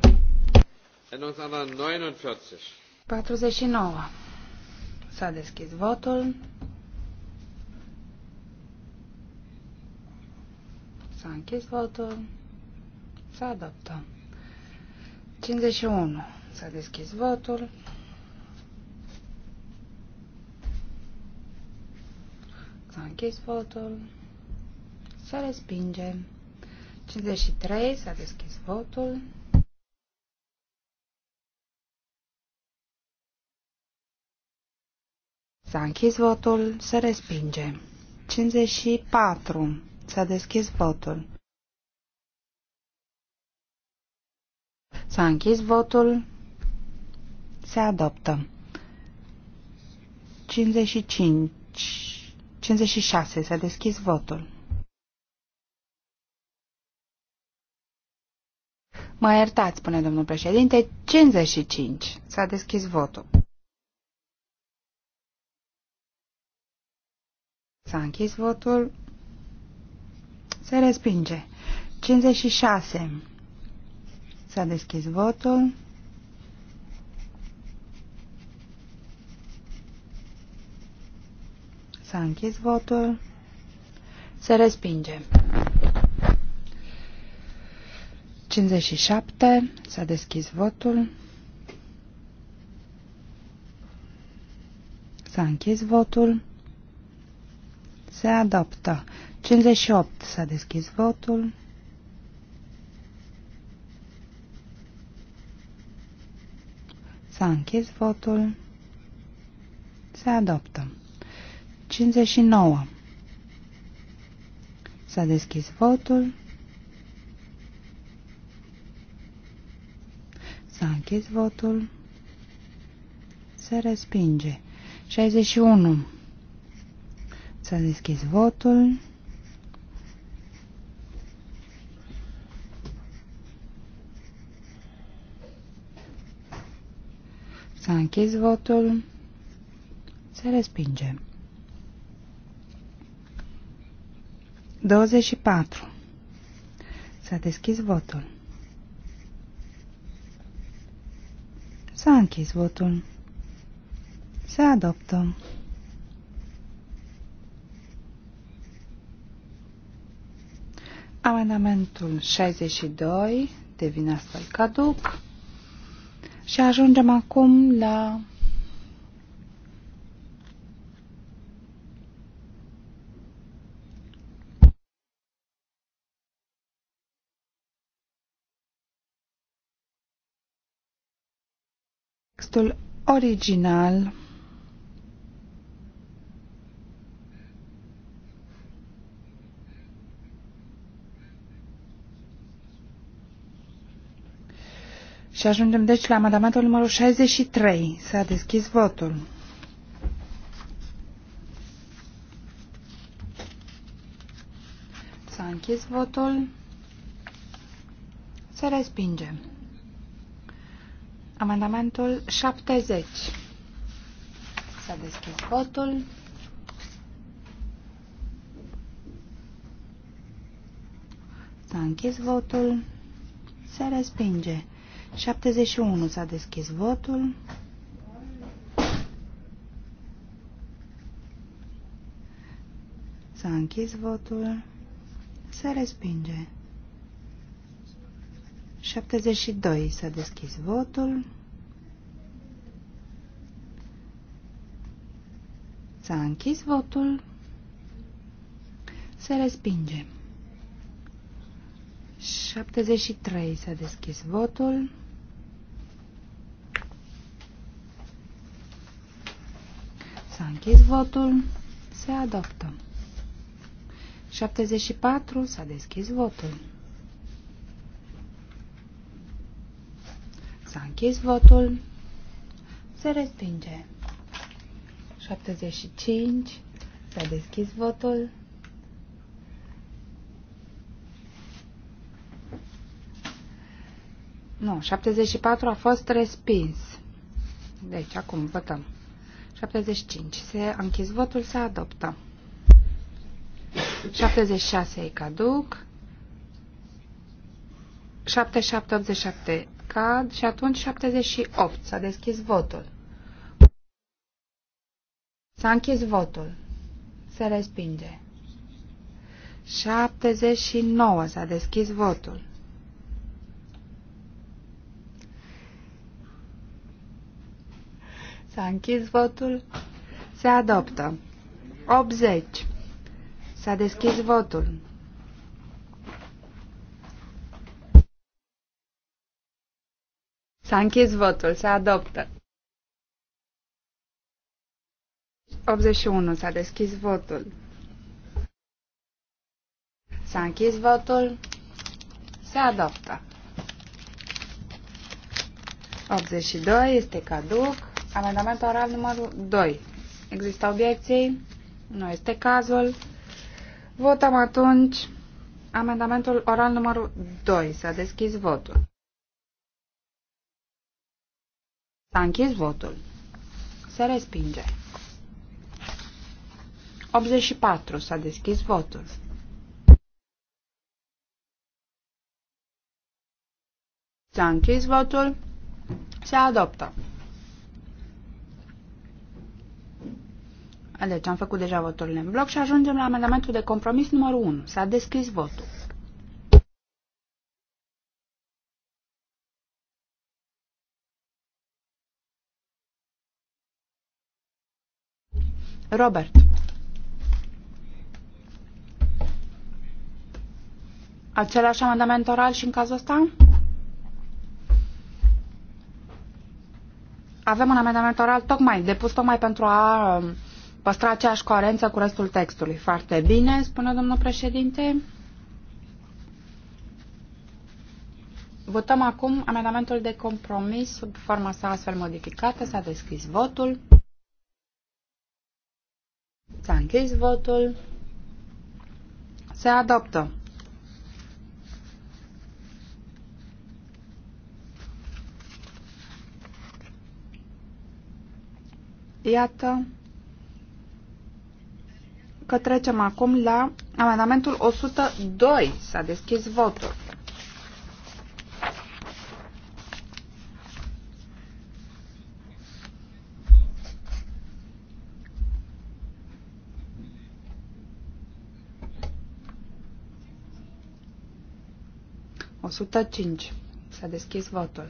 49. S-a deschis votul. S-a închis votul. Să adaptăm. 51. S-a deschis votul. S-a închis votul. Să respinge. 53. S-a deschis votul. S-a închis votul. Să respinge. 54. S-a deschis votul. S-a închis votul. Se adoptă. 55. 56. S-a deschis votul. Mă iertați, spune domnul președinte, 55. S-a deschis votul. S-a închis votul. Se respinge. 56. S-a deschis votul. S-a închis votul. Se respinge. 57. S-a deschis votul. S-a închis votul. Se adoptă. 58. S-a deschis votul. S-a închis votul. Se adoptă. 59. S-a deschis votul. S-a închis votul. Se respinge. 61. S-a deschis votul. S-a închis votul. Se respinge. 24. S-a deschis votul. S-a închis votul. Se adoptă. Amendamentul 62 devine astfel caduc. Și ajungem acum la textul original Și ajungem deci la amendamentul numărul 63. S-a deschis votul. S-a închis votul. Se respinge. Amendamentul 70. S-a deschis votul. S-a închis votul. Se respinge. 71 s-a deschis votul. S-a închis votul. Se respinge. 72 s-a deschis votul. S-a închis votul. Se respinge. 73 s-a deschis votul. închis votul. Se adoptă. 74. S-a deschis votul. S-a închis votul. Se respinge. 75. S-a deschis votul. Nu, 74 a fost respins. Deci, acum votăm. 75. Se închis votul, se adoptă. 76 Îi caduc. 7787 cad și atunci 78. S-a deschis votul. S-a închis votul. Se respinge. 79. S-a deschis votul. S-a închis votul. Se adoptă. 80. S-a deschis votul. S-a închis votul. Se adoptă. 81. S-a deschis votul. S-a închis votul. Se adoptă. 82 este caduc. Amendamentul oral numărul 2. Există obiecții? Nu este cazul. Votăm atunci amendamentul oral numărul 2. S-a deschis votul. S-a închis votul. Se respinge. 84. S-a deschis votul. S-a închis votul. Se adoptă. Deci am făcut deja voturile în bloc și ajungem la amendamentul de compromis numărul 1. S-a deschis votul. Robert. Același amendament oral și în cazul ăsta? Avem un amendament oral tocmai, depus tocmai pentru a um, păstra aceeași coerență cu restul textului. Foarte bine, spune domnul președinte. Votăm acum amendamentul de compromis sub forma sa astfel modificată. S-a deschis votul. S-a închis votul. Se adoptă. Iată că trecem acum la amendamentul 102. S-a deschis votul. O sută cinci. S-a deschis votul.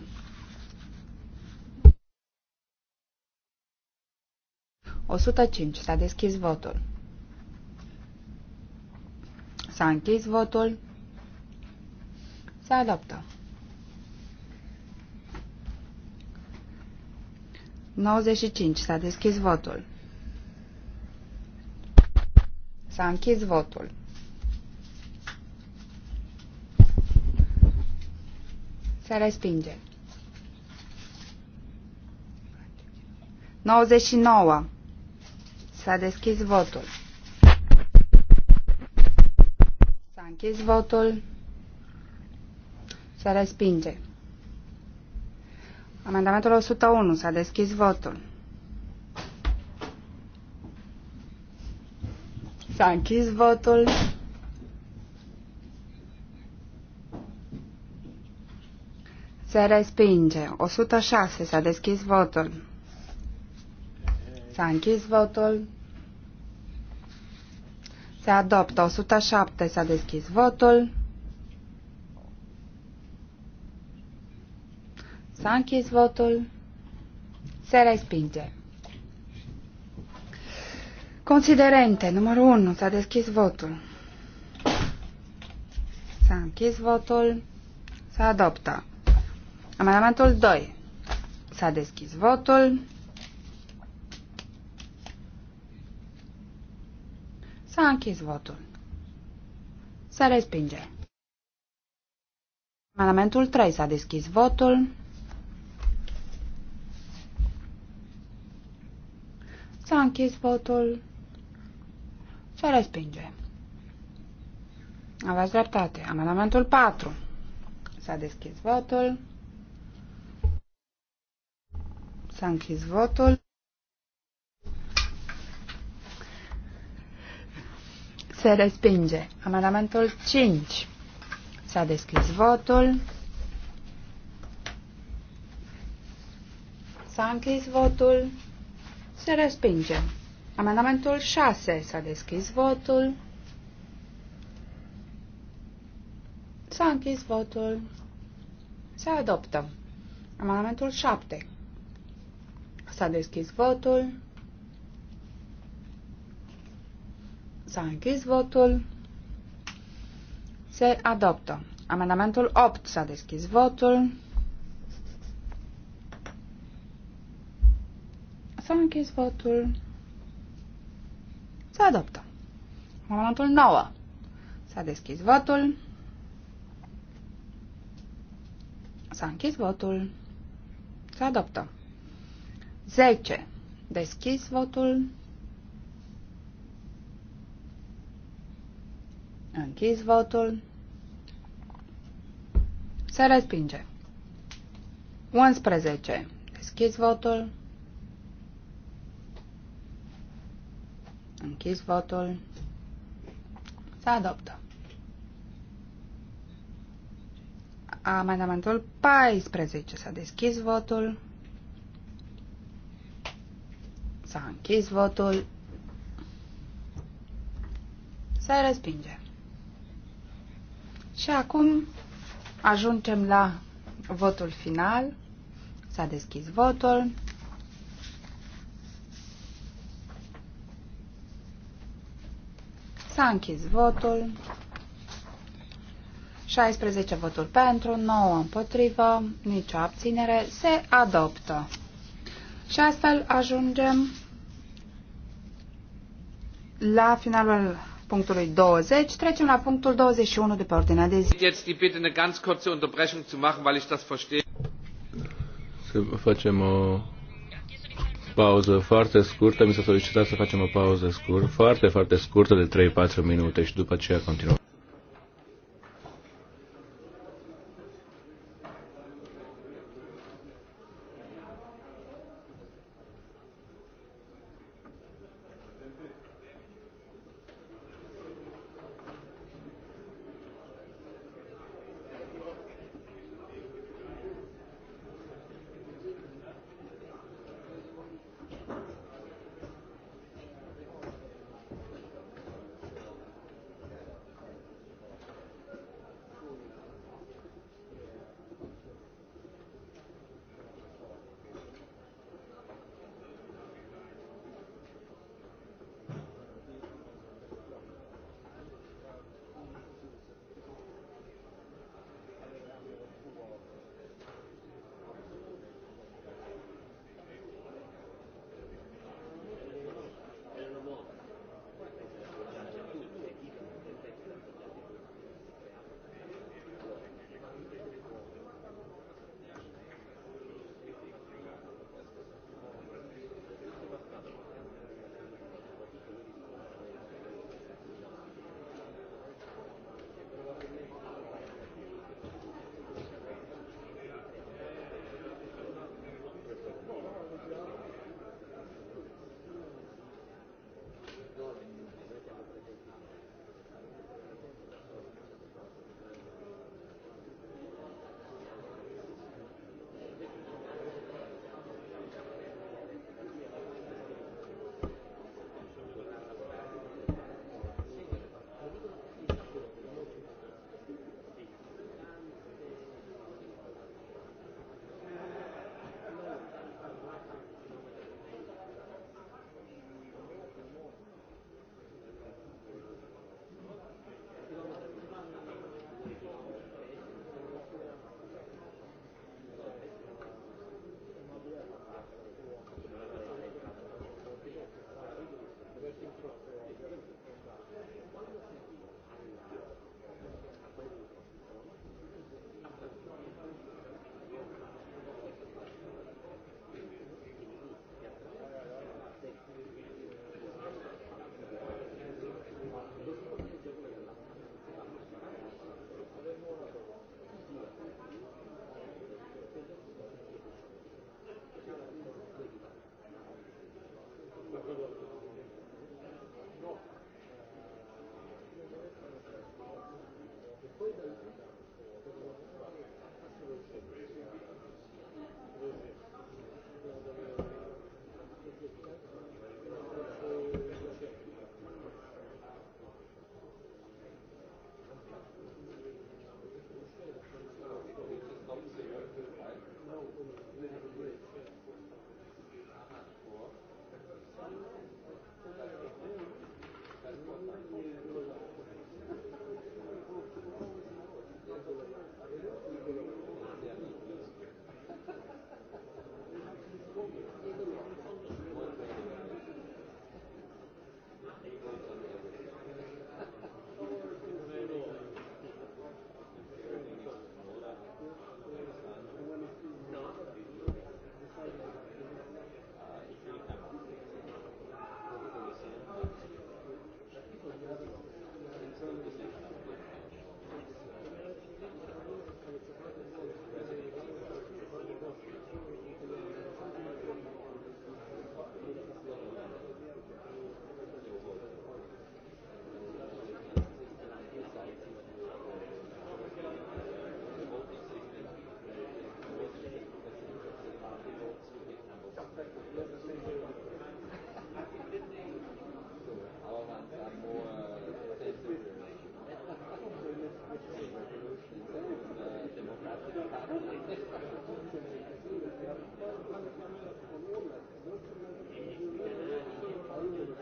O sută cinci. S-a deschis votul. S-a închis votul. Se adoptă. 95. S-a deschis votul. S-a închis votul. Se respinge. 99. S-a deschis votul. a închis votul. Se respinge. Amendamentul 101. S-a deschis votul. S-a închis votul. Se respinge. 106. S-a deschis votul. S-a închis votul. Se adoptă. 107 s-a deschis votul. S-a închis votul. Se respinge. Considerente, numărul 1, s-a deschis votul. S-a închis votul. Se adoptă. Amendamentul 2. S-a deschis votul. S-a închis votul. Se respinge. Amendamentul 3 s-a deschis votul. S-a închis votul. Se respinge. Aveți dreptate. Amendamentul 4. S-a deschis votul. S-a închis votul. se respinge. Amendamentul 5. S-a deschis votul. S-a închis votul. Se respinge. Amendamentul 6. S-a deschis votul. S-a închis votul. Se adoptă. Amendamentul 7. S-a deschis votul. S-a închis votul. Se adoptă. Amendamentul 8. S-a deschis votul. S-a închis votul. Se adoptă. Amendamentul 9. S-a deschis votul. S-a închis votul. Se adoptă. 10. Deschis votul. Închis votul. Se respinge. 11. Deschis votul. Închis votul. Se adoptă. Amendamentul 14. S-a deschis votul. S-a închis votul. Se respinge. Și acum ajungem la votul final. S-a deschis votul. S-a închis votul. 16 voturi pentru, 9 împotrivă, nicio abținere, se adoptă. Și astfel ajungem la finalul punctului 20, trecem la punctul 21 de pe ordinea de zi. Jetzt die bitte eine ganz kurze Unterbrechung zu machen, weil ich das verstehe. Să facem o pauză foarte scurtă. Mi s-a solicitat să facem o pauză scurtă, foarte, foarte scurtă, de 3-4 minute și după aceea continuăm.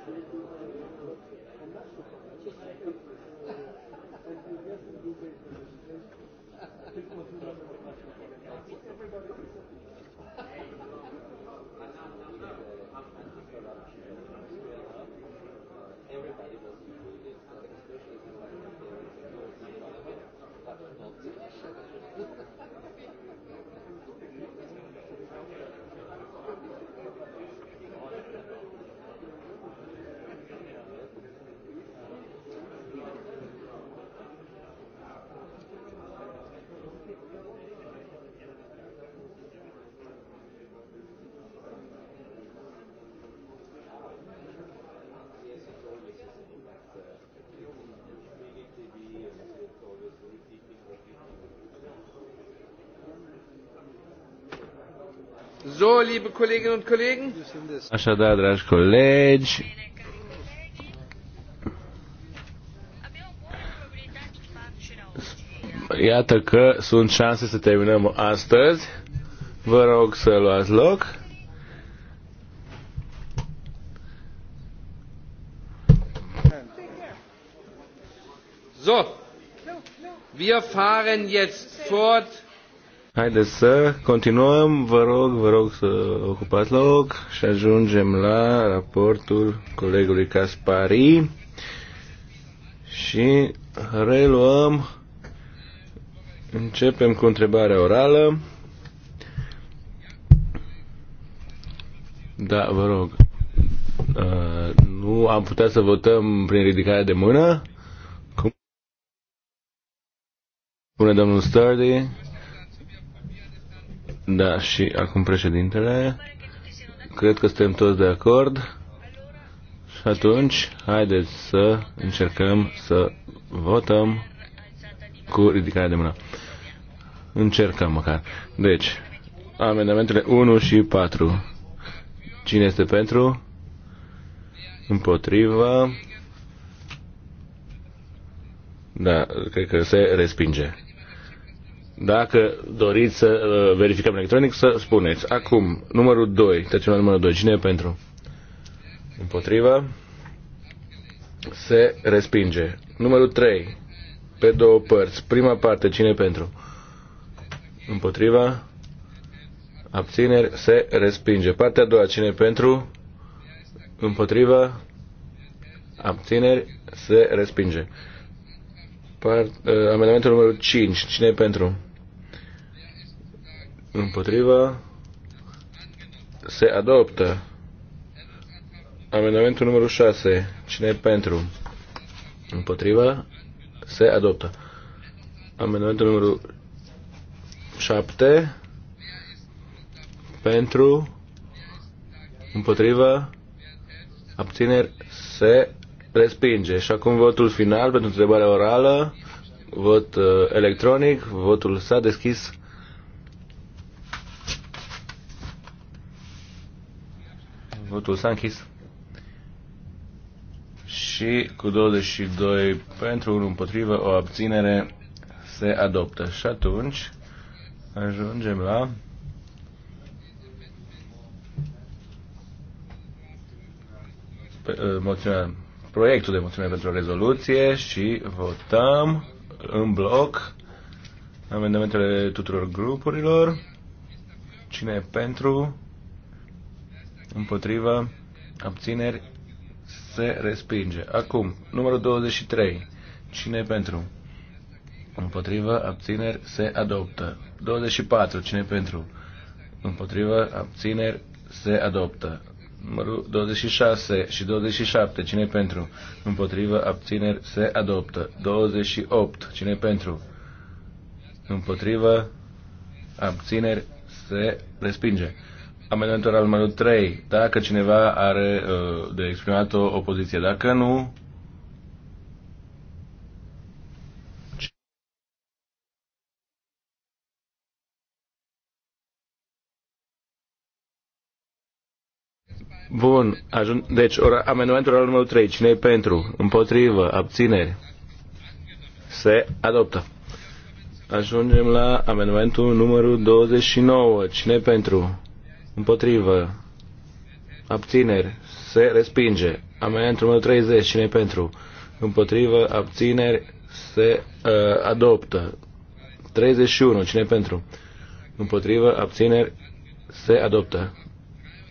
Everybody Așadar, dragi colegi, iată că sunt șanse să terminăm astăzi. Vă rog să luați loc. So, wir fahren jetzt fort Haideți să continuăm, vă rog, vă rog să ocupați loc și ajungem la raportul colegului Caspari și reluăm, începem cu întrebarea orală. Da, vă rog. Uh, nu am putea să votăm prin ridicarea de mână? Cum? Spune domnul Sturdy. Da, și acum președintele. Cred că suntem toți de acord. Și atunci, haideți să încercăm să votăm cu ridicarea de mână. Încercăm măcar. Deci, amendamentele 1 și 4. Cine este pentru? Împotrivă. Da, cred că se respinge. Dacă doriți să uh, verificăm electronic, să spuneți. Acum, numărul 2. Trecem numărul 2. Cine e pentru? Împotriva. Se respinge. Numărul 3. Pe două părți. Prima parte. Cine e pentru? Împotriva. Abțineri. Se respinge. Partea a doua. Cine e pentru? Împotriva. Abțineri. Se respinge. Part, uh, amendamentul numărul 5. Cine e pentru? Împotriva. Se adoptă. Amendamentul numărul 6. Cine e pentru? Împotriva. Se adoptă. Amendamentul numărul 7. Pentru. Împotriva. Abțineri. Se respinge. Și acum votul final pentru întrebarea orală. Vot uh, electronic. Votul s-a deschis. Votul s-a închis. Și cu 22 pentru, unul împotrivă, o abținere se adoptă. Și atunci ajungem la ă, moțiunea, proiectul de moțiune pentru rezoluție și votăm în bloc amendamentele tuturor grupurilor. Cine e pentru? împotriva, abțineri, se respinge. Acum, numărul 23. Cine e pentru? Împotriva, abțineri, se adoptă. 24. Cine e pentru? Împotriva, abțineri, se adoptă. Numărul 26 și 27. Cine e pentru? Împotriva, abțineri, se adoptă. 28. Cine e pentru? Împotriva, abțineri, se respinge amendamentul al numărul 3, dacă cineva are uh, de exprimat o opoziție. Dacă nu, Bun, ajun... deci ora, amendamentul al numărul 3, cine e pentru, împotrivă, abțineri, se adoptă. Ajungem la amendamentul numărul 29, cine e pentru, Împotrivă. Abțineri. Se respinge. Amendamentul meu 30. Cine pentru? Împotrivă. Abțineri. Se uh, adoptă. 31. Cine pentru? Împotrivă. Abțineri. Se adoptă.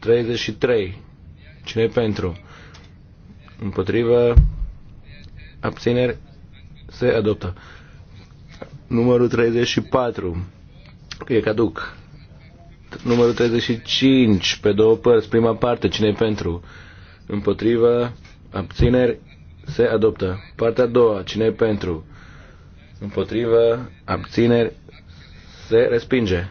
33. Cine pentru? Împotrivă. Abțineri. Se adoptă. Numărul 34. E caduc numărul 35, pe două părți, prima parte, cine e pentru? împotrivă, abțineri, se adoptă. Partea a doua, cine e pentru? împotrivă, abțineri, se respinge.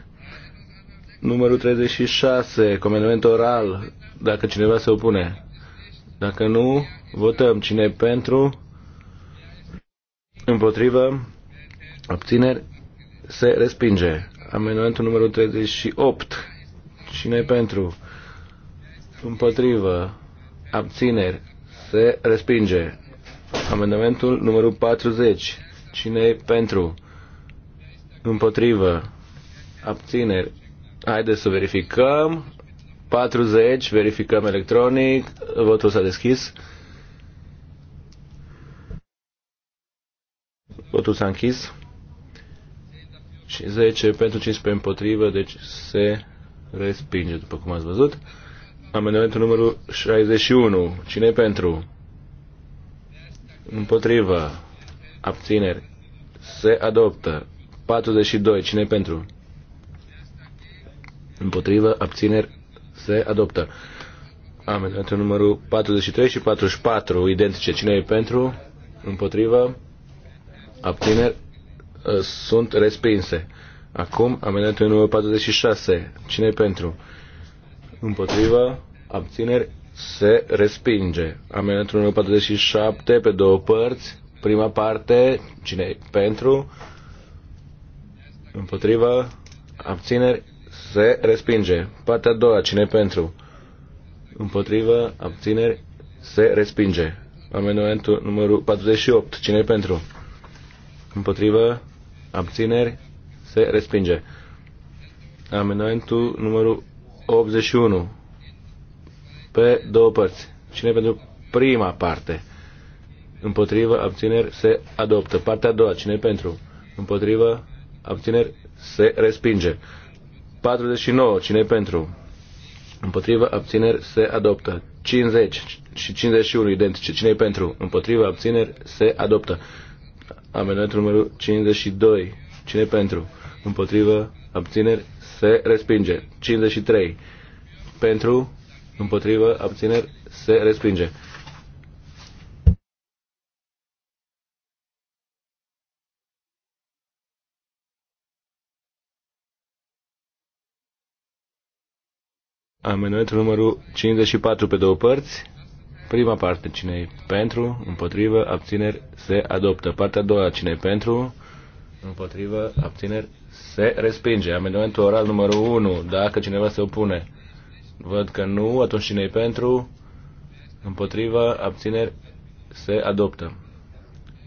Numărul 36, comandament oral, dacă cineva se opune. Dacă nu, votăm cine e pentru, împotrivă, abțineri, se respinge. Amendamentul numărul 38. Cine pentru? Împotrivă. Abțineri. Se respinge. Amendamentul numărul 40. Cine e pentru? Împotrivă. Abțineri. Haideți să verificăm. 40. Verificăm electronic. Votul s-a deschis. Votul s-a închis și 10 pentru 15 împotrivă, deci se respinge, după cum ați văzut. Amendamentul numărul 61. Cine e pentru? Împotrivă. Abțineri. Se adoptă. 42. Cine e pentru? Împotrivă. Abțineri. Se adoptă. Amendamentul numărul 43 și 44. Identice. Cine e pentru? Împotrivă. Abțineri. Uh, sunt respinse. Acum, amendamentul numărul 46. cine pentru? Împotriva, abțineri, se respinge. Amendamentul numărul 47, pe două părți. Prima parte, cine pentru? Împotriva, abțineri, se respinge. Partea a doua, cine pentru? Împotriva, abțineri, se respinge. Amendamentul numărul 48, cine pentru? Împotrivă, abțineri, se respinge. Amendamentul numărul 81, pe două părți. Cine pentru prima parte? Împotrivă, abțineri, se adoptă. Partea a doua, cine pentru? Împotrivă, abțineri, se respinge. 49, cine pentru? Împotrivă, abțineri, se adoptă. 50 și 51, identice. cine pentru? Împotrivă, abțineri, se adoptă. Amendamentul numărul 52. Cine pentru? Împotrivă. Abțineri. Se respinge. 53. Pentru. Împotrivă. Abțineri. Se respinge. Amendamentul numărul 54 pe două părți. Prima parte, cine pentru, împotrivă, abțineri, se adoptă. Partea a doua, cine pentru, împotrivă, abțineri, se respinge. Amendamentul oral numărul 1, dacă cineva se opune. Văd că nu, atunci cine pentru, împotrivă, abțineri, se adoptă.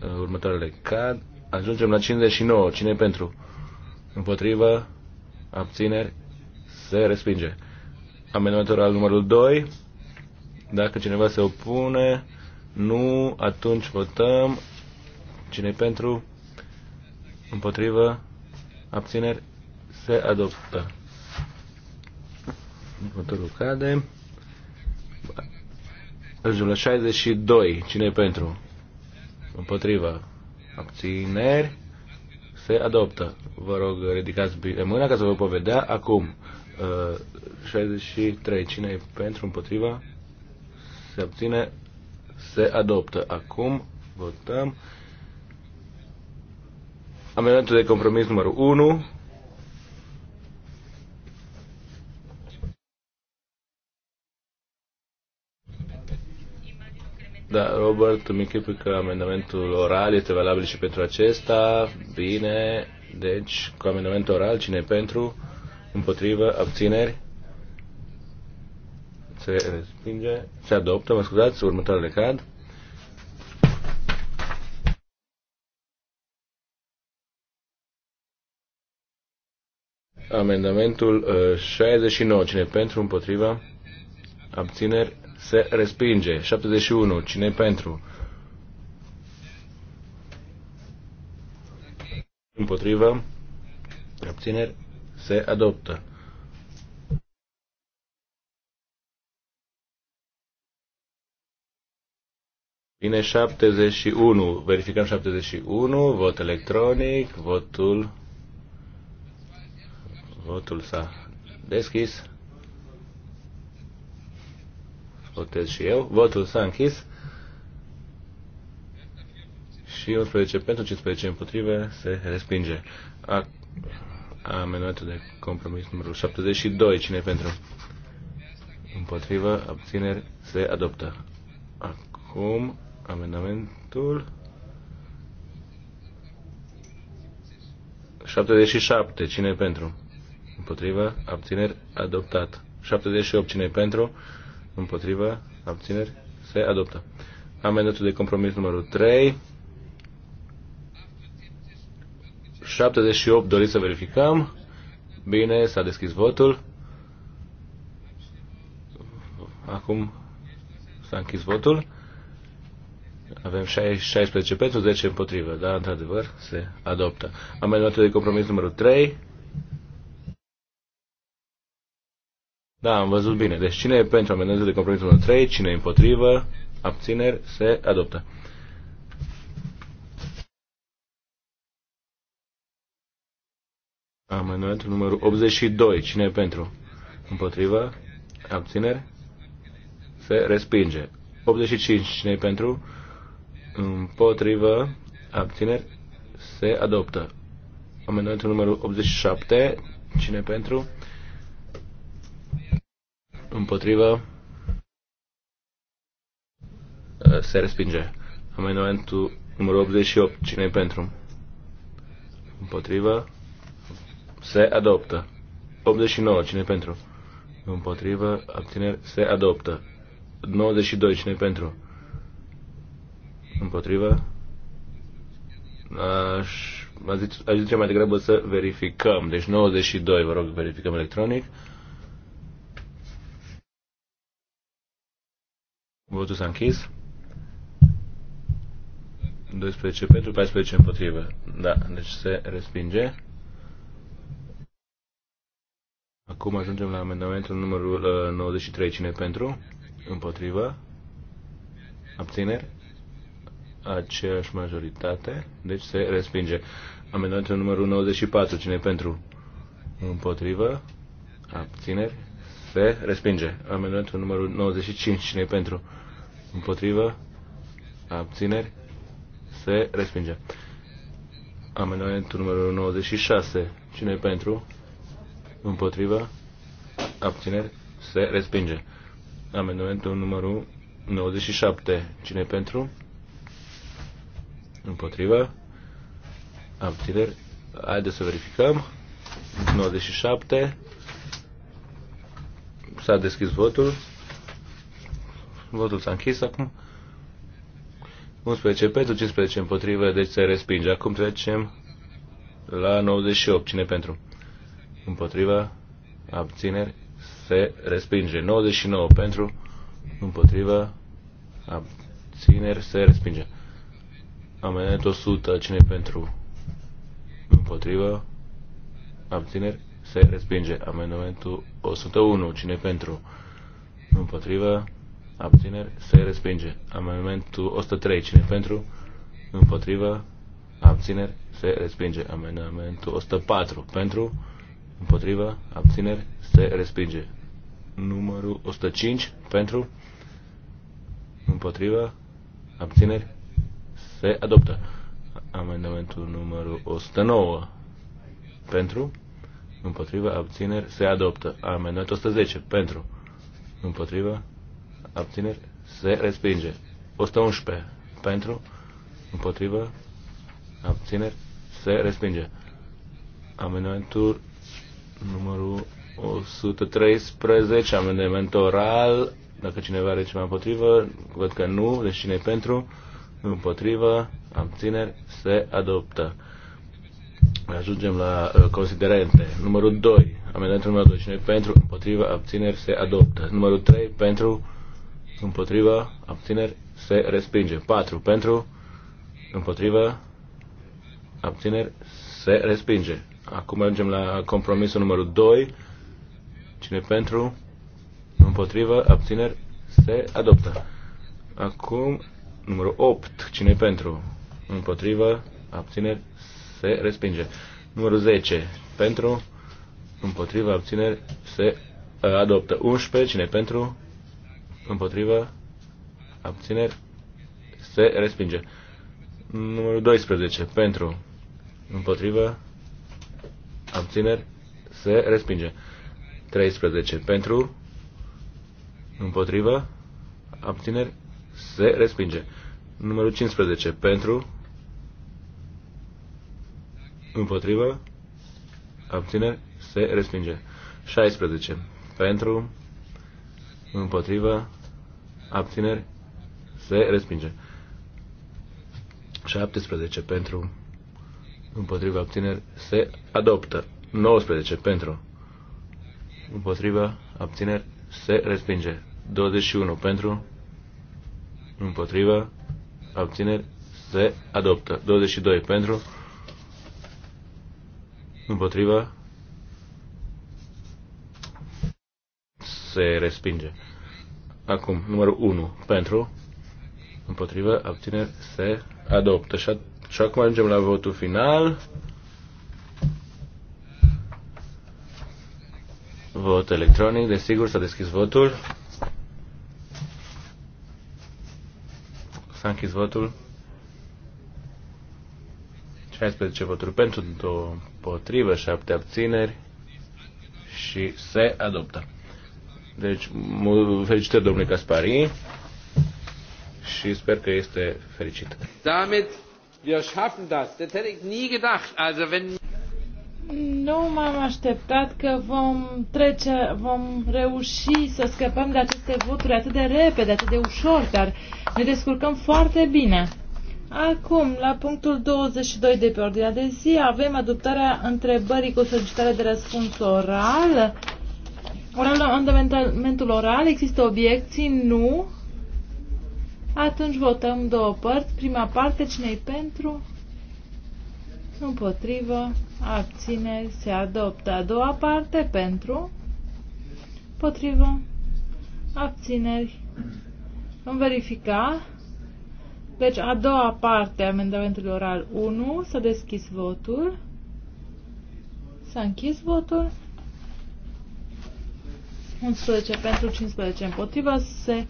Uh, următoarele cad. Ajungem la 59. Cine pentru? Împotrivă, abțineri, se respinge. Amendamentul oral numărul 2 dacă cineva se opune, nu, atunci votăm. cine pentru? Împotrivă? Abțineri? Se adoptă. Următorul cade. răzul la 62. cine pentru? Împotrivă. Abțineri? Se adoptă. Vă rog, ridicați bine mâna ca să vă povedea acum. Uh, 63. Cine e pentru? Împotriva? se abține, se adoptă. Acum votăm amendamentul de compromis numărul 1. Da, Robert, mi închipui că amendamentul oral este valabil și pentru acesta. Bine, deci cu amendamentul oral, cine e pentru? Împotrivă, abțineri? se respinge, se adoptă, mă scuzați, următoarele cad. Amendamentul uh, 69. Cine pentru, împotriva? Abțineri. Se respinge. 71. Cine pentru? Împotriva? Abțineri. Se adoptă. Bine, 71. Verificăm 71. Vot electronic. Votul. Votul s-a deschis. Votez și eu. Votul s-a închis. Și 11 pentru 15 împotrive se respinge. A, amenuatul de compromis numărul 72. Cine pentru? Împotrivă, abțineri, se adoptă. Acum Amendamentul 77. Cine pentru? Împotrivă. Abțineri. Adoptat. 78. Cine pentru? Împotrivă. Abțineri. Se adoptă. Amendamentul de compromis numărul 3. 78. Doriți să verificăm? Bine, s-a deschis votul. Acum s-a închis votul. Avem 16 pentru, 10 împotrivă, da, într-adevăr, se adoptă. Amendamentul de compromis numărul 3. Da, am văzut bine. Deci cine e pentru amendamentul de compromis numărul 3, cine e împotrivă, abțineri, se adoptă. Amendamentul numărul 82. Cine e pentru? Împotrivă? Abțineri? Se respinge. 85. Cine e pentru? împotrivă, abțineri, se adoptă. Amendamentul numărul 87, cine pentru? Împotrivă, se respinge. Amendamentul numărul 88, cine pentru? Împotrivă, se adoptă. 89, cine pentru? Împotrivă, abțineri, se adoptă. 92, cine pentru? Împotrivă? Aș, aș, zice, aș zice mai degrabă să verificăm. Deci 92, vă rog, verificăm electronic. Votul s-a închis. 12 pentru, 14 împotrivă. Da, deci se respinge. Acum ajungem la amendamentul numărul 93. Uh, Cine pentru? Împotrivă? Abțineri? aceeași majoritate, deci se respinge. Amendamentul numărul 94, cine pentru? Împotrivă? Abțineri? Se respinge. Amendamentul numărul 95, cine pentru? Împotrivă? Abțineri? Se respinge. Amendamentul numărul 96, cine pentru? Împotrivă? Abțineri? Se respinge. Amendamentul numărul 97, cine pentru? Împotriva. Abțineri. Haideți să verificăm. 97. S-a deschis votul. Votul s-a închis acum. 11 pentru, 15 împotrivă, deci se respinge. Acum trecem la 98. Cine pentru? Împotriva, abțineri, se respinge. 99 pentru, împotriva, abțineri, se respinge. Amendament 100. cine pentru? Împotrivă? Abțineri? Se respinge. Amendamentul 101. Cine pentru? Împotrivă? Abțineri? Se respinge. Amendamentul 103. Cine pentru? Împotrivă? Abțineri? Se respinge. Amendamentul 104. Pentru? Împotrivă? Abțineri? Se respinge. Numărul 105. Pentru? Împotrivă? Abțineri? se adoptă. Amendamentul numărul 109 pentru, împotriva, abțineri, se adoptă. Amendamentul 110 pentru, împotriva, abțineri, se respinge. 111 pentru, împotriva, abțineri, se respinge. Amendamentul numărul 113, amendament oral. Dacă cineva are ceva împotrivă, văd că nu, deci cine pentru? împotrivă, abțineri, se adoptă. Ajungem la uh, considerente. Numărul 2, amendamentul numărul 2, cine pentru, împotrivă, abțineri, se adoptă. Numărul 3, pentru, împotrivă, abțineri, se respinge. 4, pentru, împotrivă, abțineri, se respinge. Acum mergem la compromisul numărul 2. Cine pentru, împotrivă, abțineri, se adoptă. Acum Numărul 8. cine pentru? Împotrivă. Abțineri. Se respinge. Numărul 10. Pentru. Împotrivă. Abțineri. Se uh, adoptă. 11. Cine pentru? Împotrivă. Abțineri. Se respinge. Numărul 12. Pentru. Împotrivă. Abțineri. Se respinge. 13. Pentru. Împotrivă. Abțineri se respinge. Numărul 15. Pentru. Împotrivă. Abțineri. Se respinge. 16. Pentru. Împotrivă. Abțineri. Se respinge. 17. Pentru. Împotriva abțineri se adoptă. 19. Pentru. Împotriva abțineri se respinge. 21. Pentru împotriva, abțineri, se adoptă. 22 pentru, împotriva, se respinge. Acum, numărul 1, pentru, împotriva, abțineri, se adoptă. Și, și acum ajungem la votul final. Vot electronic, desigur, s-a deschis votul. S-a închis votul. 16 voturi pentru, 2 potrivă, 7 abțineri și se adoptă. Deci, fericită domnului Caspari și sper că este fericit. Damit wir schaffen das. Das hätte ich nie gedacht. Also wenn nu m-am așteptat că vom trece, vom reuși să scăpăm de aceste voturi atât de repede, atât de ușor, dar ne descurcăm foarte bine. Acum, la punctul 22 de pe ordinea de zi, avem adoptarea întrebării cu solicitare de răspuns oral. Oral, amendamentul oral, există obiecții? Nu. Atunci votăm două părți. Prima parte, cine pentru? Împotrivă abține, se adoptă. A doua parte, pentru, potrivă, abțineri. Vom verifica. Deci, a doua parte a amendamentului oral 1, s-a deschis votul. S-a închis votul. 11 pentru 15 împotriva se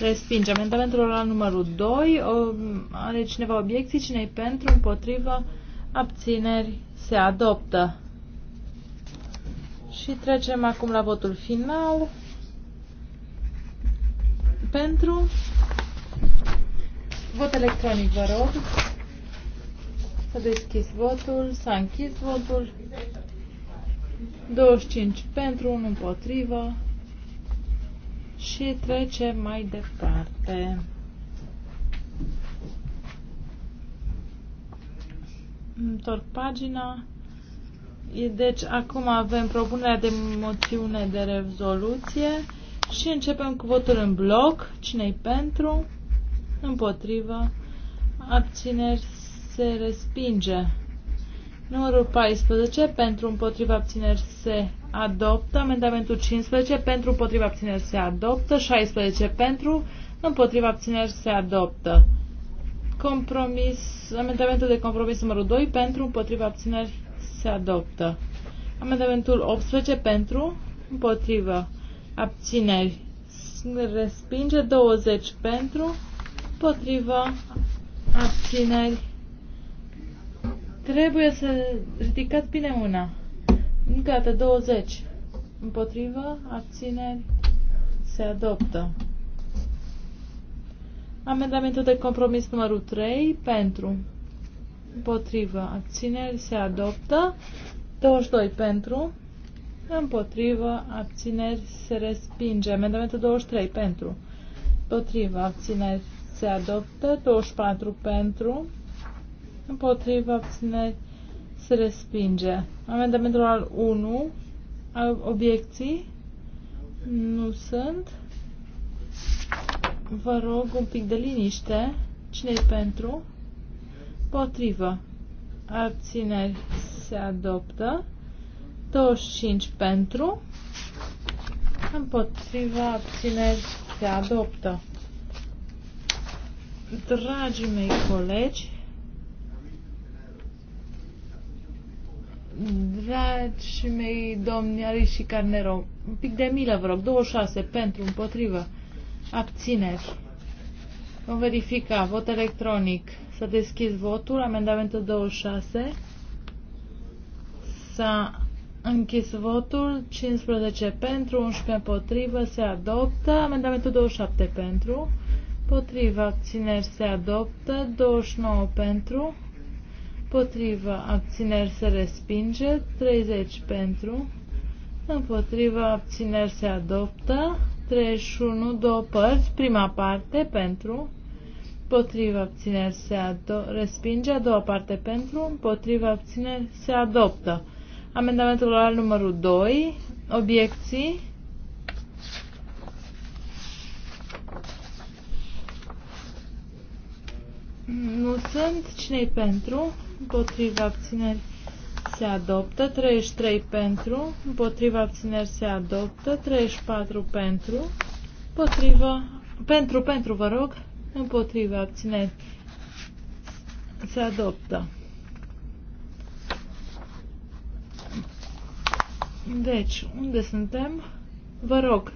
respinge. Amendamentul oral numărul 2. O, are cineva obiecții? Cine pentru? împotrivă, Abțineri? Se adoptă. Și trecem acum la votul final. Pentru vot electronic, vă rog. S-a deschis votul, s-a închis votul. 25 pentru, 1 împotrivă. Și trecem mai departe. Întorc pagina. deci acum avem propunerea de moțiune de rezoluție și începem cu votul în bloc. Cine-i pentru? Împotrivă. Abțineri se respinge. Numărul 14 pentru împotriva abțineri se adoptă. Amendamentul 15 pentru împotriva abțineri se adoptă. 16 pentru împotriva abțineri se adoptă. Compromis, amendamentul de compromis numărul 2 pentru, împotriva abțineri se adoptă. Amendamentul 18 pentru, împotriva abțineri respinge, 20 pentru, împotriva abțineri. Trebuie să ridicați bine una. Încă 20. Împotriva abțineri, se adoptă. Amendamentul de compromis numărul 3 pentru. Împotrivă. Abțineri se adoptă. 22 pentru. Împotrivă. Abțineri se respinge. Amendamentul 23 pentru. Împotrivă. Abțineri se adoptă. 24 pentru. Împotrivă. Abțineri se respinge. Amendamentul al 1. Obiecții? Nu sunt. Vă rog un pic de liniște. cine e pentru? Potrivă. Abțineri se adoptă. 25 pentru. Împotriva abțineri se adoptă. Dragii mei colegi, dragi mei domni Ari și Carnero, un pic de milă vă rog, 26 pentru, împotrivă, Abțineri. Vom verifica. Vot electronic. Să deschid votul. Amendamentul 26. S-a închis votul. 15 pentru, 11 împotrivă. Se adoptă. Amendamentul 27 pentru. Potrivă abțineri se adoptă. 29 pentru. Potrivă abțineri se respinge. 30 pentru. Împotriva abțineri se adoptă. 31, două părți, prima parte pentru, potriva obțineri se ado- respinge, a doua parte pentru, potriva obțineri se adoptă. Amendamentul la numărul 2, obiecții. Nu sunt. cine pentru? potriva obțineri se adoptă, 33 pentru, împotriva abțineri se adoptă, 34 pentru, împotriva, pentru, pentru, vă rog, împotriva abțineri se adoptă. Deci, unde suntem? Vă rog,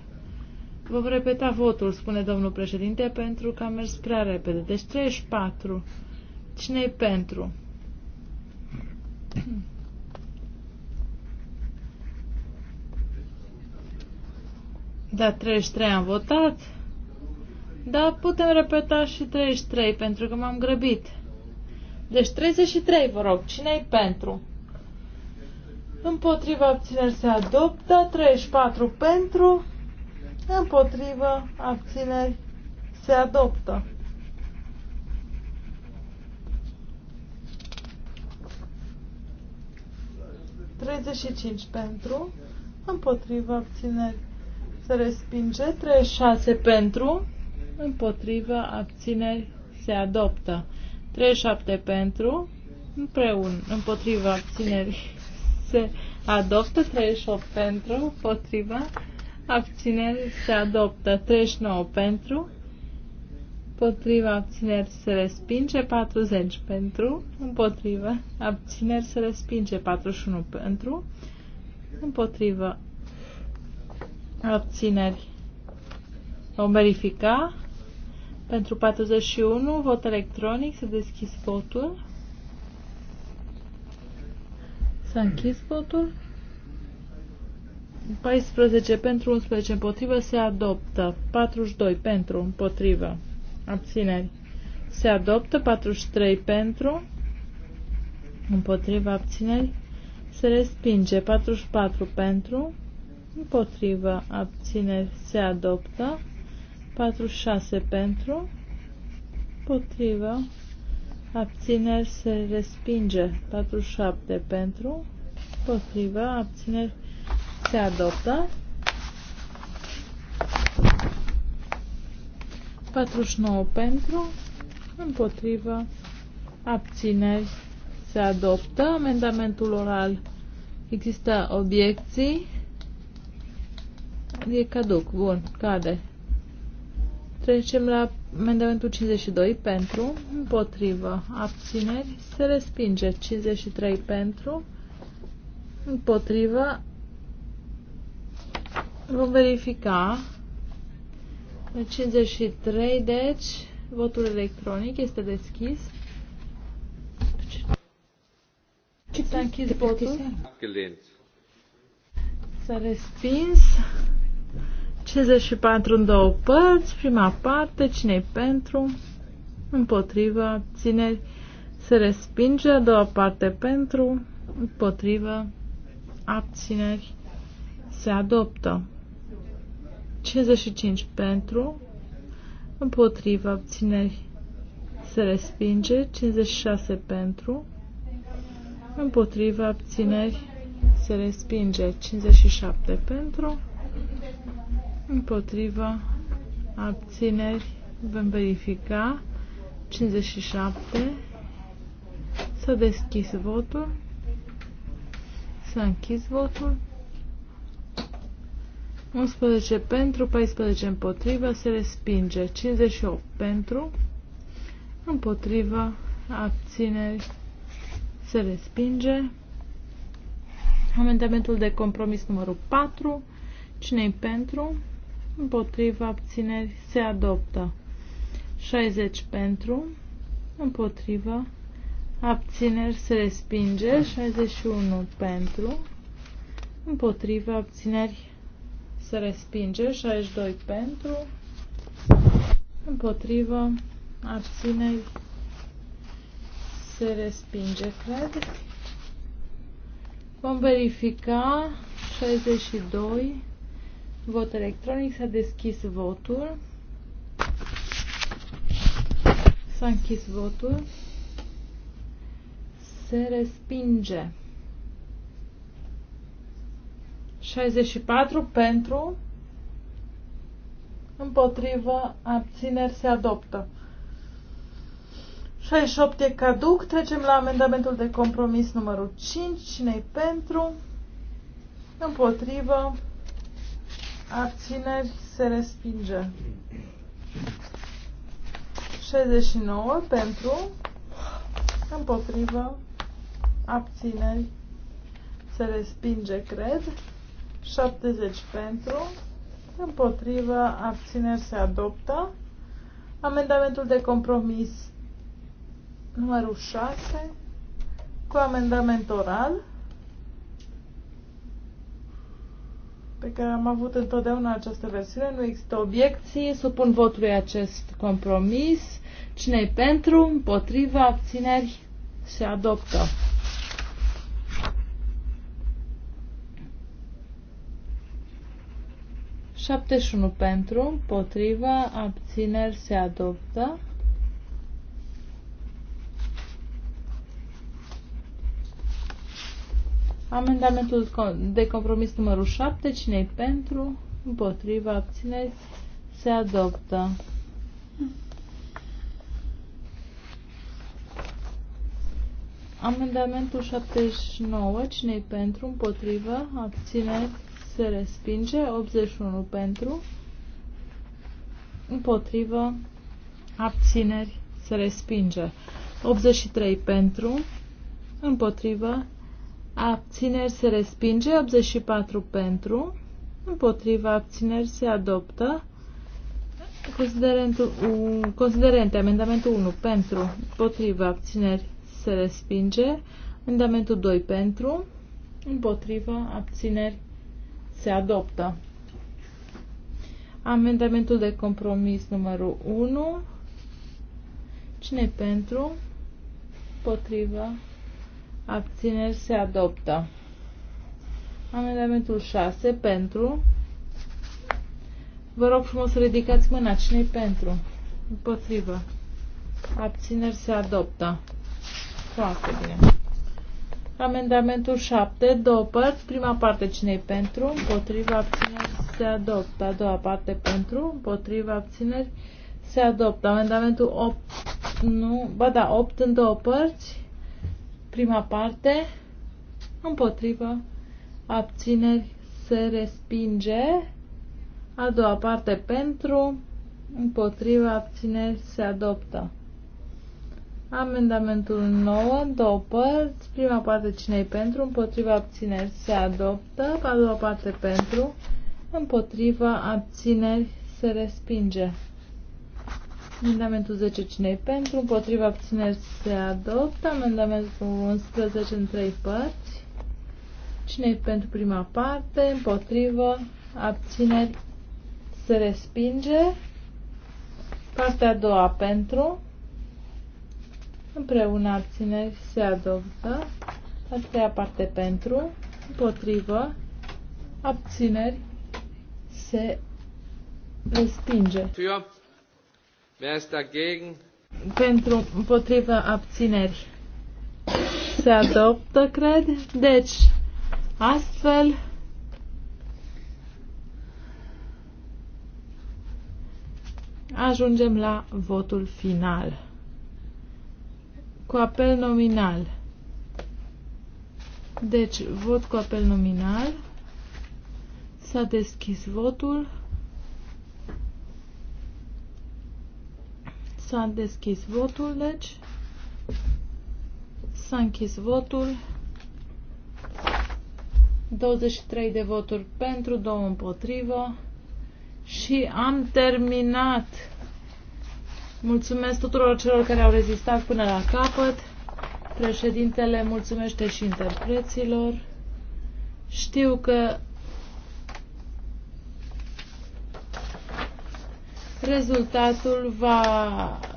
vă repeta votul, spune domnul președinte, pentru că am mers prea repede. Deci 34. Cine-i pentru? Da, 33 am votat. Da, putem repeta și 33, pentru că m-am grăbit. Deci 33, vă rog, cine e pentru? Împotriva abțineri se adoptă, 34 pentru, împotriva abțineri se adoptă. Treizeci și cinci pentru, împotriva abțineri se respinge. 36 pentru, împotrivă, abțineri, se adoptă. 37 pentru, împreună, împotrivă, abțineri, se adoptă. 38 pentru, împotrivă, abțineri, se adoptă. 39 pentru, împotriva abțineri se respinge 40 pentru, împotriva abțineri se respinge 41 pentru, împotriva Abțineri. Vom verifica. Pentru 41, vot electronic, se deschis votul. S-a închis votul. 14 pentru, 11 împotrivă, se adoptă. 42 pentru, împotrivă, abțineri. Se adoptă, 43 pentru, împotrivă, abțineri. Se respinge, 44 pentru, împotrivă, abțineri, se adoptă. 46 pentru, împotrivă, abțineri, se respinge. 47 pentru, împotrivă, abțineri, se adoptă. 49 pentru, împotrivă, abțineri, se adoptă. Amendamentul oral. Există obiecții? E caduc. Bun. Cade. Trecem la amendamentul 52 pentru, împotrivă, abțineri, se respinge. 53 pentru, împotrivă, vom verifica. 53, deci, votul electronic este deschis. S-a închis votul. S-a respins. 54 în două părți, prima parte, cine pentru, împotrivă, abțineri, se respinge, a doua parte pentru, împotrivă, abțineri, se adoptă. 55 pentru, împotrivă, abțineri, se respinge, 56 pentru, împotrivă, abțineri, se respinge, 57 pentru, Împotrivă. Abțineri. Vom verifica. 57. S-a deschis votul. S-a închis votul. 11 pentru, 14 împotrivă, se respinge. 58 pentru, împotrivă, abțineri, se respinge. Amendamentul de compromis numărul 4. cine pentru? împotriva abțineri se adoptă. 60 pentru, împotriva abțineri se respinge. 61 pentru, împotriva abțineri se respinge. 62 pentru, împotriva abțineri se respinge, cred. Vom verifica 62 Vot electronic. S-a deschis votul. S-a închis votul. Se respinge. 64 pentru, împotrivă, abțineri se adoptă. 68 e caduc. Trecem la amendamentul de compromis numărul 5. Cine-i pentru? Împotrivă, abțineri se respinge. 69 pentru, împotrivă, abțineri se respinge, cred. 70 pentru, împotrivă, abțineri se adoptă. Amendamentul de compromis numărul 6 cu amendament oral. pe care am avut întotdeauna această versiune. Nu există obiecții. Supun votului acest compromis. Cine-i pentru? Împotriva? Abțineri? Se adoptă. unu pentru, împotriva, abțineri se adoptă. Amendamentul de compromis numărul 7, cine pentru, împotriva, abțineți, se adoptă. Amendamentul 79, cine pentru, împotriva, abțineți, se respinge, 81 pentru, împotrivă, abțineri, se respinge, 83 pentru, împotrivă, abțineri se respinge, 84 pentru, împotriva abțineri se adoptă, Considerente, considerente, amendamentul 1 pentru, împotriva abțineri se respinge, amendamentul 2 pentru, împotriva abțineri se adoptă. Amendamentul de compromis numărul 1. Cine pentru? Împotriva abțineri se adoptă. Amendamentul 6 pentru. Vă rog frumos să ridicați mâna. Cine-i pentru? Împotrivă. Abțineri se adoptă. Foarte bine. Amendamentul 7, două părți. Prima parte cine pentru, Împotrivă abțineri se adoptă. A doua parte pentru, Împotrivă abțineri se adoptă. Amendamentul 8, nu, ba da, 8 în două părți. Prima parte, împotrivă, abțineri, se respinge. A doua parte, pentru, împotrivă, abțineri, se adoptă. Amendamentul 9, două părți. Prima parte cine pentru, împotrivă, abțineri se adoptă. A doua parte pentru, împotrivă, abțineri se respinge. Amendamentul 10 cine pentru, împotriva abțineri se adoptă. Amendamentul 11 în trei părți. cine pentru prima parte, împotrivă, abțineri se respinge. Partea a doua pentru, împreună abțineri se adoptă. A treia parte pentru, împotrivă, abțineri se respinge. Tu? Wer ist dagegen? Pentru, împotriva abțineri. Se adoptă, cred. Deci, astfel... Ajungem la votul final. Cu apel nominal. Deci, vot cu apel nominal. S-a deschis votul. S-a deschis votul, deci. S-a închis votul. 23 de voturi pentru, 2 împotrivă. Și am terminat. Mulțumesc tuturor celor care au rezistat până la capăt. Președintele mulțumește și interpreților. Știu că rezultatul va